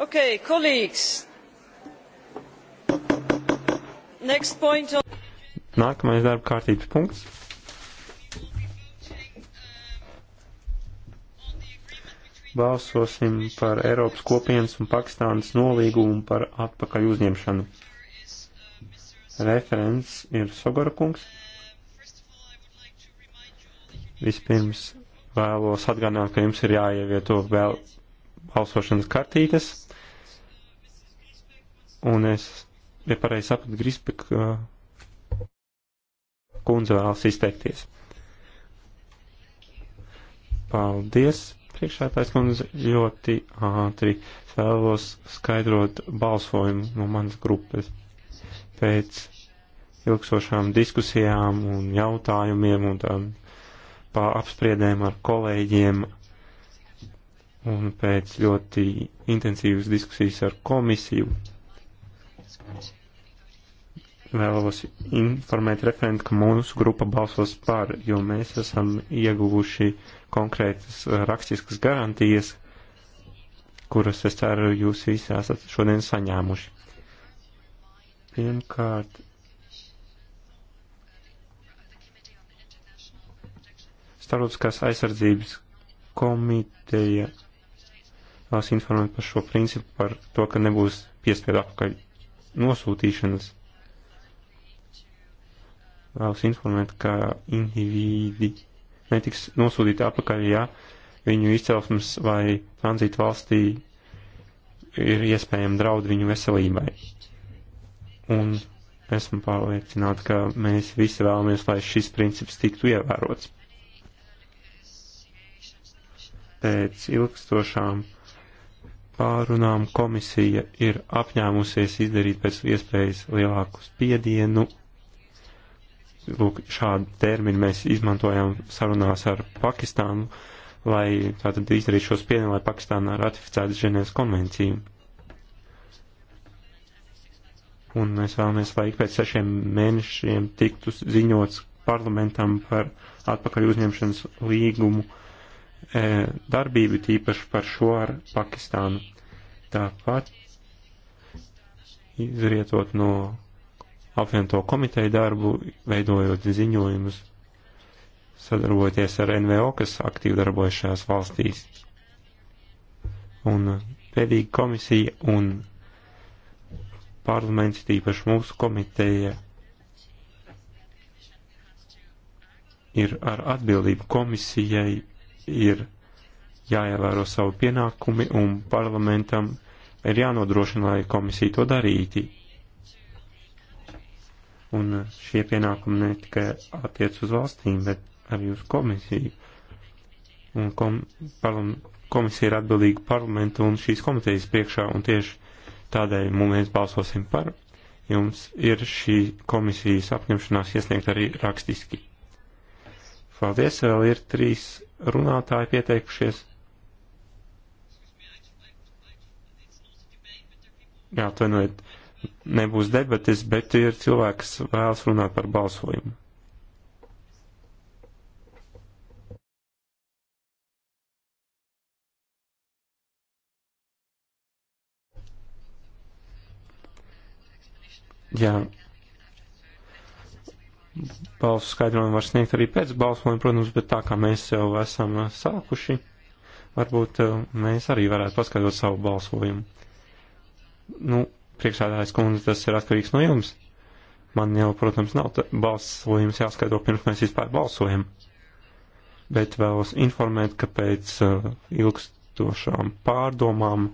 Okay, colleagues. Next point on... Nākamais darba kārtības punkts. Balsosim par Eiropas kopienas un Pakistānas nolīgumu par atpakaļ uzņemšanu. Referents ir Sogora kungs. Vispirms vēlos atgādināt, ka jums ir jāievieto vēl balsošanas kartītes. Un es, ja pareizi sapratu, Grispeka kundze vēlas izteikties. Paldies, priekšētājs kundze, ļoti ātri. Es vēlos skaidrot balsojumu no manas grupas pēc ilgsošām diskusijām un jautājumiem un tām apspriedēm ar kolēģiem un pēc ļoti intensīvas diskusijas ar komisiju Vēlos informēt referentu, ka mūsu grupa balsos par, jo mēs esam ieguvuši konkrētas rakstiskas garantijas, kuras es ceru jūs visi esat šodien saņēmuši. Pirmkārt, Starptautiskās aizsardzības komiteja vēlas informēt par šo principu, par to, ka nebūs piespiedu apkaļ nosūtīšanas. Vēlos informēt, ka indivīdi netiks nosūtīti apakaļ, ja viņu izcelsmes vai tranzīta valstī ir iespējama draud viņu veselībai. Un esmu pārliecināta, ka mēs visi vēlamies, lai šis princips tiktu ievērots. Pēc ilgstošām pārunām komisija ir apņēmusies izdarīt pēc iespējas lielāku spiedienu. Lūk, šādu terminu mēs izmantojam sarunās ar Pakistānu, lai tātad izdarītu šo spiedienu, lai Pakistāna ratificētu Ženēvas konvenciju. Un mēs vēlamies, lai ik pēc sešiem mēnešiem tiktu ziņots parlamentam par atpakaļ uzņemšanas līgumu uh, E, darbību tīpaši par šo ar Pakistānu. Tāpat izrietot no apvienoto komiteju darbu, veidojot ziņojumus, sadarbojoties ar NVO, kas aktīvi darbojas šajās valstīs. Un pēdīgi komisija un parlaments, tīpaši mūsu komiteja, ir ar atbildību komisijai ir jāievēro savu pienākumi un parlamentam ir jānodrošina, lai komisija to darīti. Un šie pienākumi ne tikai attiec uz valstīm, bet arī uz komisiju. Un kom, parlam, komisija ir atbildīga parlamentu un šīs komitejas priekšā, un tieši tādēļ mēs balsosim par. Jums ir šī komisijas apņemšanās iesniegt arī rakstiski. Paldies, vēl ir trīs runātāji pieteikušies. Jā, atvainojiet, nebūs debatis, bet ir cilvēks vēlas runāt par balsojumu. Jā, Balsu skaidrojumu var sniegt arī pēc balsojuma, protams, bet tā kā mēs jau esam uh, sākuši, varbūt uh, mēs arī varētu paskaidrot savu balsojumu. Nu, priekšādājas kundze, tas ir atkarīgs no jums. Man jau, protams, nav balsojums jāskaidro pirms mēs vispār balsojam. Bet vēlos informēt, ka pēc uh, ilgstošām pārdomām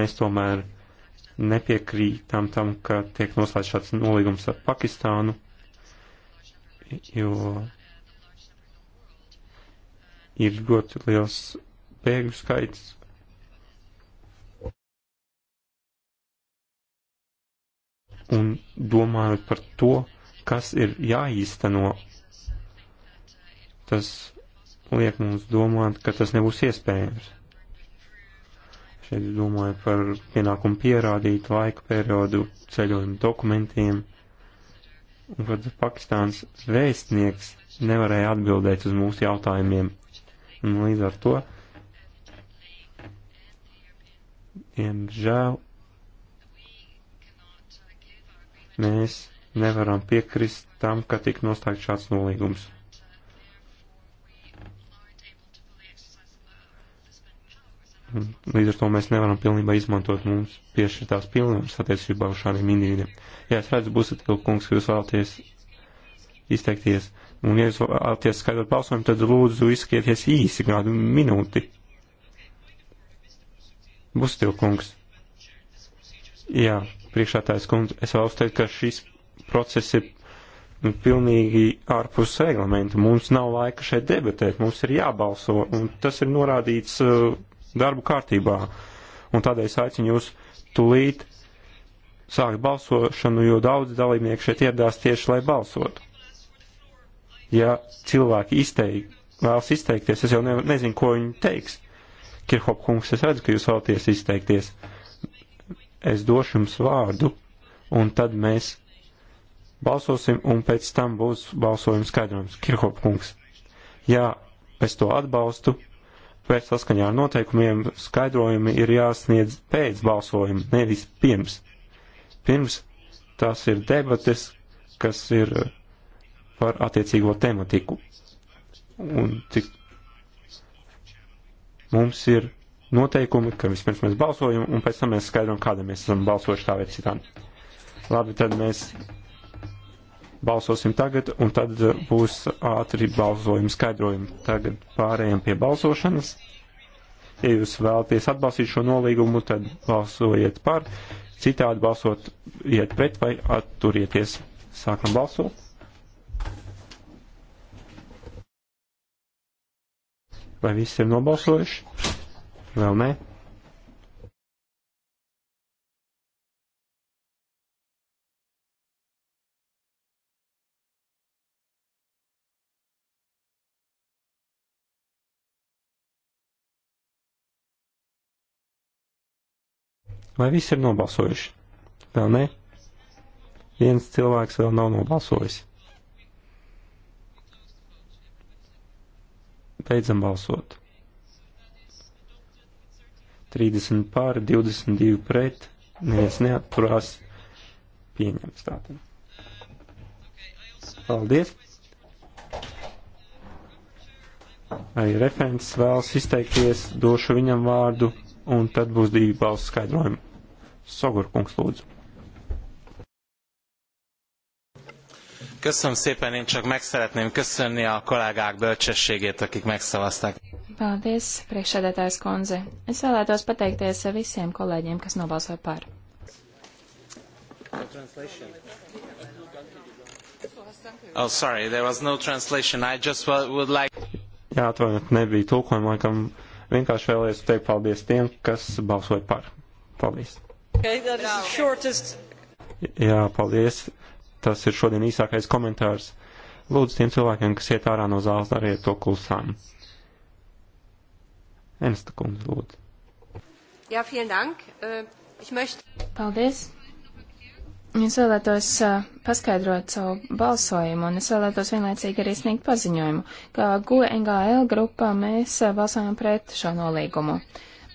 mēs tomēr nepiekrītam tam, ka tiek noslēgts šāds nolīgums ar Pakistānu, jo ir ļoti liels bēgļu skaits. Un domājot par to, kas ir jāīsteno, tas liek mums domāt, ka tas nebūs iespējams. Šeit domāju par pienākumu pierādīt laika periodu ceļojumu dokumentiem kad Pakistāns vēstnieks nevarēja atbildēt uz mūsu jautājumiem. Un līdz ar to, diemžēl, mēs nevaram piekrist tam, ka tik nostākt šāds nolīgums. Līdz ar to mēs nevaram pilnībā izmantot mums piešķirtās pilnvaras attiecībā uz šādiem indīviem. Ja es redzu, būsiet ilgkungs, ka jūs vēlaties izteikties, un ja jūs vēlaties skaidrot balsojumu, tad lūdzu izskieties īsi kādu minūti. Būsiet ilgkungs. Jā, priekšētājs kundze, es vēlos teikt, ka šis process ir nu, pilnīgi ārpus reglamenta. Mums nav laika šeit debatēt, mums ir jābalso, un tas ir norādīts uh, darbu kārtībā. Un tādēļ es aicinu jūs tulīt uh, sākt balsošanu, jo daudz dalībnieku šeit ieradās tieši, lai balsotu. Ja cilvēki izteik, vēlas izteikties, es jau ne, nezinu, ko viņi teiks. Kirhop kungs, es redzu, ka jūs vēlaties izteikties. Es došu jums vārdu, un tad mēs balsosim, un pēc tam būs balsojums skaidrojums. Kirhop kungs, jā, es to atbalstu, bet saskaņā ar noteikumiem skaidrojumi ir jāsniedz pēc balsojuma, nevis pirms. Pirms tās ir debates, kas ir par attiecīgo tematiku. Un cik mums ir noteikumi, ka vispirms mēs balsojam, un pēc tam mēs skaidrojam, kādam mēs esam balsojuši tā vai citādi. Labi, tad mēs balsosim tagad, un tad būs ātri balsojumi skaidrojumi. Tagad pārējām pie balsošanas. Ja jūs vēlaties atbalstīt šo nolīgumu, tad balsojiet par citādi balsot, iet pret vai atturieties. Sākam balsot. Vai visi ir nobalsojuši? Vēl nē. Vai visi ir nobalsojuši? Vēl ne? Viens cilvēks vēl nav nobalsojis. Beidzam balsot. 30 pār, 22 pret, neviens neatturās. Pieņems tātad. Paldies! Arī referents vēlas izteikties, došu viņam vārdu un tad būs divi balsts skaidrojumi. Sogur kungs lūdzu. Köszönöm szépen, én csak meg szeretném köszönni a kollégák bölcsességét, akik megszavazták. Paldies, priekšsēdētājs kundze. Es vēlētos pateikties visiem kolēģiem, kas nobalsoja par. Oh, sorry, there was no translation. I just would like... Jā, atvainojiet, nebija tulkojuma, laikam. Like Vienkārši vēlējos teikt paldies tiem, kas balsoja par. Paldies. Okay, Jā, paldies. Tas ir šodien īsākais komentārs. Lūdzu, tiem cilvēkiem, kas iet ārā no zāles, dariet to klusām. Ensta kundze, lūdzu. Jā, ja, vielen dank. Uh, ich möchte... Paldies. Es vēlētos paskaidrot savu balsojumu, un es vēlētos vienlaicīgi arī sniegt paziņojumu, ka GUNGL grupā mēs balsojam pret šo nolīgumu.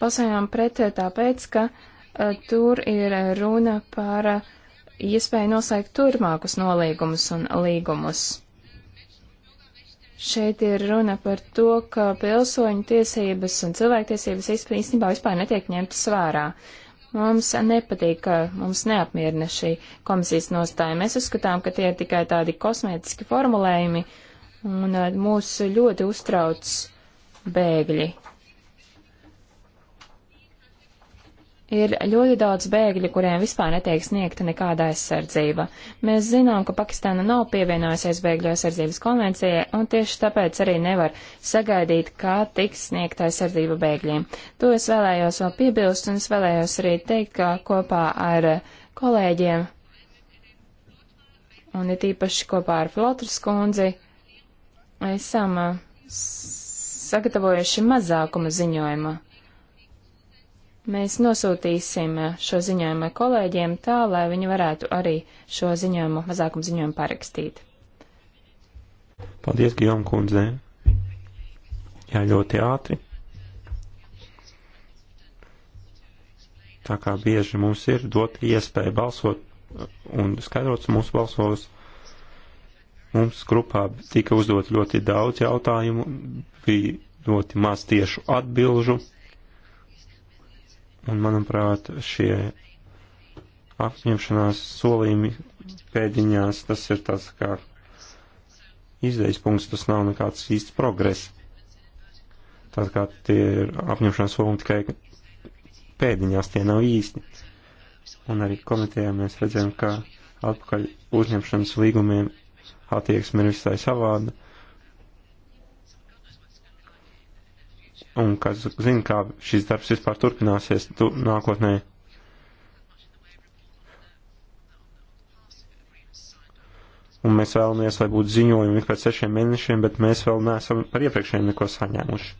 Balsojam pret tāpēc, ka uh, tur ir runa par iespēju noslēgt turmākus nolīgumus un līgumus. Šeit ir runa par to, ka pilsoņu tiesības un cilvēktiesības īstenībā vispār netiek ņemtas vērā. Uh, Mums nepatīk, ka mums neapmierina šī komisijas nostāja. Mēs uzskatām, ka tie ir tikai tādi kosmētiski formulējumi, un uh, mūs ļoti uztrauc bēgļi. Ir ļoti daudz bēgļu, kuriem vispār netiek sniegta nekāda aizsardzība. Mēs zinām, ka Pakistāna nav pievienojusies bēgļu aizsardzības konvencijai, un tieši tāpēc arī nevar sagaidīt, kā tiks sniegta aizsardzība bēgļiem. To es vēlējos vēl piebilst, un es vēlējos arī teikt, ka kopā ar kolēģiem, un it īpaši kopā ar Flotras kundzi, esam sagatavojuši mazākuma ziņojumu Mēs nosūtīsim eh, šo ziņojumu kolēģiem tā, lai viņi varētu arī šo ziņojumu, mazākumu ziņojumu parakstīt. Paldies, Gijom kundze. Jā, ļoti ātri. Tā kā bieži mums ir dot iespēju balsot eh, un skaidrots mūsu balsos, mums grupā tika uzdot ļoti daudz jautājumu, bija ļoti maz tiešu atbilžu Un, manuprāt, šie apņemšanās solījumi pēdiņās, tas ir tas kā izdejas punkts, tas nav nekāds īsts progress. Tad kā tie ir apņemšanās solījumi tikai pēdiņās, tie nav īsti. Un arī komitejā mēs redzējām, ka atpakaļ uzņemšanas līgumiem attieksme ir visai savāda un kas zina, kā šis darbs vispār turpināsies tu, nākotnē. Un mēs vēlamies, lai būtu ziņojumi ik pēc sešiem mēnešiem, bet mēs vēl neesam par iepriekšējiem neko saņēmuši.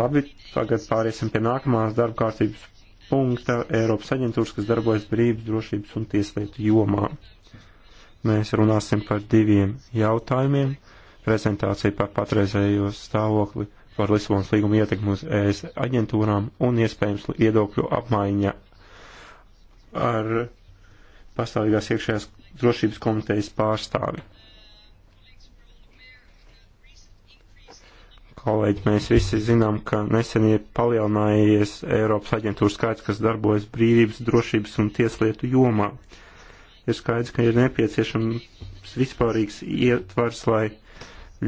Labi, tagad pāriesim pie nākamās darba kārtības punkta Eiropas aģentūras, kas darbojas brīvības, drošības un tieslietu jomā. Mēs runāsim par diviem jautājumiem - prezentāciju par patreizējo stāvokli par Lisabonas līgumu ietekmi uz ES aģentūrām un iespējams iedokļu apmaiņa ar pastāvīgās iekšējās drošības komitejas pārstāvi. Kolēģi, mēs visi zinām, ka nesen ir palielinājies Eiropas aģentūras skaits, kas darbojas brīvības, drošības un tieslietu jomā. Ir skaidrs, ka ir nepieciešams vispārīgs ietvars, lai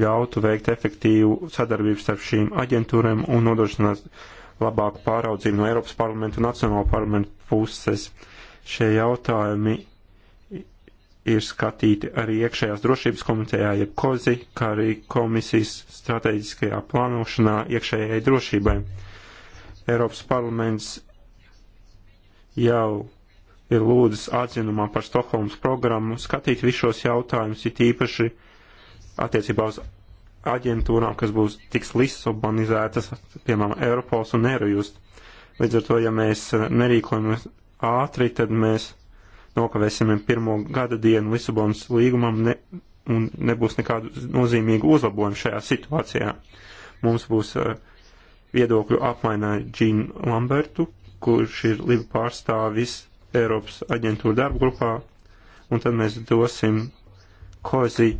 ļautu veikt efektīvu sadarbību starp šīm aģentūrēm un nodrošināt labāku pāraudzību no Eiropas parlamenta un Nacionāla parlamenta puses. Šie jautājumi ir skatīti arī iekšējās drošības komitejā, jeb kozi, kā arī komisijas strateģiskajā plānošanā iekšējai drošībai. Eiropas parlaments jau ir lūdzis atzinumā par Stokholmas programmu skatīt visos jautājumus, it īpaši uh, attiecībā uz aģentūrām, kas būs tiks lisobonizētas, piemēram, Eiropols un Eirojust. Līdz ar to, ja mēs eh, nerīkojamies ātri, tad mēs nokavēsim pirmo gada dienu Lisabonas līgumam ne, un nebūs nekādu nozīmīgu uzlabojumu šajā situācijā. Mums būs uh, viedokļu apmainā Džīnu Lambertu, kurš ir Liba pārstāvis Eiropas aģentūra darba grupā, un tad mēs dosim kozi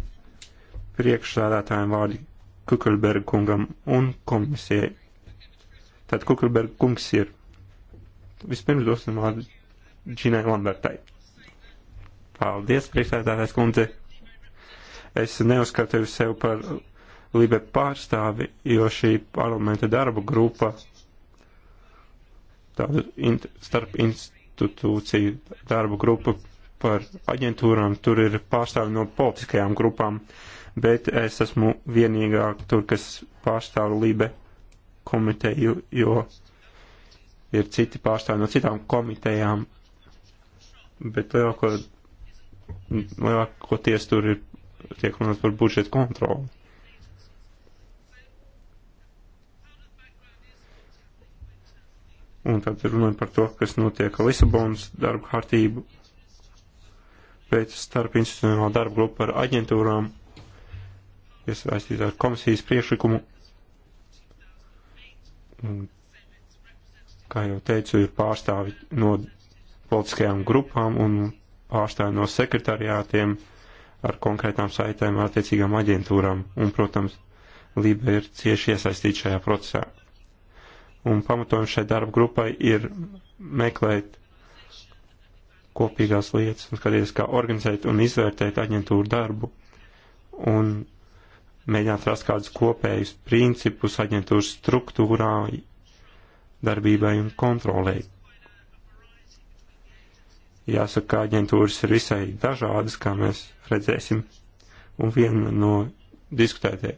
priekšsādātājiem vārdi Kukelberga kungam un komisijai. Tad Kukelberga kungs ir. Vispirms dosim vārdu Džinai Lambertai. Paldies, priekšsādātājs kundze. Es neuzskatu sev par Libe pārstāvi, jo šī parlamenta darba grupa tāda in, starp institūciju darba grupa par aģentūrām, tur ir pārstāvi no politiskajām grupām. Uh, bet es esmu vienīgā tur, kas pārstāv Libe komiteju, jo ir citi pārstāvi no citām komitejām, bet lielāko, lielākoties tur ir tiek runāts par budžetu kontroli. Un tad runājot par to, kas notiek Lisabonas darba kārtību, pēc starp institucionālā darba grupa ar aģentūrām kas saistīta ar komisijas priekšlikumu. Kā jau teicu, ir pārstāvi no politiskajām grupām un pārstāvi no sekretariātiem ar konkrētām saitēm ar attiecīgām aģentūrām. Un, protams, Lība ir cieši iesaistīta šajā procesā. Un pamatojums šai darba grupai ir meklēt kopīgās lietas un skatīties, kā organizēt un izvērtēt aģentūru darbu un mēģināt rast kādus kopējus principus aģentūras struktūrā, darbībai un kontrolē. Jāsaka, ka aģentūras ir visai dažādas, kā mēs redzēsim, un viena no diskutētē,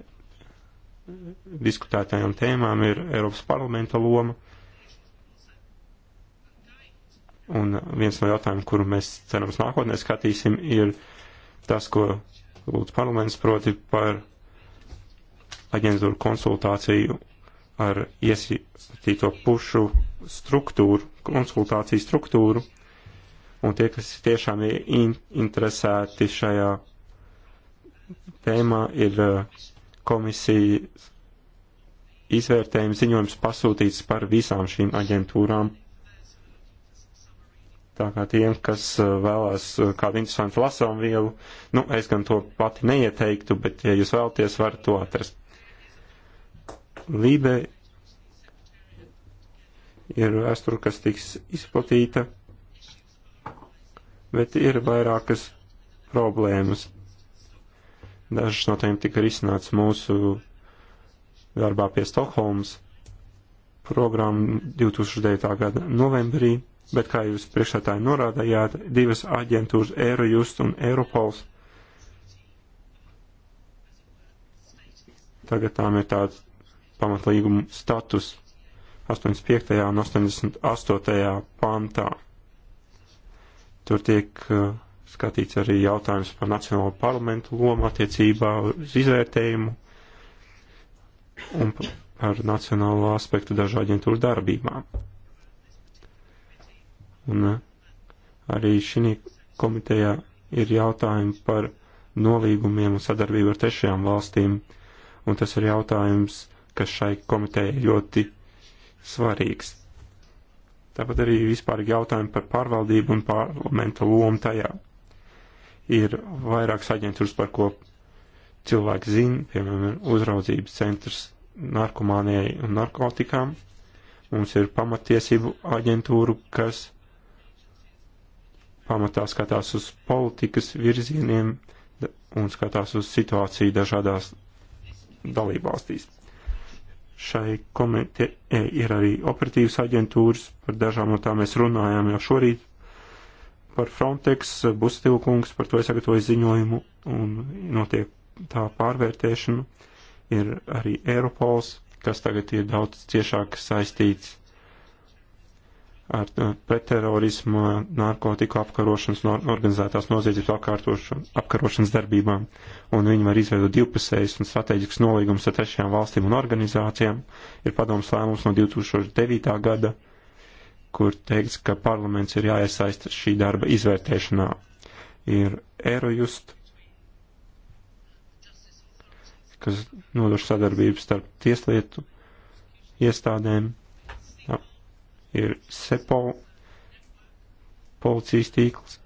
diskutētajām tēmām ir Eiropas parlamenta loma. Un viens no jautājumiem, kuru mēs cerams nākotnē skatīsim, ir tas, ko lūdz parlaments proti par aģentūru konsultāciju ar iesaistīto pušu struktūru, konsultāciju struktūru, un tie, kas tiešām ir in interesēti šajā tēmā, ir eh, komisijas izvērtējuma ziņojums pasūtīts par visām šīm aģentūrām. Tā kā tiem, kas eh, vēlās eh, kādu interesantu lasām vielu, nu, es gan to pati neieteiktu, bet, ja jūs vēlaties, varat to atrast. Lībē ir vēsture, kas tiks izplatīta, bet ir vairākas problēmas. Dažas no tām tika risināts mūsu darbā pie Stokholmas programmu 2009. gada novembrī, bet, kā jūs priekšētāji norādījāt, divas aģentūras Eurojust un Europols. Tagad tām ir tāds pamatlīgumu status 85. un 88. pantā. Tur tiek uh, skatīts arī jautājums par Nacionālo parlamentu lomu attiecībā uz izvērtējumu un par nacionālo aspektu dažu aģentūru darbībām. Un uh, arī šī komitejā ir jautājumi par nolīgumiem un sadarbību ar trešajām valstīm, un tas ir jautājums, kas šai komitejai ir ļoti svarīgs. Tāpat arī vispārīgi jautājumi par pārvaldību un parlamenta lomu tajā. Ir vairākas aģentūras, par ko cilvēki zina, piemēram, uzraudzības centrs narkomānijai un narkotikām. Mums ir pamatiesību aģentūra, kas pamatā skatās uz politikas virzieniem un skatās uz situāciju dažādās dalībvalstīs. Šai komitejai e, ir arī operatīvas aģentūras, par dažām no tām mēs runājām jau šorīt. Par Frontex, Bustilkungs, par to es sagatavoju ziņojumu un notiek tā pārvērtēšana. Ir arī Eiropols, kas tagad ir daudz ciešāk saistīts ar uh, pretterorisma, narkotiku apkarošanas un no organizētās noziedzības apkarošanas darbībām, un viņi var izveidot divpusējus un strateģiskus nolīgumus ar trešajām valstīm un organizācijām, ir padoms lēmums no 2009. gada, kur teikts, ka parlaments ir jāiesaista šī darba izvērtēšanā. Ir Eurojust, kas nodošu sadarbību starp tieslietu iestādēm ir SEPO policijas tīkls,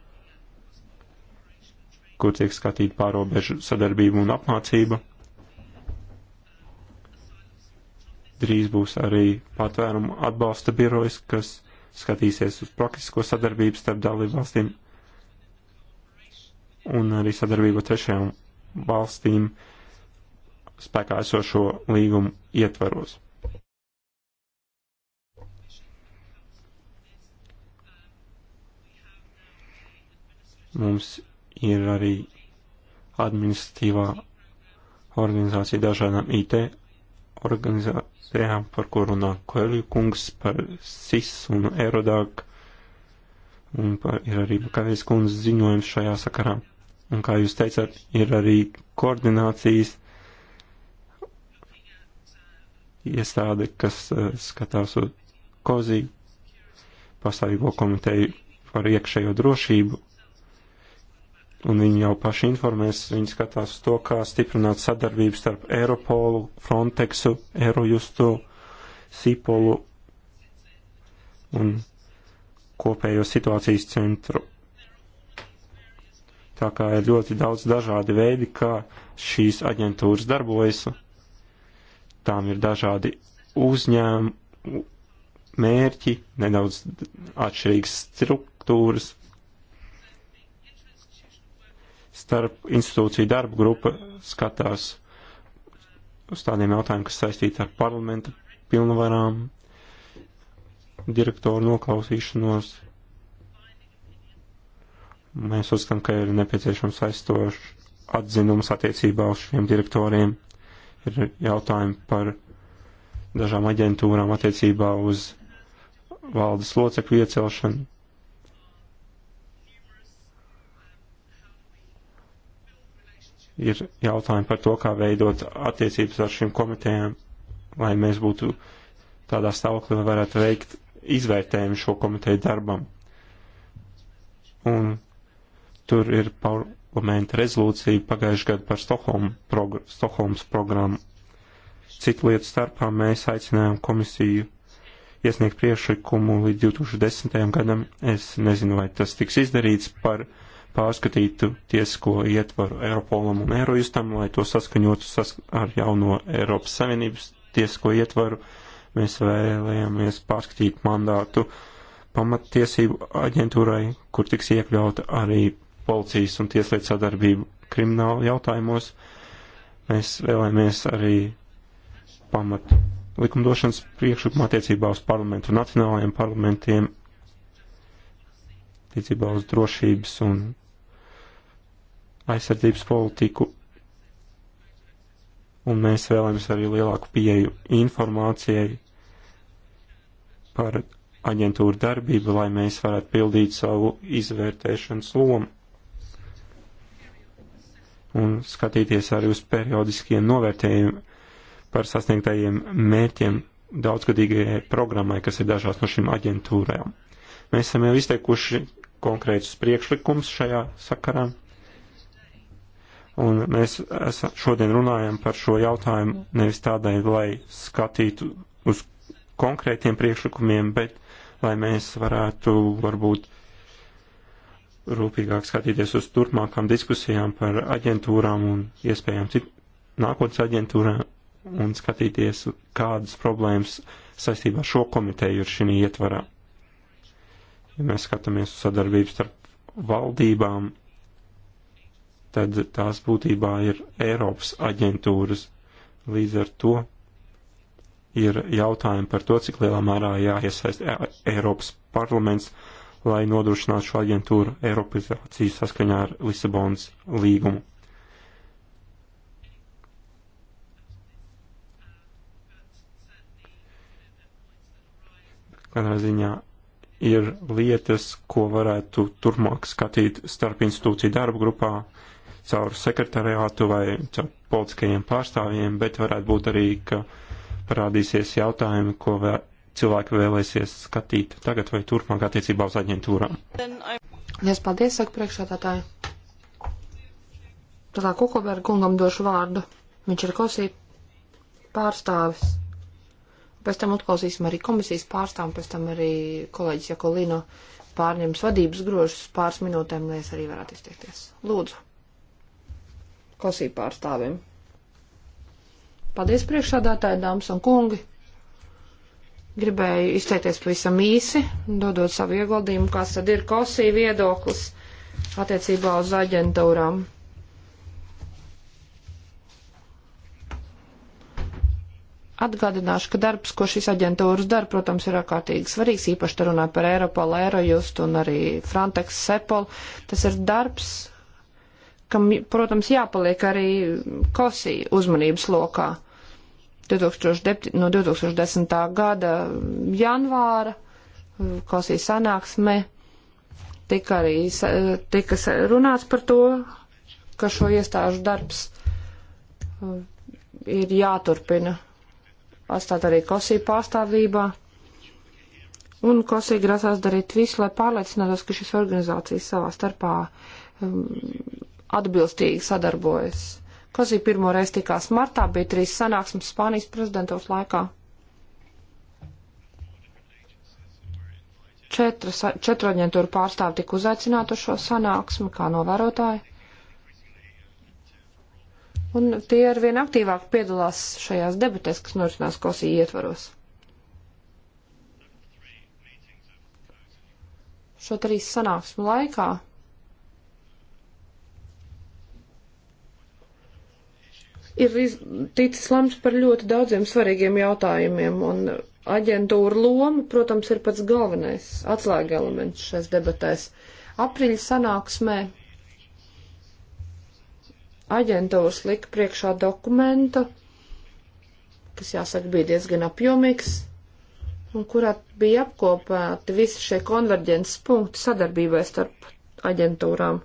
kur tiek skatīta pārobežu sadarbība un apmācība. Drīz būs arī patvērumu atbalsta birojas, kas skatīsies uz praktisko sadarbību starp dalību valstīm un arī sadarbību trešajām valstīm spēkā esošo līgumu ietvaros. Mums ir arī administratīvā organizācija dažādām IT organizācijām, par kur runā Koelju kungs, par SIS un Erodāk, un par, ir arī Kavējas kundzes ziņojums šajā sakarā. Un kā jūs teicat, ir arī koordinācijas iestāde, kas eh, skatās uz kozī pastāvīgo komiteju par iekšējo drošību un viņi jau paši informēs, viņi skatās uz to, kā stiprināt sadarbību starp Eiropolu, Frontexu, Eurojustu, Sipolu un kopējo situācijas centru. Tā kā ir ļoti daudz dažādi veidi, kā šīs aģentūras darbojas. Tām ir dažādi uzņēmumi, mērķi, nedaudz atšķirīgas struktūras, starp institūciju darba grupa skatās uz tādiem jautājumiem, kas saistīti ar parlamenta pilnvarām, direktoru noklausīšanos. Mēs uzskatām, ka ir nepieciešams aizstošs atzinums attiecībā uz šiem direktoriem. Ir jautājumi par dažām aģentūrām attiecībā uz valdes locekļu iecelšanu ir jautājumi par to, kā veidot attiecības ar šīm komitejām, lai mēs būtu tādā stāvoklī, lai varētu veikt izvērtējumu šo komiteju darbam. Un tur ir parlamenta rezolūcija pagājušajā gadā par Stokholm progr Stokholmas programmu. Citu lietu starpā mēs aicinājām komisiju iesniegt priekšlikumu līdz 2010. gadam. Es nezinu, vai tas tiks izdarīts par uh, pārskatītu tiesisko ietvaru Eiropolam un Eirojustam, lai to saskaņotu sask ar jauno Eiropas Savienības tiesisko ietvaru. Mēs vēlējāmies pārskatīt mandātu pamattiesību aģentūrai, kur tiks iekļauta arī policijas un tieslietu sadarbību krimināla jautājumos. Mēs vēlējāmies arī pamatu likumdošanas priekšlikumā attiecībā uz parlamentu nacionālajiem parlamentiem tiecībā uz drošības un aizsardzības politiku. Un mēs vēlamies arī lielāku pieeju informācijai par aģentūru darbību, lai mēs varētu pildīt savu izvērtēšanas lomu un skatīties arī uz periodiskiem novērtējumiem par sasniegtajiem mērķiem daudzgadīgajai programmai, kas ir dažās no šīm aģentūrām. Mēs esam jau izteikuši konkrēts priekšlikums šajā sakarā. Un mēs šodien runājam par šo jautājumu nevis tādēļ, lai skatītu uz konkrētiem priekšlikumiem, bet lai mēs varētu varbūt rūpīgāk skatīties uz turpmākām diskusijām par aģentūrām un iespējām citu nākotnes aģentūrām un skatīties, kādas problēmas saistībā ar šo komiteju ir šī ietvarā. Ja mēs skatāmies uz sadarbību starp valdībām, tad tās būtībā ir Eiropas aģentūras. Līdz ar to ir jautājumi par to, cik lielā mērā jāiesaist e- Eiropas parlaments, lai nodrošinātu šo aģentūru Eiropizāciju saskaņā ar Lisabonas līgumu. Katrā ziņā ir lietas, ko varētu turpmāk skatīt starp institūciju darba grupā, caur sekretariātu vai caur politiskajiem pārstāvjiem, bet varētu būt arī, ka parādīsies jautājumi, ko vē, cilvēki vēlēsies skatīt tagad vai turpmāk attiecībā uz aģentūrām. Lies paldies, saka priekšsādātāji. Tālāk Kukoberga kungam došu vārdu. Viņš ir kosī pārstāvis. Pēc tam atklāsīsim arī komisijas pārstāvu, pēc tam arī kolēģis Jakolino pārņems vadības grožus pāris minūtēm, lai es arī varētu izteikties. Lūdzu. Kosību pārstāvim. Paldies priekšādātāji, dāmas un kungi. Gribēju izteikties pavisam īsi, dodot savu ieguldījumu, kas tad ir kosī viedoklis attiecībā uz aģentūrām. Atgādināšu, ka darbs, ko šīs aģentūras dara, protams, ir ārkārtīgi svarīgs, īpaši te runā par Eiropolu, Eirojust un arī Frontex, Sepol. Tas ir darbs, kam, protams, jāpaliek arī kosī uzmanības lokā. 2009, no 2010. gada janvāra kosī sanāksme tika arī tika runāts par to, ka šo iestāžu darbs uh, ir jāturpina atstāt arī Kosī pārstāvībā. Un Kosī grasās darīt visu, lai pārliecinātos, ka šīs organizācijas savā starpā um, atbilstīgi sadarbojas. Kosī pirmo reizi tikās martā, bija trīs sanāksmes Spānijas prezidentūras laikā. Četras, četru aģentūru pārstāvi tika uzaicināti uz šo sanāksmi kā novērotāji. Un tie ar vien aktīvāk piedalās šajās debatēs, kas norisinās kosī ietvaros. Šo trīs sanāksmu laikā ir ticis lemts par ļoti daudziem svarīgiem jautājumiem, un aģentūra loma, protams, ir pats galvenais atslēga elements šajās debatēs. Apriļa sanāksmē aģentūras lika priekšā dokumentu, kas jāsaka bija diezgan apjomīgs, un kurā bija apkopēti visi šie konverģences punkti sadarbībai starp aģentūrām.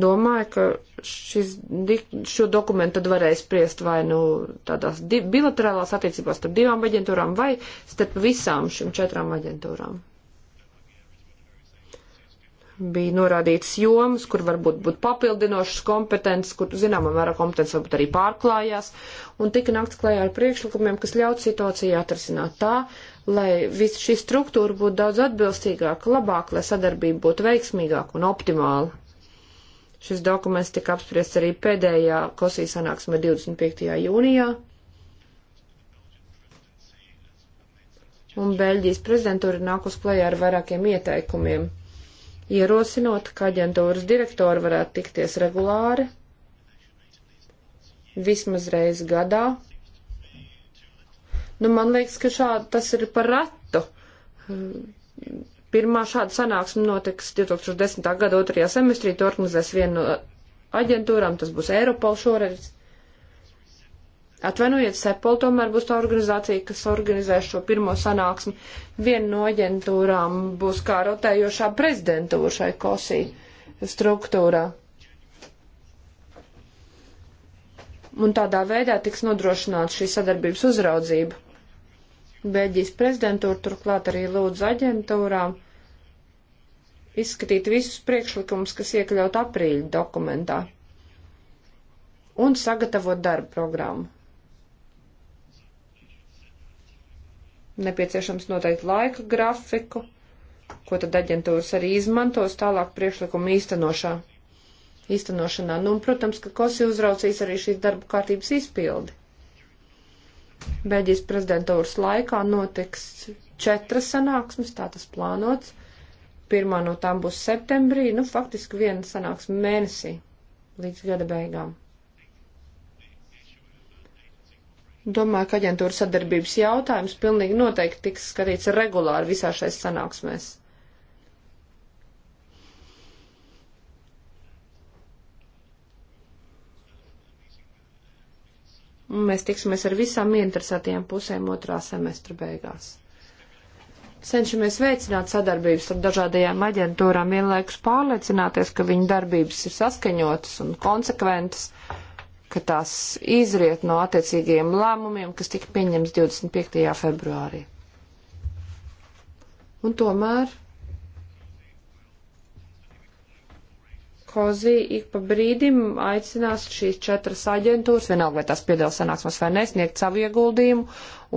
Domāju, ka šis, šo dokumentu tad varēja spriest vai nu tādās bilaterālās attiecībās starp divām aģentūrām vai starp visām šīm četrām aģentūrām bija norādītas jomas, kur varbūt būtu papildinošas kompetences, kur, zināmā mērā, kompetences varbūt arī pārklājās, un tika nakts klajā ar priekšlikumiem, kas ļaut situāciju atrasināt tā, lai visa šī struktūra būtu daudz atbilstīgāka, labāka, lai sadarbība būtu veiksmīgāka un optimāla. Šis dokuments tika apspriests arī pēdējā kosī sanāksme 25. jūnijā. Un Beļģijas prezidentūra nāk uz klajā ar vairākiem ieteikumiem ierosinot, ka aģentūras direktori varētu tikties regulāri, vismaz reizi gadā. Nu, man liekas, ka šādi tas ir par ratu. Pirmā šāda sanāksme notiks 2010. gada otrajā semestrī, to organizēs viena no aģentūrām, tas būs Eiropol šoreiz. Atvainojiet, Sepol tomēr būs tā organizācija, kas organizēs šo pirmo sanāksmi. Viena no aģentūrām būs kā rotējošā prezidentūra šai kosī struktūrā. Un tādā veidā tiks nodrošināta šī sadarbības uzraudzība. Beļģijas prezidentūra turklāt arī lūdz aģentūrām izskatīt visus priekšlikumus, kas iekļaut aprīļa dokumentā un sagatavot darba programmu. nepieciešams noteikti laika grafiku, ko tad aģentūras arī izmantos tālāk priekšlikumu īstenošā. īstenošanā. Nu, un, protams, ka Kosi uzraucīs arī šīs darba kārtības izpildi. Beļģijas prezidentūras laikā notiks četras sanāksmes, tā tas plānots. Pirmā no tām būs septembrī, nu, faktiski viena sanāksme mēnesī līdz gada beigām. Domāju, ka aģentūras sadarbības jautājums pilnīgi noteikti tiks skatīts regulāri visā šais sanāksmēs. Un mēs tiksimies ar visām interesētajām pusēm otrā semestra beigās. Cenšamies veicināt sadarbības ar dažādajām aģentūrām, vienlaikus pārliecināties, ka viņu darbības ir saskaņotas un konsekventas ka tās izriet no attiecīgajiem lēmumiem, kas tika pieņems 25. februārī. Un tomēr Kozī ik pa brīdim aicinās šīs četras aģentūras, vienalga vai tās piedalās sanāksmēs vai nesniegt savu ieguldījumu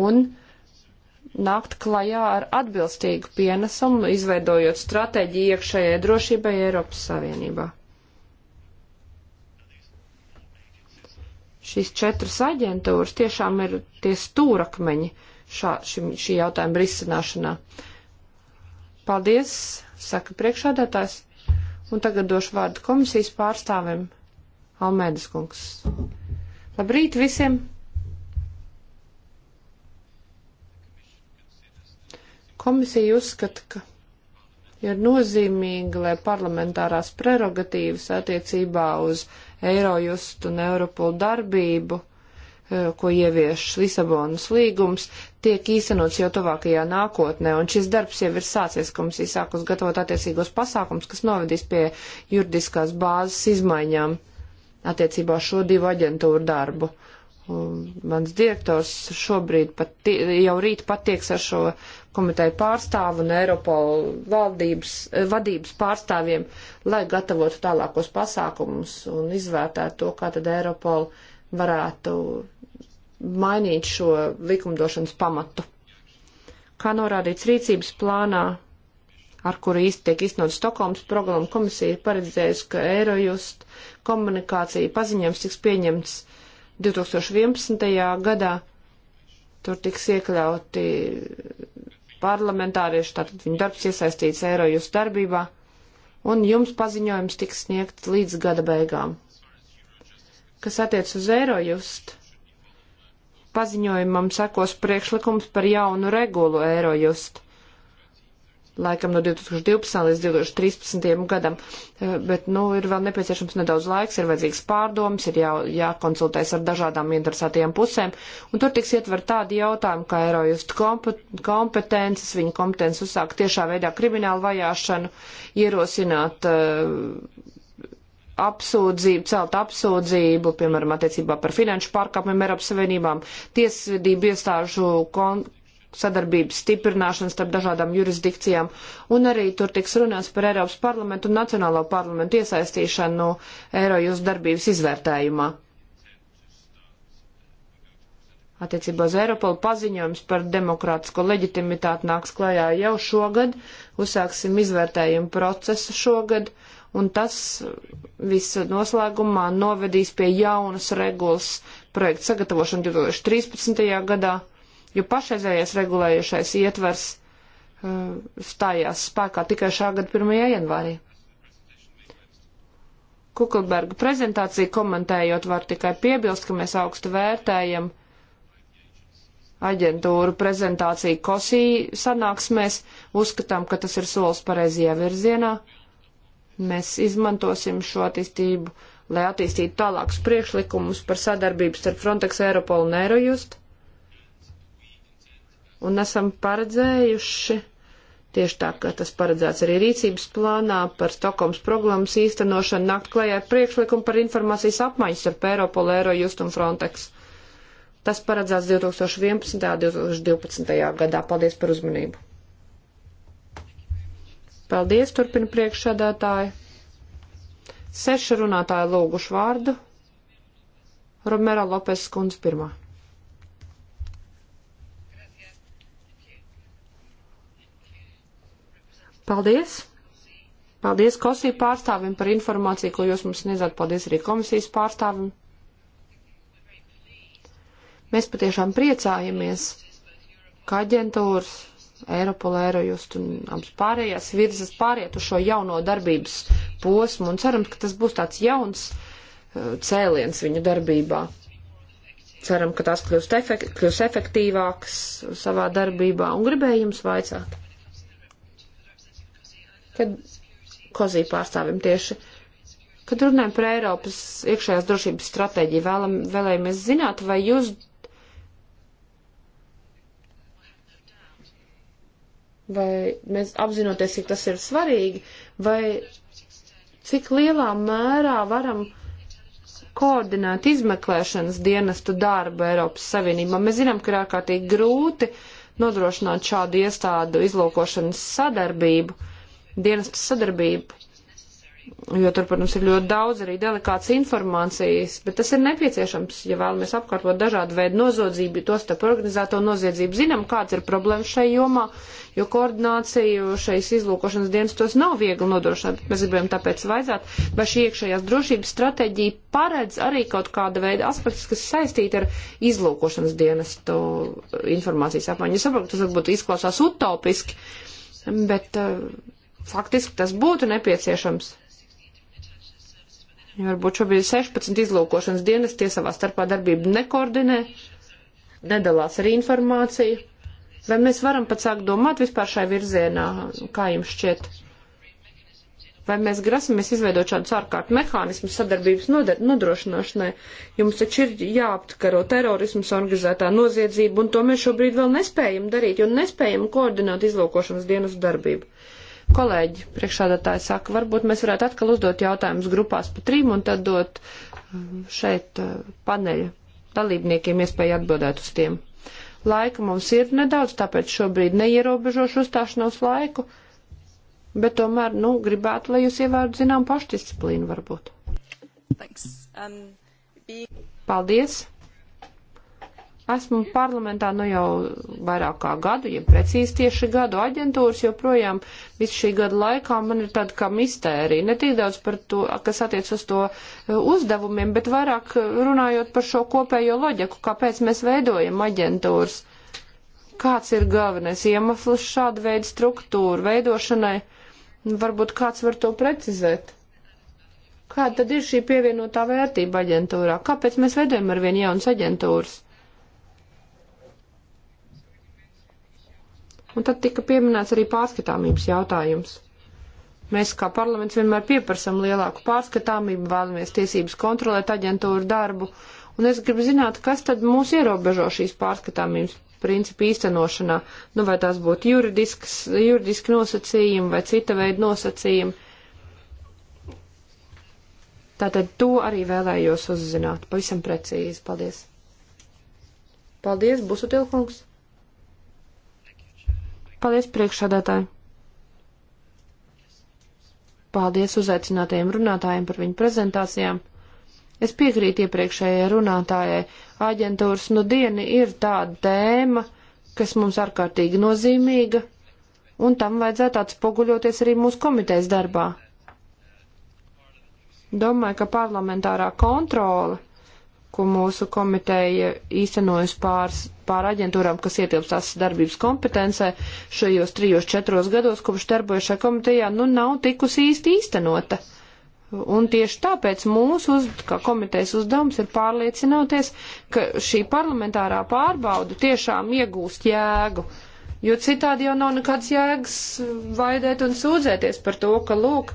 un nākt klajā ar atbilstīgu pienesumu, izveidojot stratēģiju iekšējai drošībai Eiropas Savienībā. šīs četras aģentūras tiešām ir tie stūrakmeņi šā, šim, šī jautājuma risināšanā. Paldies, saka priekšādātājs. Un tagad došu vārdu komisijas pārstāvim Almēdas kungs. Labrīt visiem! Komisija uzskata, ka ir nozīmīgi, lai parlamentārās prerogatīvas attiecībā uz Eirojust un Europolu darbību, e, ko ievieš Lisabonas līgums, tiek īstenots jau tuvākajā nākotnē, un šis darbs jau ir sācies, komisija sākus gatavot attiecīgos pasākums, kas novedīs pie juridiskās bāzes izmaiņām attiecībā šo divu aģentūru darbu. Un mans direktors šobrīd pat, jau rīt patieks ar šo komiteju pārstāvu un Eiropola valdības, eh, vadības pārstāvjiem, lai gatavotu tālākos pasākumus un izvērtētu to, kā tad Eiropola varētu mainīt šo likumdošanas pamatu. Kā norādīts rīcības plānā, ar kuru īsti tiek iznot Stokholmas programma, komisija ir paredzējusi, ka Eirojust komunikācija paziņojums tiks pieņemts 2011. gadā. Tur tiks iekļauti parlamentārieši, tātad viņu darbs iesaistīts Eirojus darbībā, un jums paziņojums tiks sniegts līdz gada beigām. Kas attiec uz Eirojust, paziņojumam sekos priekšlikums par jaunu regulu Eirojust laikam no 2012. līdz 2013. gadam, eh, bet, nu, ir vēl nepieciešams nedaudz laiks, ir vajadzīgs pārdoms, ir jā, jākonsultēs ar dažādām interesētajām pusēm, un tur tiks ietver tādi jautājumi, kā Eirojust kompetences, viņa kompetences uzsākt tiešā veidā kriminālu vajāšanu, ierosināt uh, apsūdzību, celt apsūdzību, piemēram, attiecībā par finanšu pārkāpumiem Eiropas Savienībām, tiesvedību iestāžu kon sadarbības stiprināšanu starp dažādām jurisdikcijām, un arī tur tiks runāts par Eiropas parlamentu un Nacionālo parlamentu iesaistīšanu Eirojus darbības izvērtējumā. Attiecībā uz Eiropolu paziņojums par demokrātisko leģitimitāti nāks klajā jau šogad, uzsāksim izvērtējumu procesu šogad, un tas viss noslēgumā novedīs pie jaunas regulas projekta sagatavošanu 2013. gadā jo pašreizējais regulējušais ietvers uh, stājās spēkā tikai šā gada 1. janvārī. Kukelberga prezentāciju komentējot var tikai piebilst, ka mēs augstu vērtējam aģentūru prezentāciju kosī sanāksmēs, uzskatām, ka tas ir solis pareizajā virzienā. Mēs izmantosim šo attīstību, lai attīstītu tālākus priekšlikumus par sadarbību starp Frontex, Eiropolu un Eirojust un esam paredzējuši, tieši tā, ka tas paredzēts arī rīcības plānā par Stokholmas programmas īstenošanu, nākt klajā ar priekšlikumu par informācijas apmaiņas ar Pēropolu, Eiro Just un Frontex. Tas paredzēts 2011. un 2012. gadā. Paldies par uzmanību! Paldies, turpina priekšsēdētāji. Seši runātāji lūguši vārdu. Romero Lopes skundz pirmā. Paldies! Paldies Kosī pārstāvim par informāciju, ko jūs mums sniedzat. Paldies arī komisijas pārstāvim. Mēs patiešām priecājamies, ka aģentūras, Eiropola, Eirojust un abas pārējās virzas pāriet uz šo jauno darbības posmu un cerams, ka tas būs tāds jauns uh, cēliens viņu darbībā. Ceram, ka tās kļūs, efekt, kļūs efektīvākas savā darbībā un gribēju jums vaicāt kad kozī pārstāvim tieši. Kad runājam par Eiropas iekšējās drošības stratēģiju, vēlam, vēlējamies zināt, vai jūs. Vai mēs apzinoties, cik tas ir svarīgi, vai cik lielā mērā varam koordinēt izmeklēšanas dienestu darbu Eiropas Savienībā. Mēs zinām, ka ir ārkārtīgi grūti nodrošināt šādu iestādu izlūkošanas sadarbību dienesta sadarbību. Jo tur, protams, ir ļoti daudz arī delikātas informācijas, bet tas ir nepieciešams, ja vēlamies apkārtot dažādu veidu nozodzību, to starp organizēto noziedzību. Zinām, kāds ir problēmas šai jomā, jo koordināciju šais izlūkošanas dienas tos nav viegli nodrošināt. Mēs gribējam tāpēc vajadzēt, vai šī iekšējās drošības stratēģija paredz arī kaut kāda veida aspektus, kas saistīti ar izlūkošanas dienestu informācijas apmaiņu. Es saprotu, tas varbūt izklausās utopiski, bet. Uh, faktiski tas būtu nepieciešams. Ja varbūt šobrīd 16 izlūkošanas dienas tie savā starpā darbību nekoordinē, nedalās ar informāciju. Vai mēs varam pat sākt domāt vispār šai virzienā, kā jums šķiet? Vai mēs grasamies izveidot šādus ārkārt mehānismus sadarbības nodrošināšanai? Jums taču ir jāaptkaro terorisms, organizētā noziedzība, un to mēs šobrīd vēl nespējam darīt, jo nespējam koordinēt izlūkošanas dienas darbību. Kolēģi, priekšādātāji saka, varbūt mēs varētu atkal uzdot jautājumus grupās pa trim un tad dot um, šeit uh, paneļa dalībniekiem iespēju atbildēt uz tiem. Laika mums ir nedaudz, tāpēc šobrīd neierobežošu uzstāšanos laiku, bet tomēr, nu, gribētu, lai jūs ievērtu zinām pašdisciplīnu varbūt. Thanks. Um, being... Paldies! Esmu parlamentā nu jau vairāk kā gadu, ja precīzi tieši gadu aģentūras joprojām visu šī gada laikā man ir tāda kā mistērija. Ne tik daudz par to, kas attiec uz to e, uzdevumiem, bet vairāk runājot par šo kopējo loģiku, kāpēc mēs veidojam aģentūras. Kāds ir galvenais iemesls šāda veida struktūra veidošanai? Varbūt kāds var to precizēt. Kāda tad ir šī pievienotā vērtība aģentūrā? Kāpēc mēs veidojam ar vien jaunas aģentūras? Un tad tika pieminēts arī pārskatāmības jautājums. Mēs kā parlaments vienmēr pieprasam lielāku pārskatāmību, vēlamies tiesības kontrolēt aģentūru darbu, un es gribu zināt, kas tad mūs ierobežo šīs pārskatāmības principu īstenošanā, nu vai tās būtu juridisks, juridiski nosacījumi vai cita veida nosacījumi. Tātad to arī vēlējos uzzināt pavisam precīzi. Paldies! Paldies, Busutilkungs! Paldies priekšsādātāji! Paldies uzaicinātajiem runātājiem par viņu prezentācijām. Es piekrītu iepriekšējai runātājai. Aģentūras nu diena ir tāda tēma, kas mums ārkārtīgi nozīmīga, un tam vajadzētu atspoguļoties arī mūsu komitejas darbā. Domāju, ka parlamentārā kontrole ko mūsu komiteja īstenojas pāris, pār aģentūrām, kas ietilpst tās darbības kompetencē šajos trijos, četros gados, kopš darbojas šajā komitejā, nu nav tikusi īsti īstenota. Un tieši tāpēc mūsu uz, kā komitejas uzdevums ir pārliecināties, ka šī parlamentārā pārbauda tiešām iegūst jēgu. Uh, jo citādi jau nav nekāds jēgas vaidēt un sūdzēties par to, ka, lūk,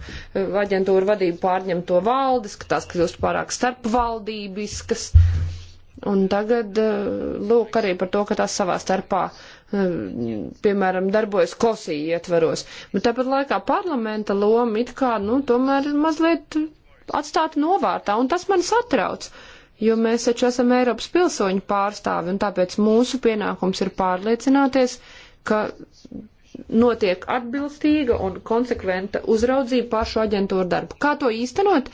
aģentūra vadība pārņem to valdes, ka tās kļūst pārāk starpvaldībiskas. Un tagad, lūk, arī par to, ka tās savā starpā piemēram, darbojas kosī ietvaros. Bet tāpat laikā parlamenta loma it kā, nu, tomēr mazliet atstāta novārtā, un tas man satrauc, jo mēs taču esam Eiropas pilsoņu pārstāvi, un tāpēc mūsu pienākums ir pārliecināties, uh, ka notiek atbilstīga un konsekventa uzraudzība pašu aģentūru darbu. Kā to īstenot?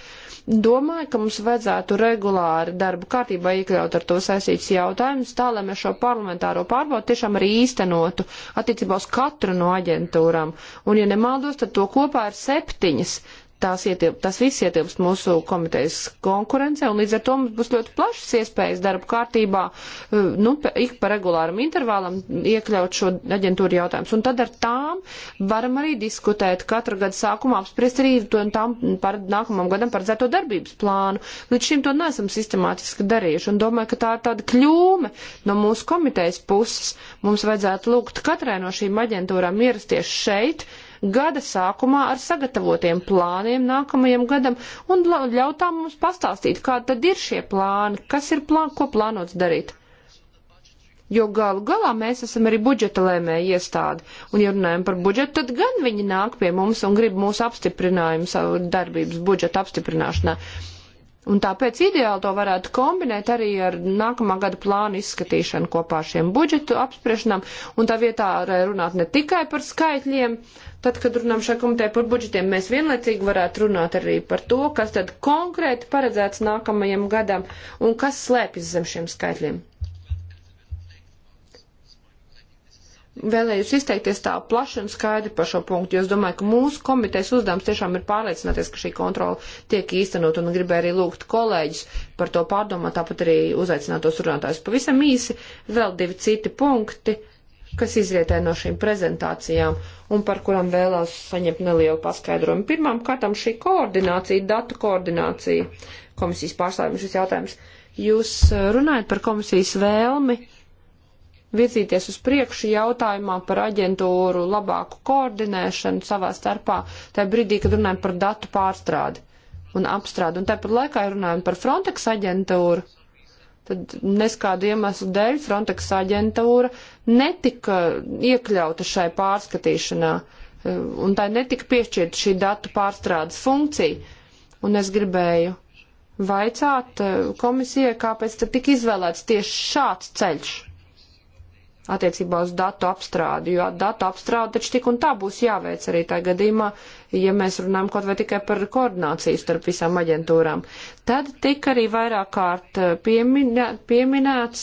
Domāju, ka mums vajadzētu regulāri darbu kārtībā iekļaut ar to saistīts jautājumus, tā lai mēs šo parlamentāro pārbaudu tiešām arī īstenotu attiecībā uz katru no aģentūrām. Un, ja nemaldos, tad to kopā ir septiņas tās ietilp, tas viss ietilpst mūsu komitejas konkurencē, un līdz ar to mums būs ļoti plašas iespējas darba kārtībā, eh, nu, ik pa regulāram intervālam iekļaut šo aģentūru jautājumus. Un tad ar tām varam arī diskutēt katra gada sākumā, apspriest arī to un tām par nākamam gadam paredzēto darbības plānu. Līdz šim to neesam sistemātiski darījuši, un domāju, ka tā ir tāda kļūme no mūsu komitejas puses. Mums vajadzētu lūgt katrai no šīm aģentūrām ierasties šeit, gada sākumā ar sagatavotiem plāniem nākamajam gadam un ļautām mums pastāstīt, kā tad ir šie plāni, kas ir plāni, ko plānots darīt. Jo galu galā mēs esam arī budžeta lēmēja iestāde. Un, ja runājam par budžetu, tad gan viņi nāk pie mums un grib mūsu apstiprinājumu savu darbības budžeta apstiprināšanā. Un tāpēc ideāli to varētu kombinēt arī ar nākamā gada plānu izskatīšanu kopā ar šiem budžetu apspriešanām. Un tā vietā runāt ne tikai par skaitļiem, tad, kad runām šajā komitē par budžetiem, mēs vienlaicīgi varētu runāt arī par to, kas tad konkrēti paredzēts nākamajam gadam un kas slēpjas zem šiem skaitļiem. vēlējos izteikties tā plaši un skaidri par šo punktu, jo es domāju, ka mūsu komitejas uzdevums tiešām ir pārliecināties, ka šī kontrola tiek īstenot un gribēju arī lūgt kolēģis par to pārdomāt, tāpat arī uzaicinātos runātājus. Pavisam īsi vēl divi citi punkti, kas izrietē no šīm prezentācijām un par kurām vēlās saņemt nelielu paskaidrojumu. Pirmām kārtām šī koordinācija, datu koordinācija, komisijas pārstāvjums šis jautājums. Jūs eh, runājat par komisijas vēlmi virzīties uz priekšu jautājumā par aģentūru labāku koordinēšanu savā starpā, tajā brīdī, kad runājam par datu pārstrādi un apstrādi. Un tāpat laikā runājam par Frontex aģentūru. Tad neskādu iemeslu dēļ Frontex aģentūra netika iekļauta šai pārskatīšanā, un tai netika piešķirta šī datu pārstrādes funkcija. Un es gribēju vaicāt eh, komisijai, kāpēc tad tika izvēlēts tieši šāds ceļš attiecībā uz datu apstrādi, jo datu apstrāde taču tik un tā būs jāveic arī tā gadījumā, ja mēs runājam kaut vai tikai par koordināciju starp visām aģentūrām. Tad tika arī vairāk kārt eh, pieminē, pieminēts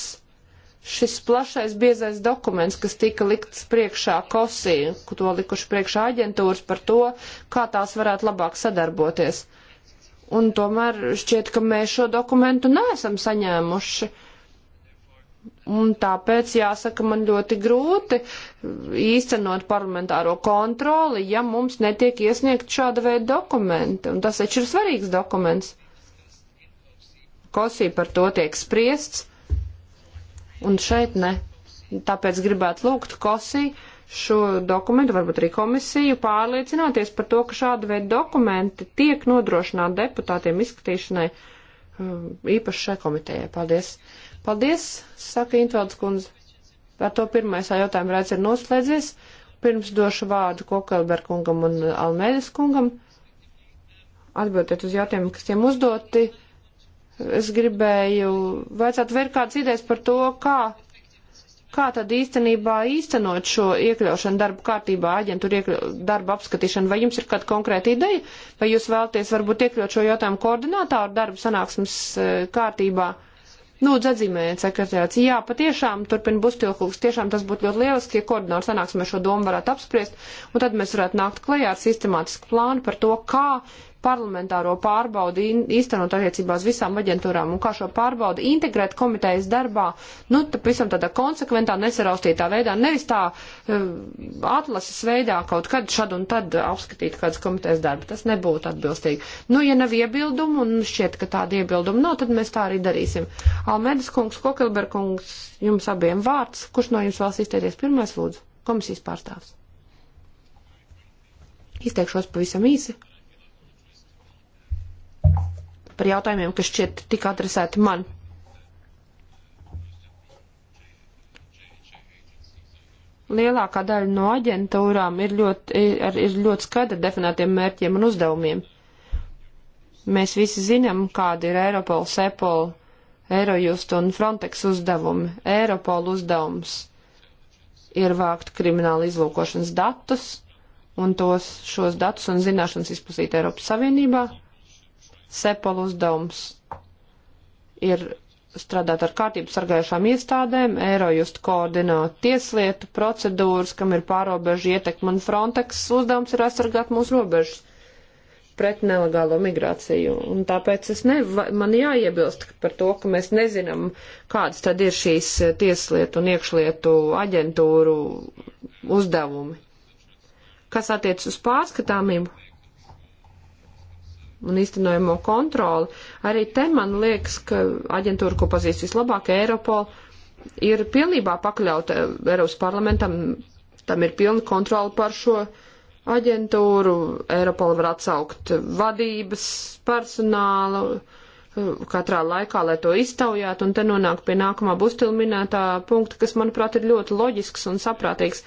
šis plašais biezais dokuments, kas tika likts priekšā kosī, to likuši priekšā aģentūras par to, kā tās varētu labāk sadarboties. Un tomēr šķiet, ka mēs šo dokumentu neesam saņēmuši. Uh, Un tāpēc, jāsaka, man ļoti grūti īstenot parlamentāro kontroli, ja mums netiek iesniegt šāda veida dokumenti. Un tas taču ir svarīgs dokuments. Kosī par to tiek spriests, un šeit ne. Tāpēc gribētu lūgt Kosī šo dokumentu, varbūt arī komisiju, pārliecināties par to, ka šāda veida dokumenti tiek nodrošināti deputātiem izskatīšanai um, īpaši šai komitejai. Paldies! Paldies, saka Intvalds kundze. Ar to pirmais jautājuma raids ir noslēdzies. Pirms došu vārdu Kokelberg kungam un Almēdes kungam. Atbildiet uz jautājumiem, kas tiem uzdoti. Es gribēju vajadzētu vēl kādas idejas par to, kā, kā tad īstenībā īstenot šo iekļaušanu darba kārtībā, aģentūra iekļau, darba apskatīšanu. Vai jums ir kāda konkrēta ideja, vai jūs vēlaties varbūt iekļaut šo jautājumu koordinātāru darba sanāksmes kārtībā? Uh, Lūdzu, nu, atzīmējiet sekretārāts. Jā, patiešām, turpina Bustilkungs, tiešām tas būtu ļoti lieliski, ja koordināri sanāksmē šo domu varētu apspriest, un tad mēs varētu nākt klajā ar sistemātisku plānu par to, kā parlamentāro pārbaudi īstenot attiecībā uz visām aģentūrām un kā šo pārbaudi integrēt komitejas darbā, nu, tad visam tādā konsekventā, nesaraustītā veidā, nevis tā uh, atlases veidā kaut kad šad un tad apskatīt kādas komitejas darbu. Tas nebūtu atbilstīgi. Nu, ja nav iebildumu un šķiet, ka tāda iebilduma nav, tad mēs tā arī darīsim. Almedas kungs, Kokilberkungs, jums abiem vārds. Kurš no jums vēlas izteikties pirmais, lūdzu? Komisijas pārstāvs. Izteikšos pavisam īsi par jautājumiem, kas šķiet tika adresēti man. Lielākā daļa no aģentūrām ir ļoti, ir, ir ļoti skaidri definētiem mērķiem un uzdevumiem. Mēs visi zinām, kāda ir Eiropola, Sepola, Eirojust un Frontex uzdevumi. Eiropola uzdevums ir vākt krimināla izlūkošanas datus un tos, šos datus un zināšanas izplatīt Eiropas Savienībā. Sepol uzdevums ir strādāt ar kārtības sargājušām iestādēm, Eirojust koordinēt tieslietu procedūras, kam ir pārobežu ietekme, un Frontex uzdevums ir aizsargāt mūsu robežas pret nelegālo migrāciju. Un tāpēc es ne, man jāiebilst par to, ka mēs nezinām, kādas tad ir šīs tieslietu un iekšlietu aģentūru uzdevumi. Kas attiec uz pārskatāmību? un īstenojamo kontroli, arī te man liekas, ka aģentūra, ko pazīst vislabāk, Eiropola, ir pilnībā pakļauta Eiropas parlamentam, tam ir pilna kontrola par šo aģentūru, Eiropola var atsaukt vadības personālu uh, katrā laikā, lai to iztaujātu, un te nonāk pie nākamā bustila minētā punkta, kas, manuprāt, ir ļoti loģisks un saprātīgs.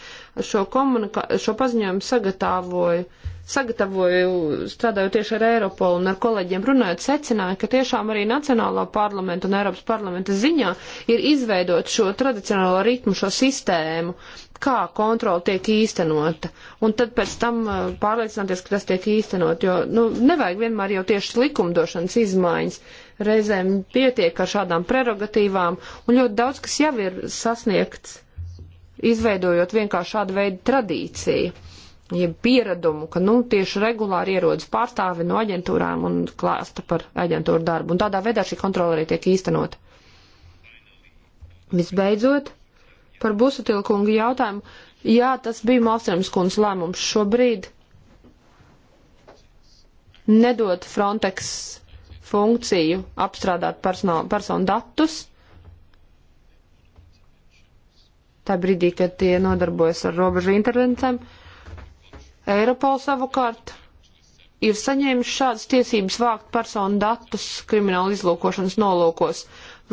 Šo, komunika, šo paziņojumu sagatavoju sagatavoju, strādāju tieši ar Eiropolu un ar kolēģiem runājot, secināju, ka tiešām arī Nacionālā parlamenta un Eiropas parlamenta ziņā ir izveidot šo tradicionālo ritmu, šo sistēmu, kā kontrola tiek īstenota. Un tad pēc tam uh, pārliecināties, ka tas tiek īstenot, jo nu, nevajag vienmēr jau tieši likumdošanas izmaiņas. Reizēm pietiek ar šādām prerogatīvām, un ļoti daudz, kas jau ir sasniegts, izveidojot vienkārši šādu veidu tradīciju jeb pieradumu, ka nu, tieši regulāri ierodas pārstāvi no aģentūrām un klāsta par aģentūru darbu. Un tādā veidā šī kontrola arī tiek īstenota. Visbeidzot, par Busutilkungu jautājumu. Jā, tas bija Malstrēms kundas lēmums šobrīd nedot Frontex funkciju apstrādāt personu datus. Tā brīdī, kad tie nodarbojas ar robežu intervencēm. Uh, Eiropola savukārt ir saņēmis šādas tiesības vākt personu datus krimināla izlūkošanas nolūkos,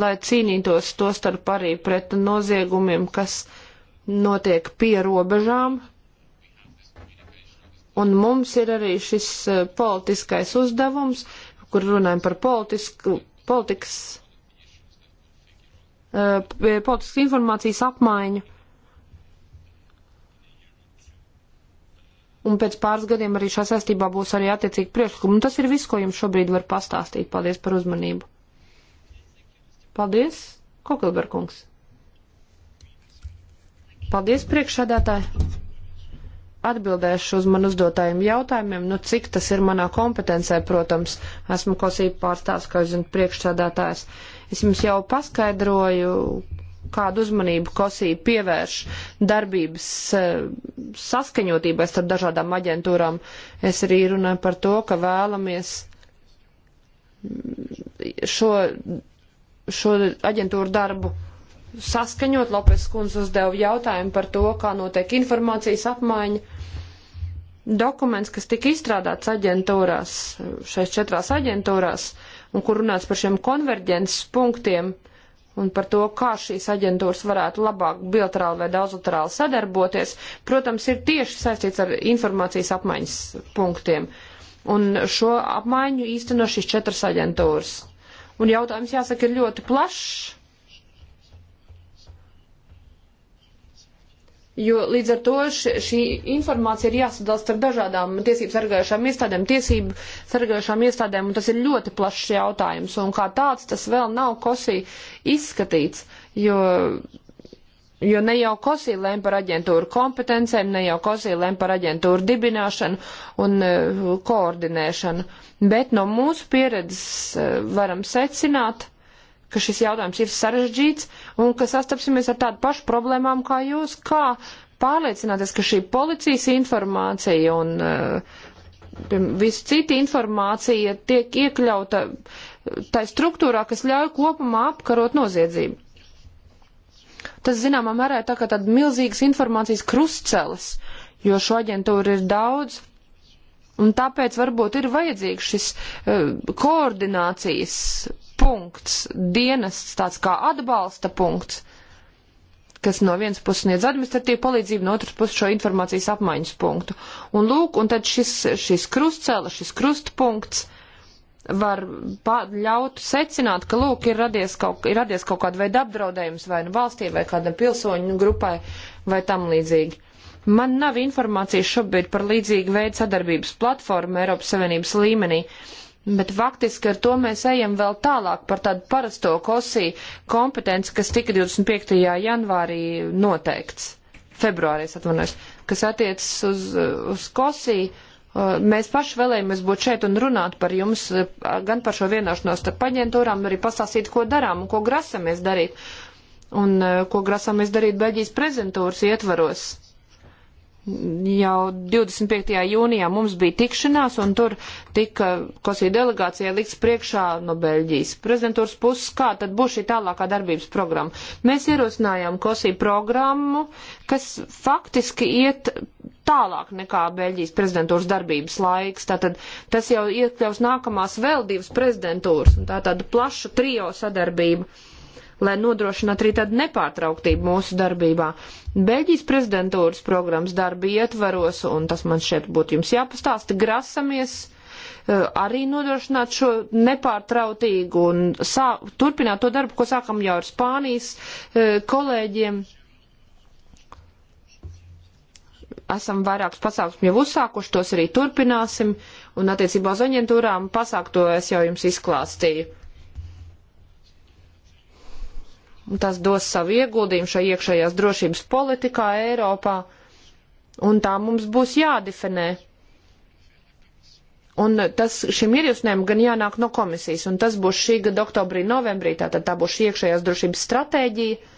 lai cīnītos to starp arī pret noziegumiem, kas notiek pie robežām. Un mums ir arī šis eh, politiskais uzdevums, kur runājam par politisku, politikas, eh, politiskas informācijas apmaiņu Un pēc pāris gadiem arī šā saistībā būs arī attiecīgi priekšlikumi. Un tas ir viss, ko jums šobrīd var pastāstīt. Paldies par uzmanību. Paldies, Kokilberkungs. Paldies, priekšsādātāji. Atbildēšu uz man uzdotajiem jautājumiem, nu cik tas ir manā kompetencē, protams, esmu kosība pārstāvs, kā jūs zinat, priekšsādātājs. Es jums jau paskaidroju, kādu uzmanību Kosija pievērš darbības eh, saskaņotībai starp dažādām aģentūrām. Es arī runāju par to, ka vēlamies mm, šo, šo aģentūru darbu saskaņot. Lopes kundze uzdeva jautājumu par to, kā notiek informācijas apmaiņa. Dokuments, kas tika izstrādāts aģentūrās, šais četrās aģentūrās, un kur runāts par šiem konverģences punktiem, uh, un par to, kā šīs aģentūras varētu labāk bilaterāli vai daudzlaterāli sadarboties, protams, ir tieši saistīts ar informācijas apmaiņas punktiem. Un šo apmaiņu īsteno šīs četras aģentūras. Un jautājums, jāsaka, ir ļoti plašs Jo līdz ar to š, šī informācija ir jāsadala starp dažādām tiesību sargājušām iestādēm, tiesību sargājušām iestādēm, un tas ir ļoti plašs jautājums, un kā tāds tas vēl nav kosī izskatīts, jo, jo ne jau kosī lēm par aģentūru kompetencēm, ne jau kosī lēm par aģentūru dibināšanu un uh, koordinēšanu, bet no mūsu pieredzes uh, varam secināt, ka šis jautājums ir sarežģīts un ka sastapsimies ar tādu pašu problēmām kā jūs, kā pārliecināties, ka šī policijas informācija un uh, visu citu informācija tiek iekļauta eh, tai struktūrā, kas ļauj kopumā apkarot noziedzību. Tas, zināmā mērā, ir tā kā tāda milzīgas informācijas krustceles, jo šo aģentūru ir daudz, un tāpēc varbūt ir vajadzīgs šis uh, koordinācijas punkts, dienests tāds kā atbalsta punkts, kas no vienas puses sniedz administratīvu palīdzību, no otras puses šo informācijas apmaiņas punktu. Un lūk, un tad šis, šis krustcēla, šis krustpunkts var ļaut secināt, ka lūk, ir radies kaut, ir radies kaut kāda veida apdraudējums vai nu valstī, vai kādam pilsoņu grupai, vai tam līdzīgi. Man nav informācijas šobrīd par līdzīgu veidu sadarbības platformu Eiropas Savienības līmenī. Uh, Bet faktiski ar to mēs ejam vēl tālāk par tādu parasto kosī kompetenci, kas tika 25. janvārī noteikts, februārīs atvainojos, kas attiecas uz, uz kosī. Uh, mēs paši vēlējamies būt šeit un runāt par jums uh, gan par šo vienošanos starp aģentūrām, arī pastāstīt, ko darām un ko grasamies darīt. Un uh, ko grasamies darīt Beļģijas prezentūras ietvaros jau 25. jūnijā mums bija tikšanās, un tur tika Kosija delegācija liks priekšā no Beļģijas prezidentūras puses, kā tad būs šī tālākā darbības programma. Mēs ierosinājām Kosija programmu, kas faktiski iet tālāk nekā Beļģijas prezidentūras darbības laiks. Tātad tas jau iekļaus nākamās vēl divas prezidentūras, un tā tāda plaša trio sadarbība lai nodrošinātu arī tādu nepārtrauktību mūsu darbībā. Beļģijas prezidentūras programmas darba ietvaros, un tas man šeit būtu jums jāpastāsta, grasamies eh, arī nodrošināt šo nepārtrautīgu un sā, turpināt to darbu, ko sākam jau ar Spānijas eh, kolēģiem esam vairākus pasākumus jau uzsākuši, tos arī turpināsim, un attiecībā uz aģentūrām pasākto es jau jums izklāstīju. Tas dos savu ieguldījumu šai iekšējās drošības politikā Eiropā, un tā mums būs jādefinē. Un tas šim ierosinājumam gan jānāk no komisijas, un tas būs šī gada oktobrī, novembrī, tātad tā būs šī iekšējās drošības stratēģija.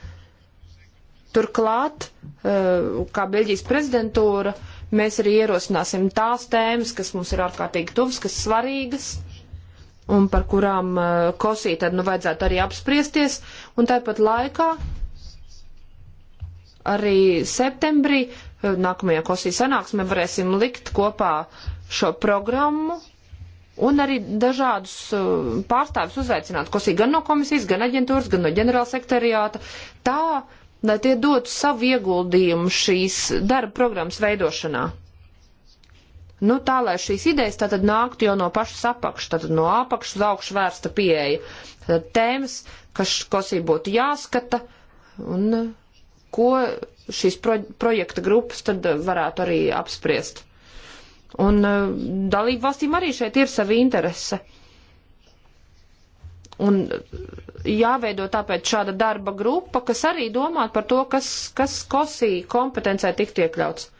Turklāt, eh, kā Beļģijas prezidentūra, mēs arī ierosināsim tās tēmas, kas mums ir ārkārtīgi tuvas, kas svarīgas un par kurām eh, kosī tad nu vajadzētu arī apspriesties, un tāpat laikā arī septembrī eh, nākamajā kosī sanāksmē varēsim likt kopā šo programmu un arī dažādus eh, pārstāvis uzaicināt kosī gan no komisijas, gan aģentūras, gan no ģenerāla sekretariāta, tā, lai tie dotu savu ieguldījumu šīs darba programmas veidošanā. Nu, tā, lai šīs idejas tātad nāktu jau no pašas apakšas, tātad no apakšas uz augšu vērsta pieeja. Tātad tēmas, kas, kas ir būtu jāskata un eh, ko šīs pro, projekta grupas tad varētu arī apspriest. Un eh, dalību valstīm arī šeit ir savi interese. Un eh, jāveido tāpēc šāda darba grupa, kas arī domā par to, kas, kas kosī kompetencē tiktu iekļauts.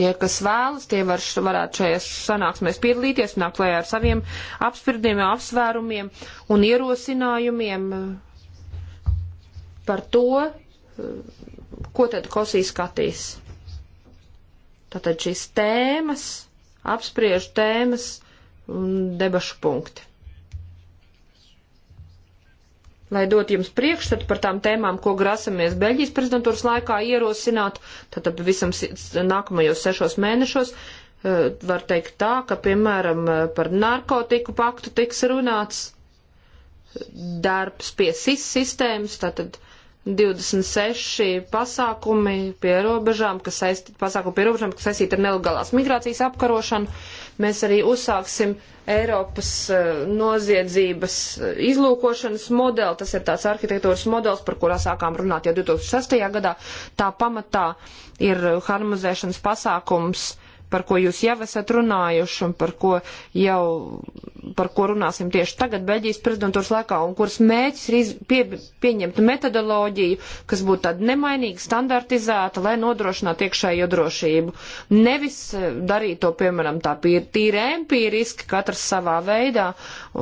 Tie, kas vēlas, tie var, varētu šajās sanāksmēs piedalīties, nāk klajā ar saviem apspriedumiem, apsvērumiem un ierosinājumiem eh, par to, eh, ko tad Kosī skatīs. Tātad šīs tēmas, apspriežu tēmas un debašu punkti lai dot jums priekšstatu par tām tēmām, ko grasamies Beļģijas prezidentūras laikā ierosināt, tātad visam nākamajos sešos mēnešos, eh, var teikt tā, ka, piemēram, eh, par narkotiku paktu tiks runāts, darbs pie SIS sistēmas, tātad 26 pasākumi pie robežām, kas saistīti, pasākumi pie robežām, kas saistīti ar nelegālās migrācijas apkarošanu. Mēs arī uzsāksim Eiropas uh, noziedzības eh, izlūkošanas modeli. Tas ir tāds arhitektūras modelis, par kurā sākām runāt jau 2006. gadā. Tā pamatā ir harmonizēšanas pasākums uh, par ko jūs jau esat runājuši un par ko jau, par ko runāsim tieši tagad Beļģijas prezidentūras laikā un kuras mēģis ir pie, pieņemt metodoloģiju, kas būtu tāda nemainīga, standartizēta, lai nodrošinātu iekšējo drošību. Nevis eh, darīt to, piemēram, tā tīri empīriski, katrs savā veidā,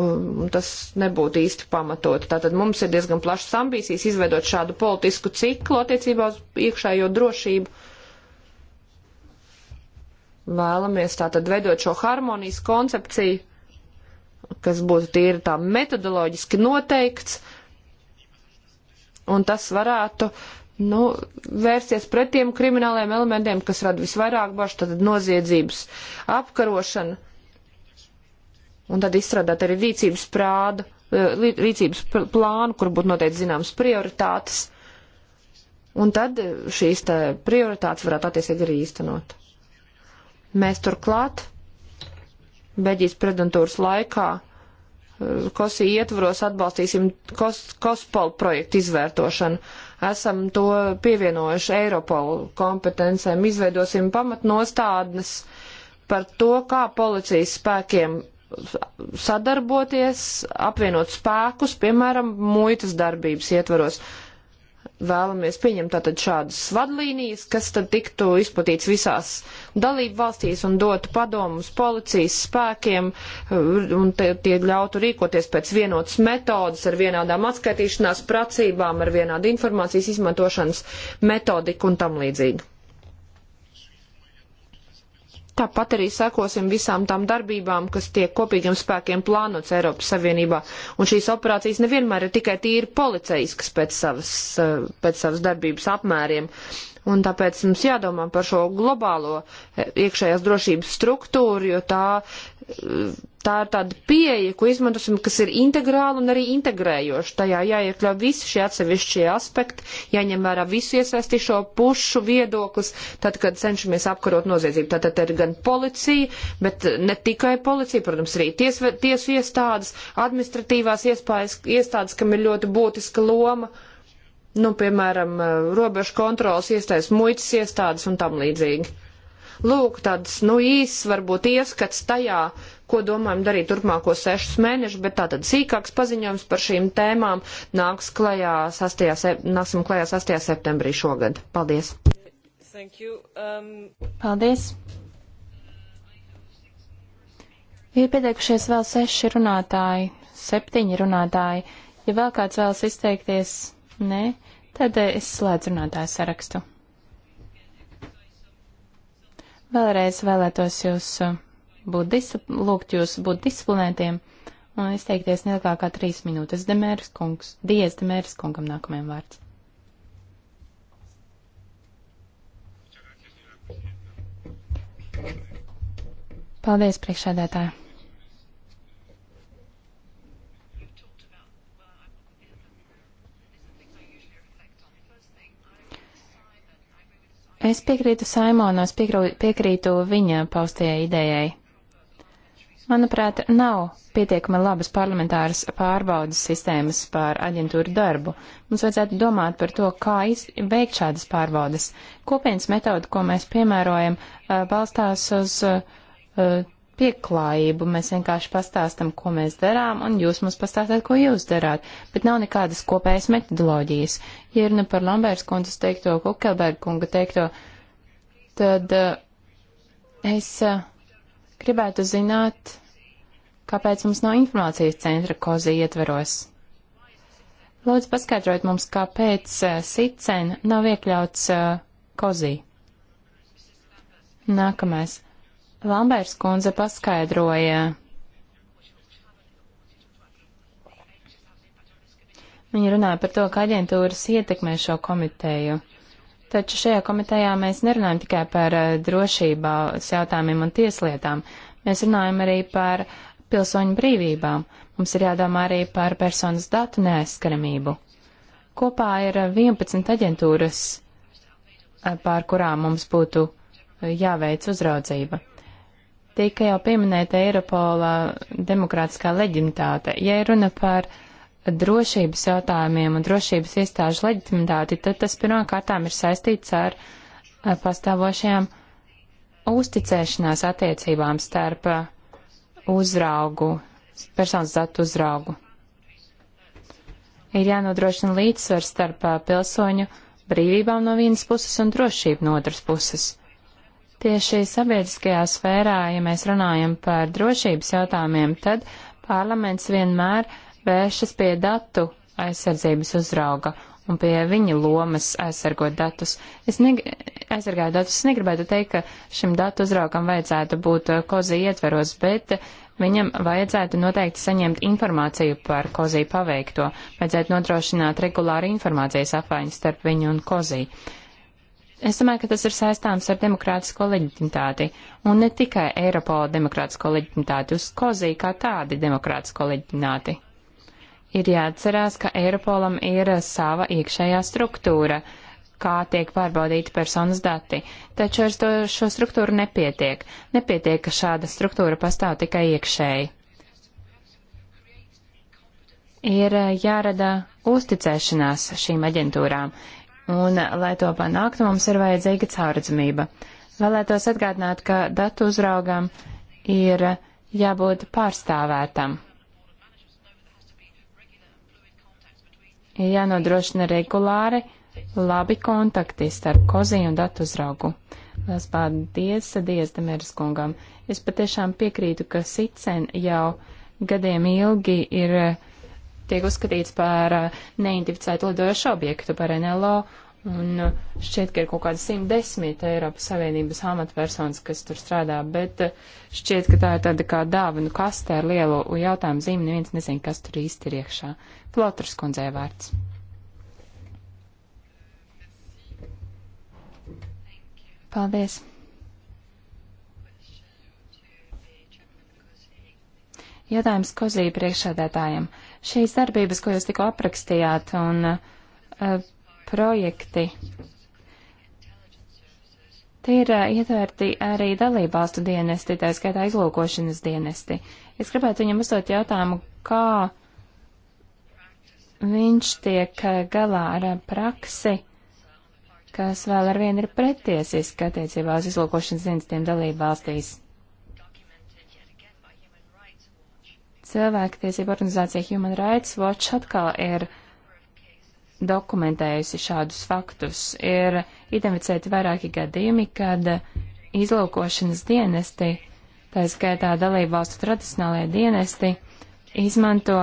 un tas nebūtu īsti pamatot. Tātad mums ir diezgan plašas ambīcijas izveidot šādu politisku ciklu attiecībā uz iekšējo drošību Vēlamies tātad veidot šo harmonijas koncepciju, kas būtu tīri tā metodoloģiski noteikts, un tas varētu nu, vērsties pret tiem krimināliem elementiem, kas rada visvairāk bažu, tad noziedzības apkarošana, un tad izstrādāt arī rīcības prādu, eh, rīcības plānu, kur būtu noteikti zināmas prioritātes, un tad šīs prioritātes varētu attiecīgi arī īstenot. Mēs turklāt Beģijas prezidentūras laikā eh, Kosī ietvaros atbalstīsim kos, Kospolu projektu izvērtošanu. Esam to pievienojuši Eiropolu kompetencēm, izveidosim pamatnostādnes par to, kā policijas spēkiem sadarboties, apvienot spēkus, piemēram, muitas darbības ietvaros. Vēlamies pieņemt tātad šādas vadlīnijas, kas tad tiktu izplatīts visās dalību valstīs un dotu padomus policijas spēkiem eh, un tie, tie ļautu rīkoties pēc vienotas metodas ar vienādām atskaitīšanās pracībām, ar vienādu informācijas izmantošanas metodiku un tam līdzīgi. Tāpat arī sekosim visām tām darbībām, kas tiek kopīgiem spēkiem plānots Eiropas Savienībā. Un šīs operācijas nevienmēr ir tikai tīri policijas, kas pēc savas, eh, pēc savas darbības apmēriem un tāpēc mums jādomā par šo globālo e, iekšējās drošības struktūru, jo tā, e, tā ir tāda pieeja, ko izmantosim, kas ir integrāla un arī integrējoša. Tajā jāiekļauj visi šie atsevišķie aspekti, jāņem vērā visu iesaistīšo pušu viedoklis, tad, kad cenšamies apkarot noziedzību. Tātad ir gan policija, bet ne tikai policija, protams, arī ties, tiesu iestādes, administratīvās iespējas, iestādes, kam ir ļoti būtiska loma. Uh, nu, piemēram, eh, robežu kontrolas iestādes, muitas iestādes un tam līdzīgi. Lūk, tāds, nu, īss varbūt ieskats tajā, ko domājam darīt turpmāko sešus mēnešus, bet tātad sīkāks paziņojums par šīm tēmām nāks klajā 6. Nāksim klajā 6. septembrī šogad. Paldies! Um... Paldies! Ir pieteikušies vēl seši runātāji, septiņi runātāji. Ja vēl kāds vēlas izteikties, Nē, tad eh, es slēdzu runātāju sarakstu. Vēlreiz vēlētos jūs eh, būt lūgt jūs būt disciplinētiem un izteikties neilgāk kā trīs minūtes. Demērs kungs, Dievs Demērs kungam nākamajam vārds. Paldies, priekšādētāji! Es piekrītu Saimonu, es piekrītu viņa paustajai idejai. Manuprāt, nav pietiekami labas parlamentāras pārbaudas sistēmas pār aģentūru darbu. Mums vajadzētu domāt par to, kā veikt šādas pārbaudas. Kopienas metoda, ko mēs piemērojam, eh, balstās uz eh, pieklājību. Mēs vienkārši pastāstam, ko mēs darām, un jūs mums pastāstāt, ko jūs darāt. Bet nav nekādas kopējas metodoloģijas. Ja runa par Lambērs kundzes teikto, Kukelberga kunga teikto, tad uh, es uh, gribētu zināt, kāpēc mums nav informācijas centra kozi ietveros. Lūdzu, paskaidrojiet mums, kāpēc uh, eh, sitcen nav iekļauts uh, kozī. Nākamais. Lambērs kundze paskaidroja. Viņa runāja par to, ka aģentūras ietekmē šo komiteju. Taču šajā komitejā mēs nerunājam tikai par eh, drošības jautājumiem un tieslietām. Mēs runājam arī par pilsoņu brīvībām. Mums ir jādomā arī par personas datu neaizskaramību. Kopā ir 11 aģentūras, eh, pār kurām mums būtu eh, jāveic uzraudzība. Tika jau pieminēta Eiropola demokrātiskā leģimitāte. Ja runa par drošības jautājumiem un drošības iestāžu leģitimitāti, tad tas pirmā kārtām ir saistīts ar eh, pastāvošajām uzticēšanās attiecībām starp eh, uzraugu, personas datu uzraugu. Ir jānodrošina līdzsvars starp eh, pilsoņu brīvībām no vienas puses un drošību no otras puses. Tieši sabiedriskajā sfērā, ja mēs runājam par drošības jautājumiem, tad parlaments vienmēr vēršas pie datu aizsardzības uzrauga un pie viņa lomas aizsargot datus. Es neg aizsargāju datus, es negribētu teikt, ka šim datu uzraugam vajadzētu būt uh, kozī ietveros, bet viņam vajadzētu noteikti saņemt informāciju par kozī paveikto, vajadzētu nodrošināt regulāru informācijas apmaiņu starp viņu un kozī. Uh, Es domāju, ka tas ir saistāms ar demokrātisko leģitimitāti, un ne tikai Eiropola demokrātisko leģitimitāti, uz kozī kā tādi demokrātisko leģitimitāti. Ir jāatcerās, ka Eiropolam ir sava iekšējā struktūra, kā tiek pārbaudīti personas dati, taču ar to, šo struktūru nepietiek. Nepietiek, ka šāda struktūra pastāv tikai iekšēji. Ir jārada uzticēšanās šīm aģentūrām, un, lai to panāktu, mums ir vajadzīga caurredzamība. Vēlētos atgādināt, ka datu uzraugam ir jābūt pārstāvētam. Ir jānodrošina regulāri labi kontakti starp kozī un datu uzraugu. Lielas paldies, Dievs, Demēras kungam. Es patiešām piekrītu, ka Sicen jau gadiem ilgi ir uh, tiek uzskatīts par eh, neidentificētu lidojošu objektu, par NLO, un eh, šķiet, ka ir kaut kāda 110 Eiropas Savienības amatpersonas, kas tur strādā, bet eh, šķiet, ka tā ir tāda kā dāvanu kaste ar lielu jautājumu zīmi, neviens nezin, kas tur īsti ir iekšā. Plotras kundzē vārds. Paldies! Jautājums Kozī priekšsēdētājiem. Uh, Šīs darbības, ko jūs tikko aprakstījāt, un uh, projekti, tie ir uh, ietverti arī dalībvalstu dienesti, tā skaitā izlūkošanas dienesti. Es gribētu viņam uzdot jautājumu, kā viņš tiek eh, galā ar praksi, kas vēl ar vienu ir pretiesiski attiecībā uz izlūkošanas dienestiem dalībvalstīs. Cilvēktiesība organizācija Human Rights Watch atkal ir dokumentējusi šādus faktus. Ir identificēti vairāki gadījumi, kad izlaukošanas dienesti, tā skaitā dalību valstu tradicionālajie dienesti, izmanto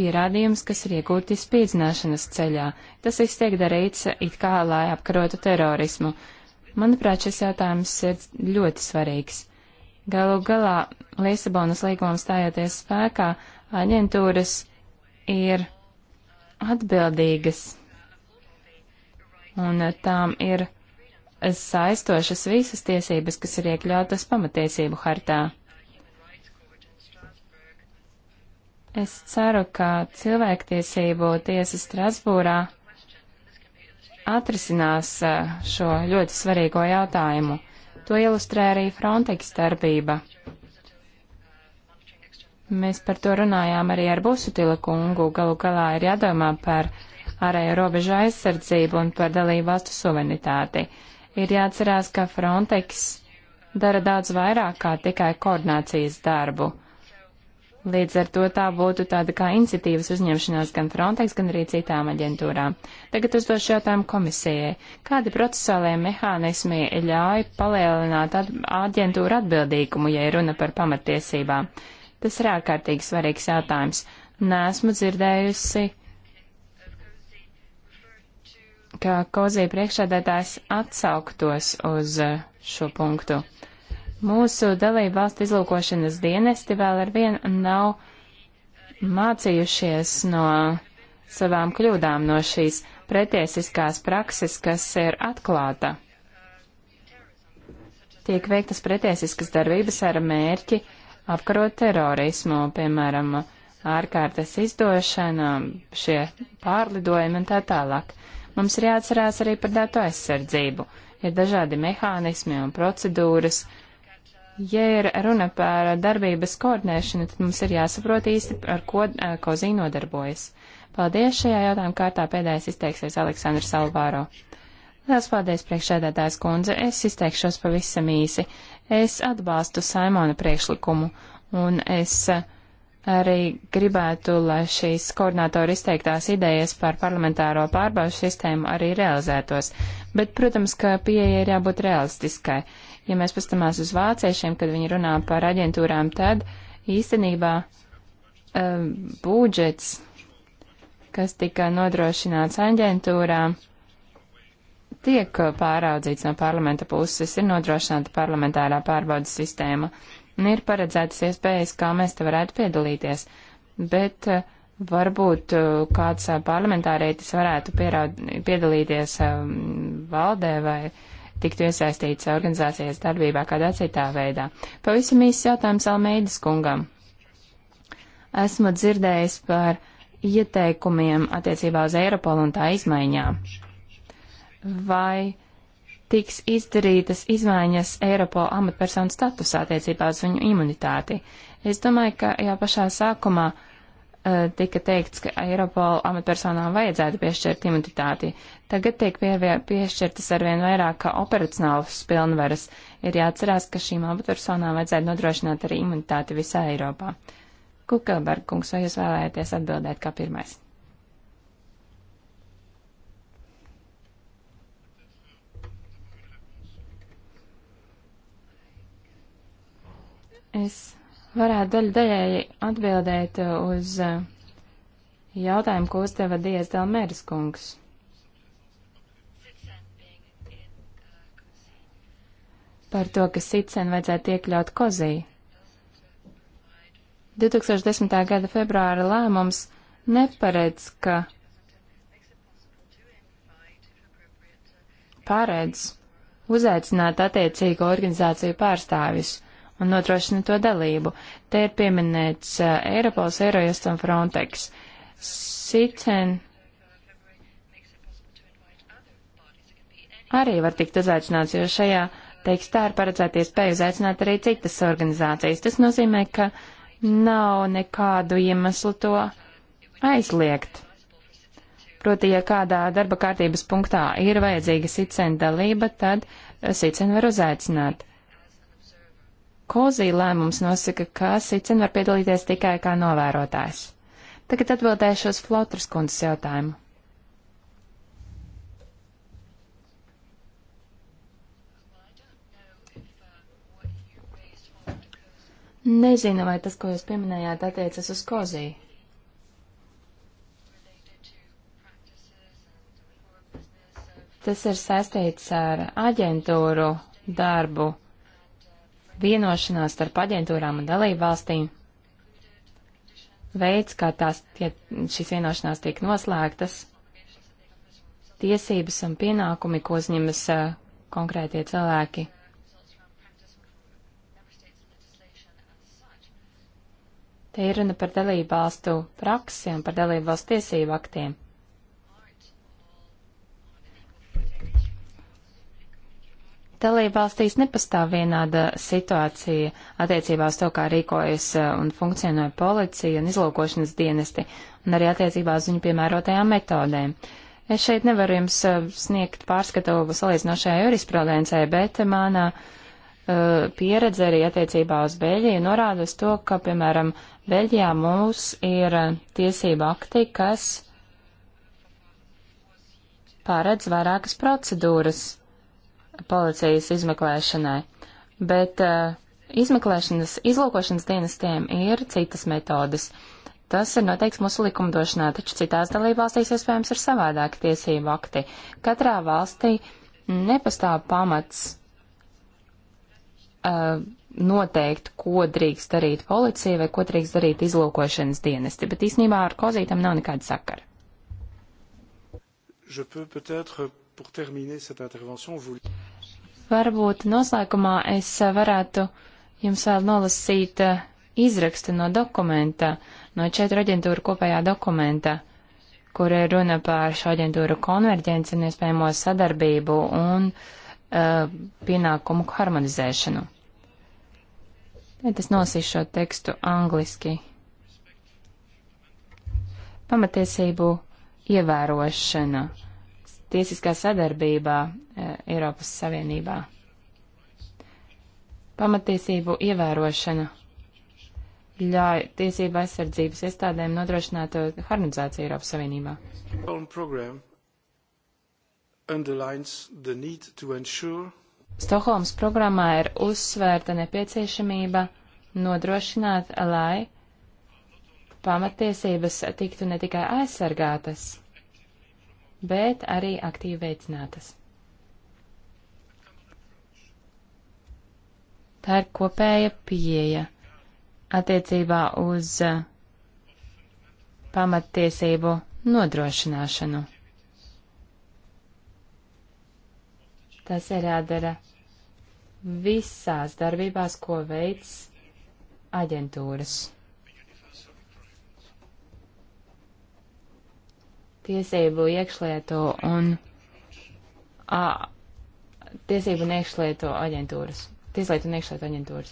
pierādījumus, kas ir iegūti spīdzināšanas ceļā. Tas viss tiek darīts it kā, lai apkarotu terorismu. Manuprāt, šis jautājums ir ļoti svarīgs. Galu galā Lisabonas līgumam stājoties spēkā, aģentūras ir atbildīgas un eh, tām ir saistošas visas tiesības, kas ir iekļautas pamatiesību hartā. Es ceru, ka cilvēktiesību tiesa Strasbūrā atrisinās eh, šo ļoti svarīgo jautājumu. To ilustrē arī Frontex darbība. Mēs par to runājām arī ar Busutila kungu. Galu galā ir jādomā par ārējo robežu aizsardzību un par dalību valstu suverenitāti. Ir jāatcerās, ka Frontex dara daudz vairāk kā tikai koordinācijas darbu. Līdz ar to tā būtu tāda kā iniciatīvas uzņemšanās gan Frontex, gan arī citām aģentūrām. Tagad uzdošu jautājumu komisijai. Kādi procesālie mehānismi ļauj palielināt at aģentūru atbildīgumu, ja ir runa par pamatiesībām? Tas ir ārkārtīgi svarīgs jautājums. Nesmu dzirdējusi, ka Kozī priekšādētājs atsauktos uz šo punktu. Uh, Mūsu dalību valstu izlūkošanas dienesti vēl ar vienu nav mācījušies no savām kļūdām, no šīs pretiesiskās prakses, kas ir atklāta. Tiek veiktas pretiesiskas darbības ar mērķi apkarot terorismu, piemēram, ārkārtas izdošana, šie pārlidojumi un tā tālāk. Mums ir jāatcerās arī par datu aizsardzību. Ir dažādi mehānismi un procedūras, uh, Ja ir runa par darbības koordinēšanu, tad mums ir jāsaprot īsti, ar ko eh, Kozī nodarbojas. Paldies šajā jautājuma kārtā pēdējais izteiksies Aleksandrs Alvāro. Lielas paldies, priekšēdētājs kundze, es izteikšos pavisam īsi. Es atbalstu Saimona priekšlikumu, un es eh, arī gribētu, lai šīs koordinātori izteiktās idejas par parlamentāro pārbaudu sistēmu arī realizētos, bet, protams, ka pieeja ir jābūt realistiskai. Uh, Ja mēs pastamās uz vāciešiem, kad viņi runā par aģentūrām, tad īstenībā um, budžets, kas tika nodrošināts aģentūrām, tiek pāraudzīts no parlamenta puses, ir nodrošināta parlamentārā pārbaudas sistēma, un ir paredzētas iespējas, kā mēs te varētu piedalīties. Bet uh, Varbūt eh, kāds parlamentārietis varētu pieraud, piedalīties valdē vai tiktu iesaistīts organizācijas darbībā kādā citā veidā. Pavisam īsts jautājums Almeidas kungam. Esmu dzirdējis par ieteikumiem attiecībā uz Eiropolu un tā izmaiņām. Vai tiks izdarītas izmaiņas Eiropola amatpersonu statusā attiecībā uz viņu imunitāti? Es domāju, ka jau pašā sākumā uh, Eh, tika teikts, ka Eiropola amatpersonām vajadzētu piešķirt imunitāti. Tagad tiek piešķirtas arvien vairāk operacionālas pilnvaras. Ir jāatcerās, ka šīm amatpersonām vajadzētu nodrošināt arī imunitāti visā Eiropā. Kukelberg kungs, vai jūs vēlēties atbildēt kā pirmais? Es varētu daļu daļēji atbildēt uz eh, jautājumu, ko uzdeva Dievs Dalmēras kungs. Par to, ka Sitsen vajadzētu iekļaut kozī. 2010. gada februāra lēmums neparedz, ka paredz uzaicināt attiecīgo organizāciju pārstāvis – un nodrošina to dalību. Te ir pieminēts uh, Eiropols, Eirojust un Frontex. Sicen arī var tikt uzaicināts, jo šajā tekstā ir paredzēta iespēja uzaicināt arī citas organizācijas. Tas nozīmē, ka nav nekādu iemeslu to aizliegt. Proti, ja kādā darba kārtības punktā ir vajadzīga sicena dalība, tad sicena var uzaicināt. Kozī lēmums nosaka, ka Sicina var piedalīties tikai kā novērotājs. Tagad atbildēšu uz Flotras kundzes jautājumu. Nezinu, vai tas, ko jūs pieminējāt, attiecas uz Kozī. Tas ir saistīts ar aģentūru darbu vienošanās starp aģentūrām un dalību valstīm, veids, kā tās, tie, šīs vienošanās tiek noslēgtas, tiesības un pienākumi, ko uzņemas uh, konkrētie cilvēki. Te ir runa par dalību valstu praksi un par dalību valstu tiesību aktiem. Dalībvalstīs nepastāv vienāda situācija attiecībā uz to, kā rīkojas eh, un funkcionē policija un izlūkošanas dienesti, un arī attiecībā uz viņu piemērotajām metodēm. Es šeit nevaru jums eh, sniegt pārskatu salīdzinošajā jurisprudencē, bet manā uh, eh, pieredze arī attiecībā uz Beļģiju norāda uz to, ka, piemēram, Beļģijā mums ir tiesība akti, kas paredz vairākas procedūras policijas izmeklēšanai, bet uh, izmeklēšanas, izlūkošanas dienestiem ir citas metodas. Tas ir noteikts mūsu likumdošanā, taču citās dalībvalstīs iespējams ir savādāki tiesību akti. Katrā valstī nepastāv pamats uh, noteikt, ko drīkst darīt policija vai ko drīkst darīt izlūkošanas dienesti, bet īsnībā ar kozītam nav nekāda sakara. Je peux peut-être, pour terminer cette intervention, vous... Varbūt noslēgumā es varētu jums vēl nolasīt eh, izrakstu no dokumenta, no četru aģentūru kopējā dokumenta, kur ir runa par šo aģentūru konverģenci un iespējamo sadarbību un uh, pienākumu harmonizēšanu. Tad es nosīšu šo tekstu angliski. Pamatiesību ievērošana tiesiskā sadarbībā, eh, Eiropas Savienībā. Pamatiesību ievērošana ļauj tiesību aizsardzības iestādēm nodrošināt uh, harmonizāciju Eiropas Savienībā. Stokholmas programmā ir uzsvērta nepieciešamība nodrošināt, lai pamatiesības tiktu ne tikai aizsargātas, bet arī aktīvi veicinātas. Tā ir kopēja pieeja attiecībā uz uh, pamattiesību nodrošināšanu. Tas ir jādara visās darbībās, ko veids aģentūras. Tiesību iekšlietu un a, tiesību un iekšlietu aģentūras Tieslietu un iekšlietu aģentūras.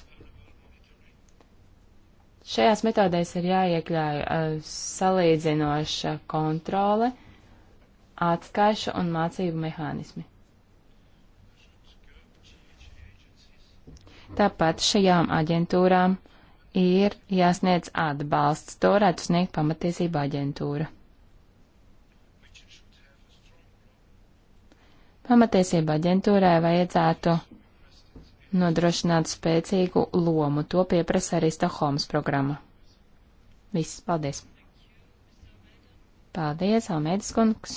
Šajās metodēs ir jāiekļauj uh, salīdzinoša kontrole, atskaiša un mācību mehānismi. Tāpat šajām aģentūrām ir jāsniedz atbalsts, to varētu sniegt pamatiesība aģentūra. Pamatiesība aģentūrai vajadzētu nodrošināt spēcīgu lomu. To pieprasa arī Stokholmas programma. Viss, paldies. Paldies, Almēdas kungs.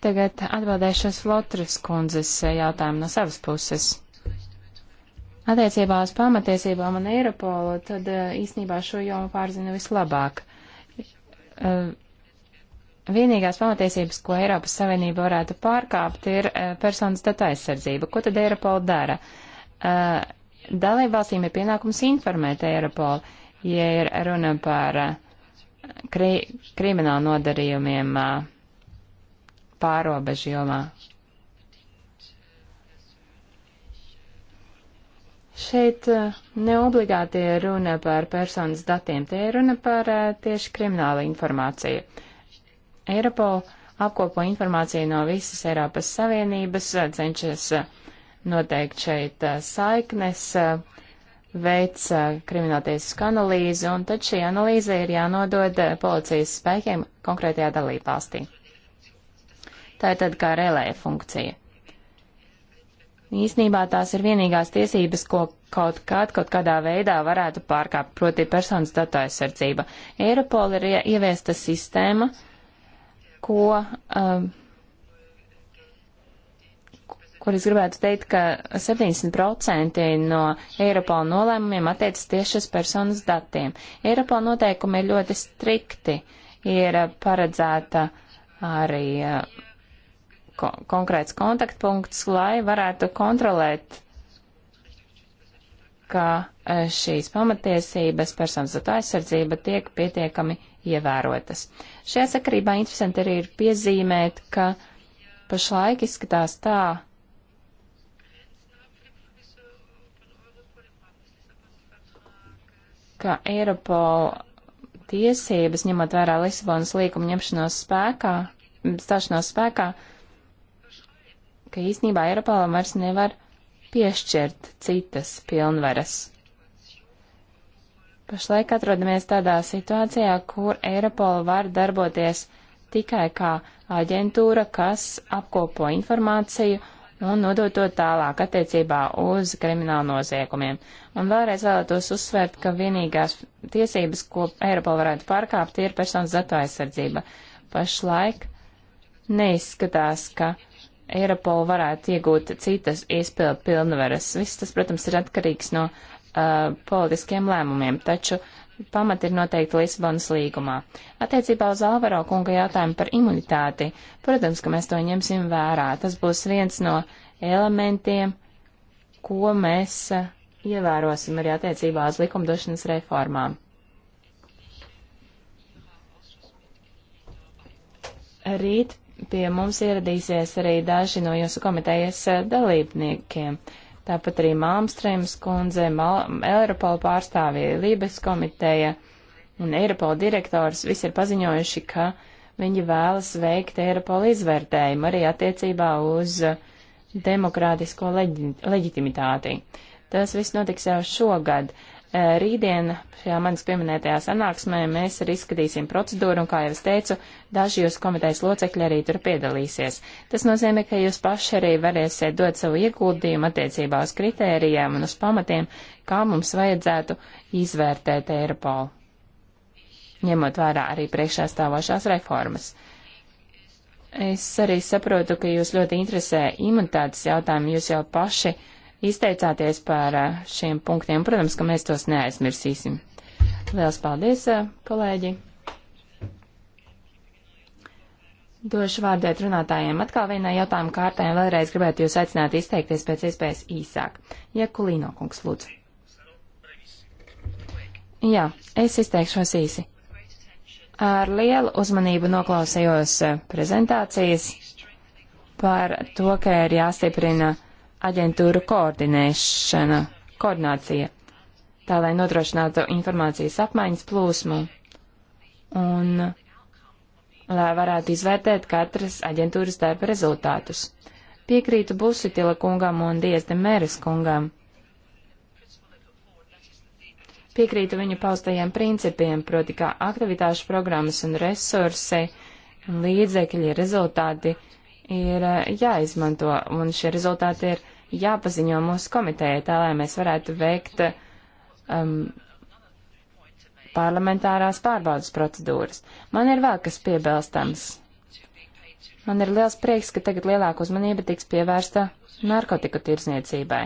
Tagad atbildēšu uz Flotras kundzes jautājumu no savas puses. Attiecībā uz pamatiesībām un Eiropolu, tad īsnībā šo jomu pārzinu vislabāk. Uh, vienīgās pamatiesības, ko Eiropas Savienība varētu pārkāpt, ir eh, personas datu aizsardzība. Ko tad Eiropola dara? Eh, dalībvalstīm ir pienākums informēt Eiropolu, ja ir runa par eh, kri kriminālu nodarījumiem pārobežu jomā. Šeit neobligāti runa par personas datiem, te ir runa par tieši kriminālu informāciju. Uh, Eiropol apkopo informāciju no visas Eiropas Savienības, cenšas eh, noteikt šeit eh, saiknes, eh, veic krimināltiesisku analīzi, un tad šī analīze ir jānodod policijas spēkiem konkrētajā dalībvalstī. Tā ir tad kā relēja funkcija. Īsnībā tās ir vienīgās tiesības, ko kaut kād, kaut kādā veidā varētu pārkāpt, proti personas datu aizsardzība. Eiropola ir ieviesta sistēma, uh, ko, um, kur es gribētu teikt, ka 70% no Eiropā nolēmumiem attiecas tieši uz personas datiem. Eiropā noteikumi ir ļoti strikti, ir paredzēta arī uh, ko konkrēts kontaktpunkts, lai varētu kontrolēt ka uh, šīs pamatiesības, personas datu aizsardzība tiek pietiekami ievērotas. Šajā sakarībā interesanti arī ir piezīmēt, ka pašlaik izskatās tā, ka Eiropola tiesības, ņemot vērā Lisabonas līkumu ņemšanos spēkā, stāšanos spēkā, ka īsnībā Eiropolam vairs nevar piešķirt citas pilnvaras. Pašlaik atrodamies tādā situācijā, kur Eiropola var darboties tikai kā aģentūra, kas apkopo informāciju un nodot to tālāk attiecībā uz kriminālu noziegumiem. Un vēlreiz vēlētos uzsvērt, ka vienīgās tiesības, ko Eiropola varētu pārkāpt, ir personas datu aizsardzība. Pašlaik neizskatās, ka Eiropola varētu iegūt citas izpildu pilnvaras. Viss tas, protams, ir atkarīgs no uh, politiskiem lēmumiem, taču pamat ir noteikti Lisabonas līgumā. Attiecībā uz Alvaro kunga jautājumu par imunitāti, protams, ka mēs to ņemsim vērā. Tas būs viens no elementiem, ko mēs uh, ievērosim arī attiecībā uz likumdošanas reformām. Rīt pie mums ieradīsies arī daži no jūsu komitejas uh, dalībniekiem. Uh, tāpat arī Malmstrēmas kundze, Mal Eiropola pārstāvja, Lībes komiteja un Eiropola direktors visi ir paziņojuši, ka viņi vēlas veikt Eiropola izvērtējumu arī attiecībā uz demokrātisko leģi leģitimitāti. Tas viss notiks jau šogad. Uh, Eh, rītdien šajā manis pieminētajā sanāksmē mēs arī izskatīsim procedūru, un, kā jau es teicu, daži jūsu komitejas locekļi arī tur piedalīsies. Tas nozīmē, ka jūs paši arī varēsiet dot savu ieguldījumu attiecībā uz kritērijiem un uz pamatiem, kā mums vajadzētu izvērtēt Eiropolu, ņemot vērā arī priekšā stāvošās reformas. Es arī saprotu, ka jūs ļoti interesē imunitātes jautājumu, jūs jau paši uh, izteicāties par eh, šiem punktiem. Protams, ka mēs tos neaizmirsīsim. Lielas paldies, eh, kolēģi! Došu vārdēt runātājiem atkal vienai jautājumu kārtai un vēlreiz gribētu jūs aicināt izteikties pēc iespējas īsāk. Ja Kulīno kungs lūdzu. Jā, es izteikšos īsi. Ar lielu uzmanību noklausījos eh, prezentācijas par to, ka ir jāstiprina aģentūru koordinēšana, koordinācija, tā lai nodrošinātu informācijas apmaiņas plūsmu un lai varētu izvērtēt katras aģentūras darba rezultātus. Piekrītu Busitila kungam un Diezde Mēres kungam. Piekrītu viņu paustajiem principiem, proti kā aktivitāšu programmas un resursi, līdzekļi, rezultāti ir eh, jāizmanto, un šie rezultāti ir jāpaziņo mūsu komitējai, tā lai mēs varētu veikt um, parlamentārās pārbaudas procedūras. Man ir vēl kas piebilstams. Man ir liels prieks, ka tagad lielāka uzmanība tiks pievērsta narkotiku tirzniecībai.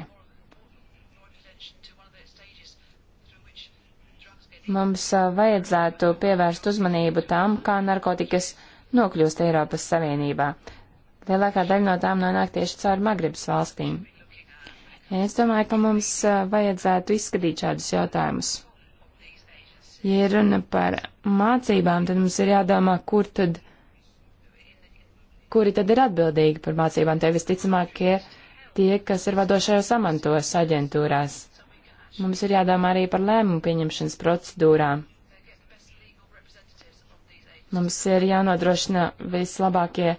Mums uh, vajadzētu pievērst uzmanību tam, kā narkotikas nokļūst Eiropas Savienībā. Lielākā daļa no tām nonāk tieši caur Magribas valstīm. Es domāju, ka mums vajadzētu izskatīt šādus jautājumus. Ja runa par mācībām, tad mums ir jādomā, kur tad, kuri tad ir atbildīgi par mācībām. Tie visticamāk ir tie, kas ir vadošajos amantos aģentūrās. Mums ir jādomā arī par lēmumu pieņemšanas procedūrām. Mums ir jānodrošina vislabākie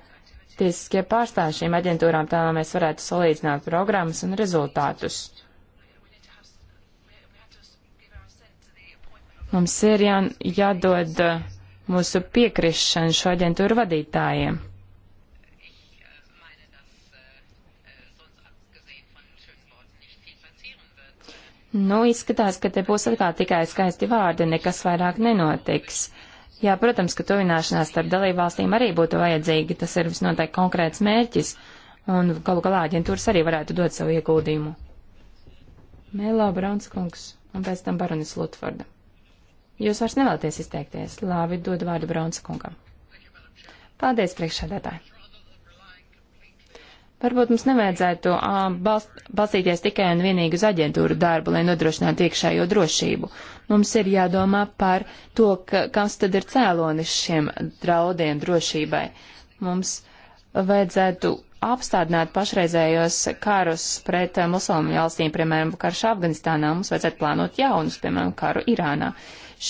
tiesiskie pārstāvji šīm aģentūrām, tā lai mēs varētu salīdzināt programmas un rezultātus. Mums ir jā, jādod uh, mūsu piekrišana šo aģentūru vadītājiem. Nu, izskatās, ka te būs atkal tikai skaisti vārdi, nekas vairāk nenotiks. Uh, Jā, protams, ka tuvināšanās starp dalībvalstīm arī būtu vajadzīga. Tas ir visnotaļ konkrēts mērķis, un galu galā aģentūras arī varētu dot savu ieguldījumu. Mēlā Braunskungs un pēc tam Baronis Lutforda. Jūs vairs nevēlaties izteikties. Labi, dod vārdu Brauns kungam. Paldies, priekšsēdētāji. Varbūt mums nevajadzētu uh, balst, balstīties tikai un vienīgi uz aģentūru darbu, lai nodrošinātu iekšējo drošību. Mums ir jādomā par to, ka, kas tad ir cēlonis šiem draudiem drošībai. Mums vajadzētu apstādināt pašreizējos karus pret musulmaņu valstīm, piemēram, karš Afganistānā. Mums vajadzētu plānot jaunus, piemēram, karu Irānā.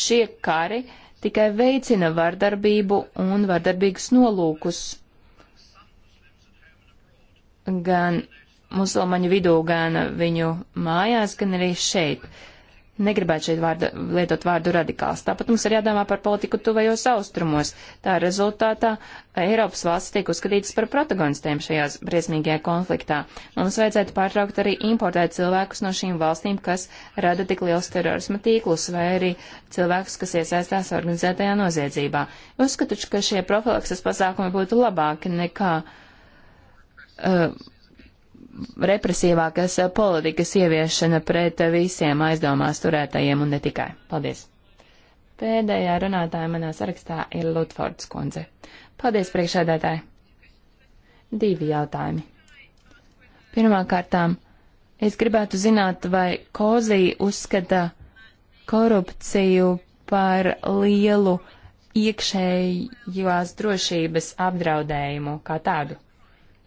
Šie kari tikai veicina vardarbību un vardarbīgus nolūkus gan musulmaņu vidū, gan viņu mājās, gan arī šeit. Negribētu šeit vārdu, lietot vārdu radikāls. Tāpat mums ir jādomā par politiku tuvajos austrumos. Tā rezultātā Eiropas valsts tiek uzskatītas par protagonistiem šajās briesmīgajā konfliktā. Mums vajadzētu pārtraukt arī importēt cilvēkus no šīm valstīm, kas rada tik liels terorisma tīklus, vai arī cilvēkus, kas iesaistās organizētajā noziedzībā. Uzskatu, ka šie profilakses pasākumi būtu labāki nekā uh, Uh, represīvākas politikas ieviešana pret visiem aizdomās turētajiem un ne tikai. Paldies! Pēdējā runātāja manā sarakstā ir Lutfords kundze. Paldies, priekšēdētāji! Divi jautājumi. Pirmkārtām, es gribētu zināt, vai Kozī uzskata korupciju par lielu iekšējās drošības apdraudējumu kā tādu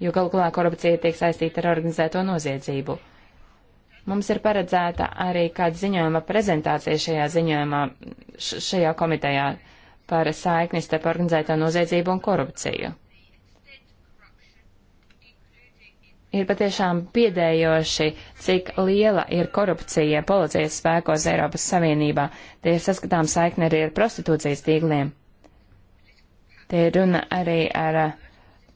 jo galu galā korupcija tiek saistīta ar organizēto noziedzību. Mums ir paredzēta arī kāda ziņojuma prezentācija šajā ziņojumā, šajā komitejā par saikni starp organizēto noziedzību un korupciju. Ir patiešām piedējoši, cik liela ir korupcija policijas spēkos Eiropas Savienībā. Tie ir saskatām saikni arī ar prostitūcijas tīkliem. Te ir runa arī ar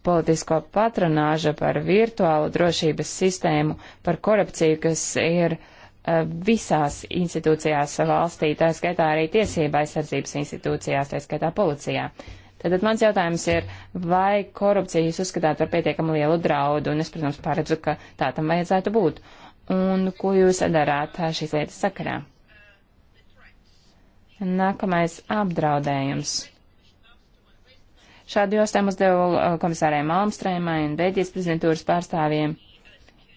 politisko patronāža par virtuālu drošības sistēmu, par korupciju, kas ir eh, visās institūcijās valstī, tā skaitā arī tiesība aizsardzības institūcijās, tā skaitā policijā. Tātad mans jautājums ir, vai korupciju jūs uzskatāt par pietiekamu lielu draudu, un es, protams, paredzu, ka tā tam vajadzētu būt. Un ko jūs darāt šīs lietas sakarā? Nākamais apdraudējums. Šādu jautājumu uzdevu uh, komisārei Malmstrēmai un Beļģijas prezidentūras pārstāvjiem.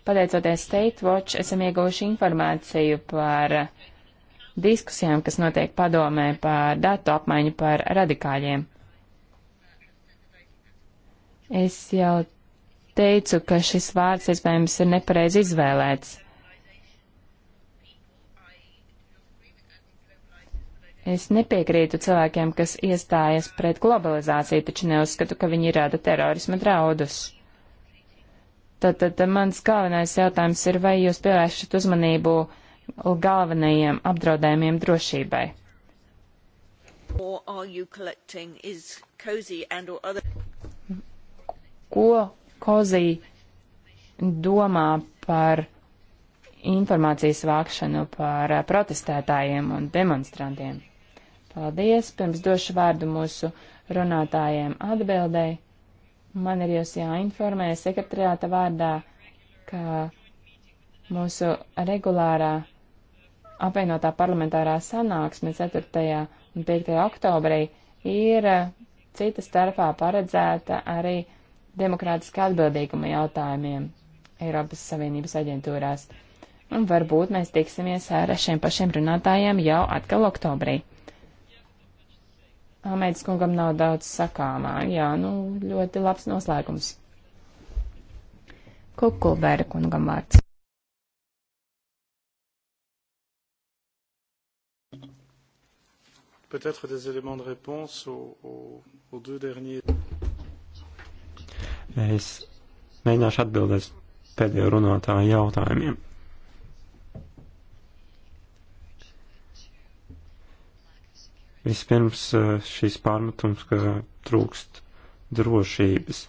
Pateicoties State Watch, esam ieguvuši informāciju par uh, diskusijām, kas notiek padomē par datu apmaiņu par radikāļiem. Es jau teicu, ka šis vārds iespējams ir nepareizi izvēlēts. Es nepiekrītu cilvēkiem, kas iestājas pret globalizāciju, taču neuzskatu, ka viņi rada terorisma draudus. Tātad mans galvenais jautājums ir, vai jūs pievēršat uzmanību galvenajiem apdraudējumiem drošībai? Ko Kozī domā par informācijas vākšanu par protestētājiem un demonstrantiem? Paldies! Pirms došu vārdu mūsu runātājiem atbildēji. Man ir jūs jāinformē sekretariāta vārdā, ka mūsu regulārā apvienotā parlamentārā sanāksme 4. un 5. oktobrī ir eh, cita starpā paredzēta arī demokrātiskā atbildīguma jautājumiem Eiropas Savienības aģentūrās. Un varbūt mēs tiksimies ar šiem pašiem runātājiem jau atkal oktobrī. Amēdis kungam nav daudz sakāmā. Jā, nu, ļoti labs noslēgums. Kukulbēra kungam vārds. Peut-être des éléments de réponse aux, aux, aux deux derniers. Es mēģināšu atbildēt pēdējo runātāju jautājumiem. Vispirms eh, šīs pārmetums, ka trūkst drošības.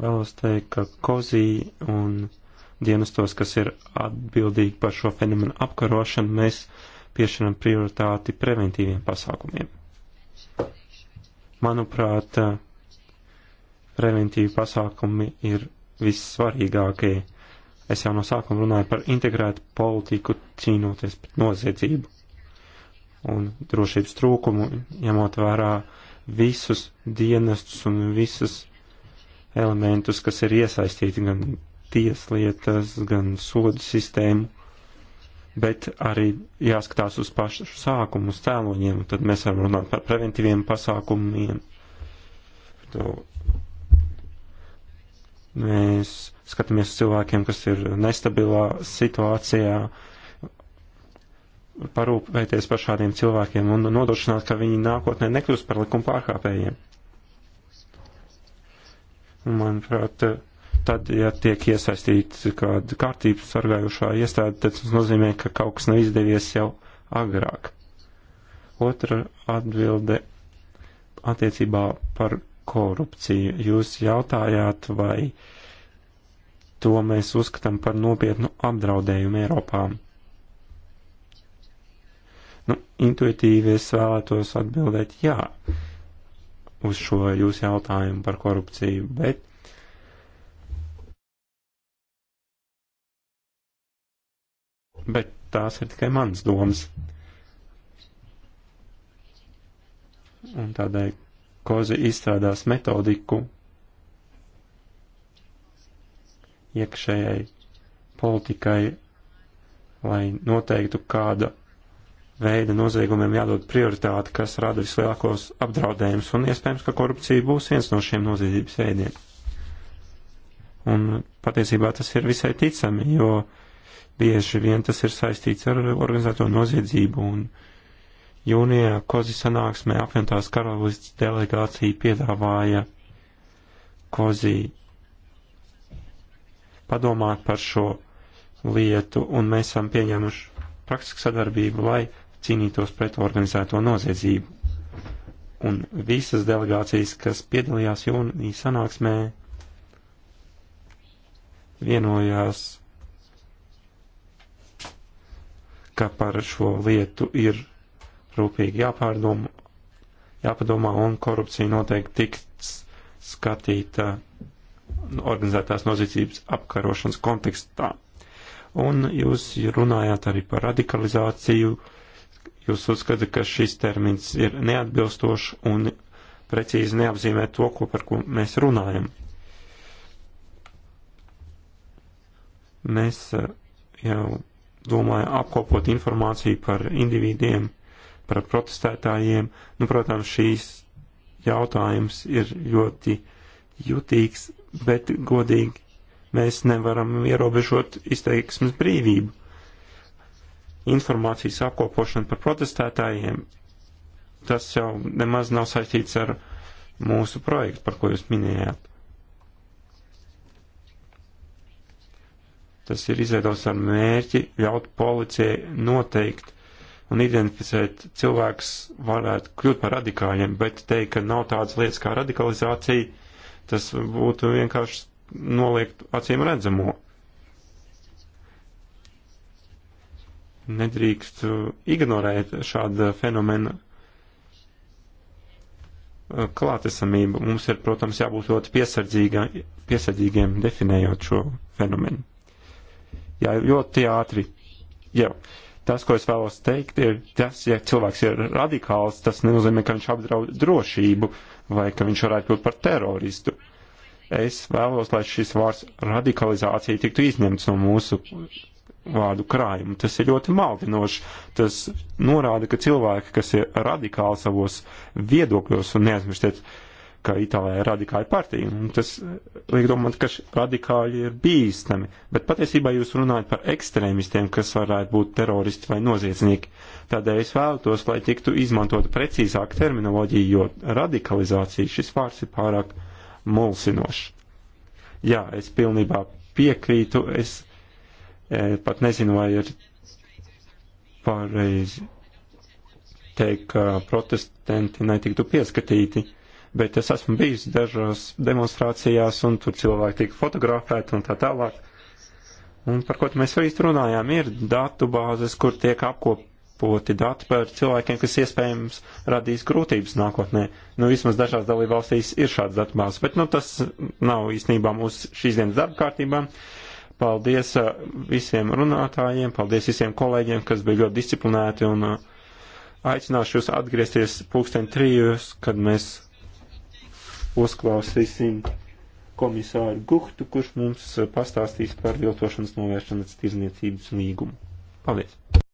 Vēlos teikt, ka kozī un dienestos, kas ir atbildīgi par šo fenomenu apkarošanu, mēs piešķiram prioritāti preventīviem pasākumiem. Manuprāt, eh, preventīvi pasākumi ir vissvarīgākie. Es jau no sākuma runāju par integrētu politiku cīnoties pret noziedzību un drošības trūkumu, ņemot vērā visus dienestus un visus elementus, kas ir iesaistīti gan tieslietas, gan sodu sistēmu, bet arī jāskatās uz pašu sākumu, uz cēloņiem, tad mēs varam runāt par preventīviem pasākumiem. To mēs skatāmies cilvēkiem, kas ir nestabilā situācijā, uh, parūpēties par šādiem cilvēkiem un nodrošināt, ka viņi nākotnē nekļūst par likuma pārkāpējiem. Un, manuprāt, tad, ja tiek iesaistīta kāda kārtības sargājušā iestāde, tad tas nozīmē, ka kaut kas nav izdevies jau agrāk. Otra atbilde attiecībā par korupciju. Jūs jautājāt, vai to mēs uzskatām par nopietnu apdraudējumu Eiropām. Nu, intuitīvi es vēlētos atbildēt jā uz šo jūsu jautājumu par korupciju, bet bet tās ir tikai manas domas. Un tādēļ Kozi izstrādās metodiku iekšējai politikai, lai noteiktu, kāda veida noziegumiem jādod prioritāte, kas rada vislielākos apdraudējumus, un iespējams, ka korupcija būs viens no šiem noziedzības veidiem. Un patiesībā tas ir visai ticami, jo bieži vien tas ir saistīts ar organizēto noziedzību, un jūnijā Kozi sanāksmē apvienotās karalists delegācija piedāvāja Kozi padomāt par šo lietu, un mēs esam pieņēmuši praktisku sadarbību, lai cīnītos pret organizēto noziedzību. Un visas delegācijas, kas piedalījās jūnija sanāksmē, vienojās, ka par šo lietu ir rūpīgi jāpārdomā, jāpadomā un korupcija noteikti tiks skatīta organizētās noziedzības apkarošanas kontekstā. Un jūs runājāt arī par radikalizāciju, uh, Jūs uzskatāt, ka šis termins ir neatbilstošs un precīzi neapzīmē to, ko par ko mēs runājam. Mēs eh, jau domājam apkopot informāciju par individiem, par protestētājiem. Nu, protams, šīs jautājums ir ļoti jutīgs, bet godīgi mēs nevaram ierobežot izteiksmes brīvību informācijas apkopošana par protestētājiem, tas jau nemaz nav saistīts ar mūsu projektu, par ko jūs minējāt. Tas ir izveidots ar mērķi ļaut policijai noteikt un identificēt cilvēks varētu kļūt par radikāļiem, bet teikt, ka nav tādas lietas kā radikalizācija, tas būtu vienkārši noliegt acīm redzamo. nedrīkst ignorēt šāda fenomena klātesamību. Mums ir, protams, jābūt ļoti piesardzīgiem definējot šo fenomenu. Jā, ļoti ātri. Jā. Tas, ko es vēlos teikt, ir tas, ja cilvēks ir radikāls, tas nenozīmē, ka viņš apdraud drošību vai ka viņš varētu kļūt par teroristu. Es vēlos, lai šis vārds radikalizācija tiktu izņemts no mūsu vārdu krājumu. Tas ir ļoti maldinoši. Tas norāda, ka cilvēki, kas ir radikāli savos viedokļos, un neaizmirstiet, ka Itālijā ir radikāli partija, un tas liek domāt, ka radikāļi ir bīstami. Bet patiesībā jūs runājat par ekstrēmistiem, kas varētu būt teroristi vai noziedznieki. Tādēļ es vēlētos, lai tiktu izmantota precīzāka terminoloģija, jo radikalizācija šis vārds ir pārāk mulsinošs. Jā, es pilnībā piekrītu, es E, pat nezinu, vai ir pareizi teikt, ka protestanti netiktu pieskatīti, bet es esmu bijis dažās demonstrācijās, un tur cilvēki tika fotografēti un tā tālāk. Un par ko mēs arī runājām, ir datu bāzes, kur tiek apkopoti dati par cilvēkiem, kas iespējams radīs grūtības nākotnē. Nu, vismaz dažās dalībvalstīs ir šāds datu bāzes, bet, nu, tas nav īstenībā mūsu šīs dienas darba kārtībām. Uh, Paldies uh, visiem runātājiem, paldies visiem kolēģiem, kas bija ļoti disciplinēti un uh, aicināšu jūs atgriezties pulksten trijos, kad mēs uzklausīsim komisāru Guhtu, kurš mums uh, pastāstīs par viltošanas novēršanas tirzniecības līgumu. Paldies!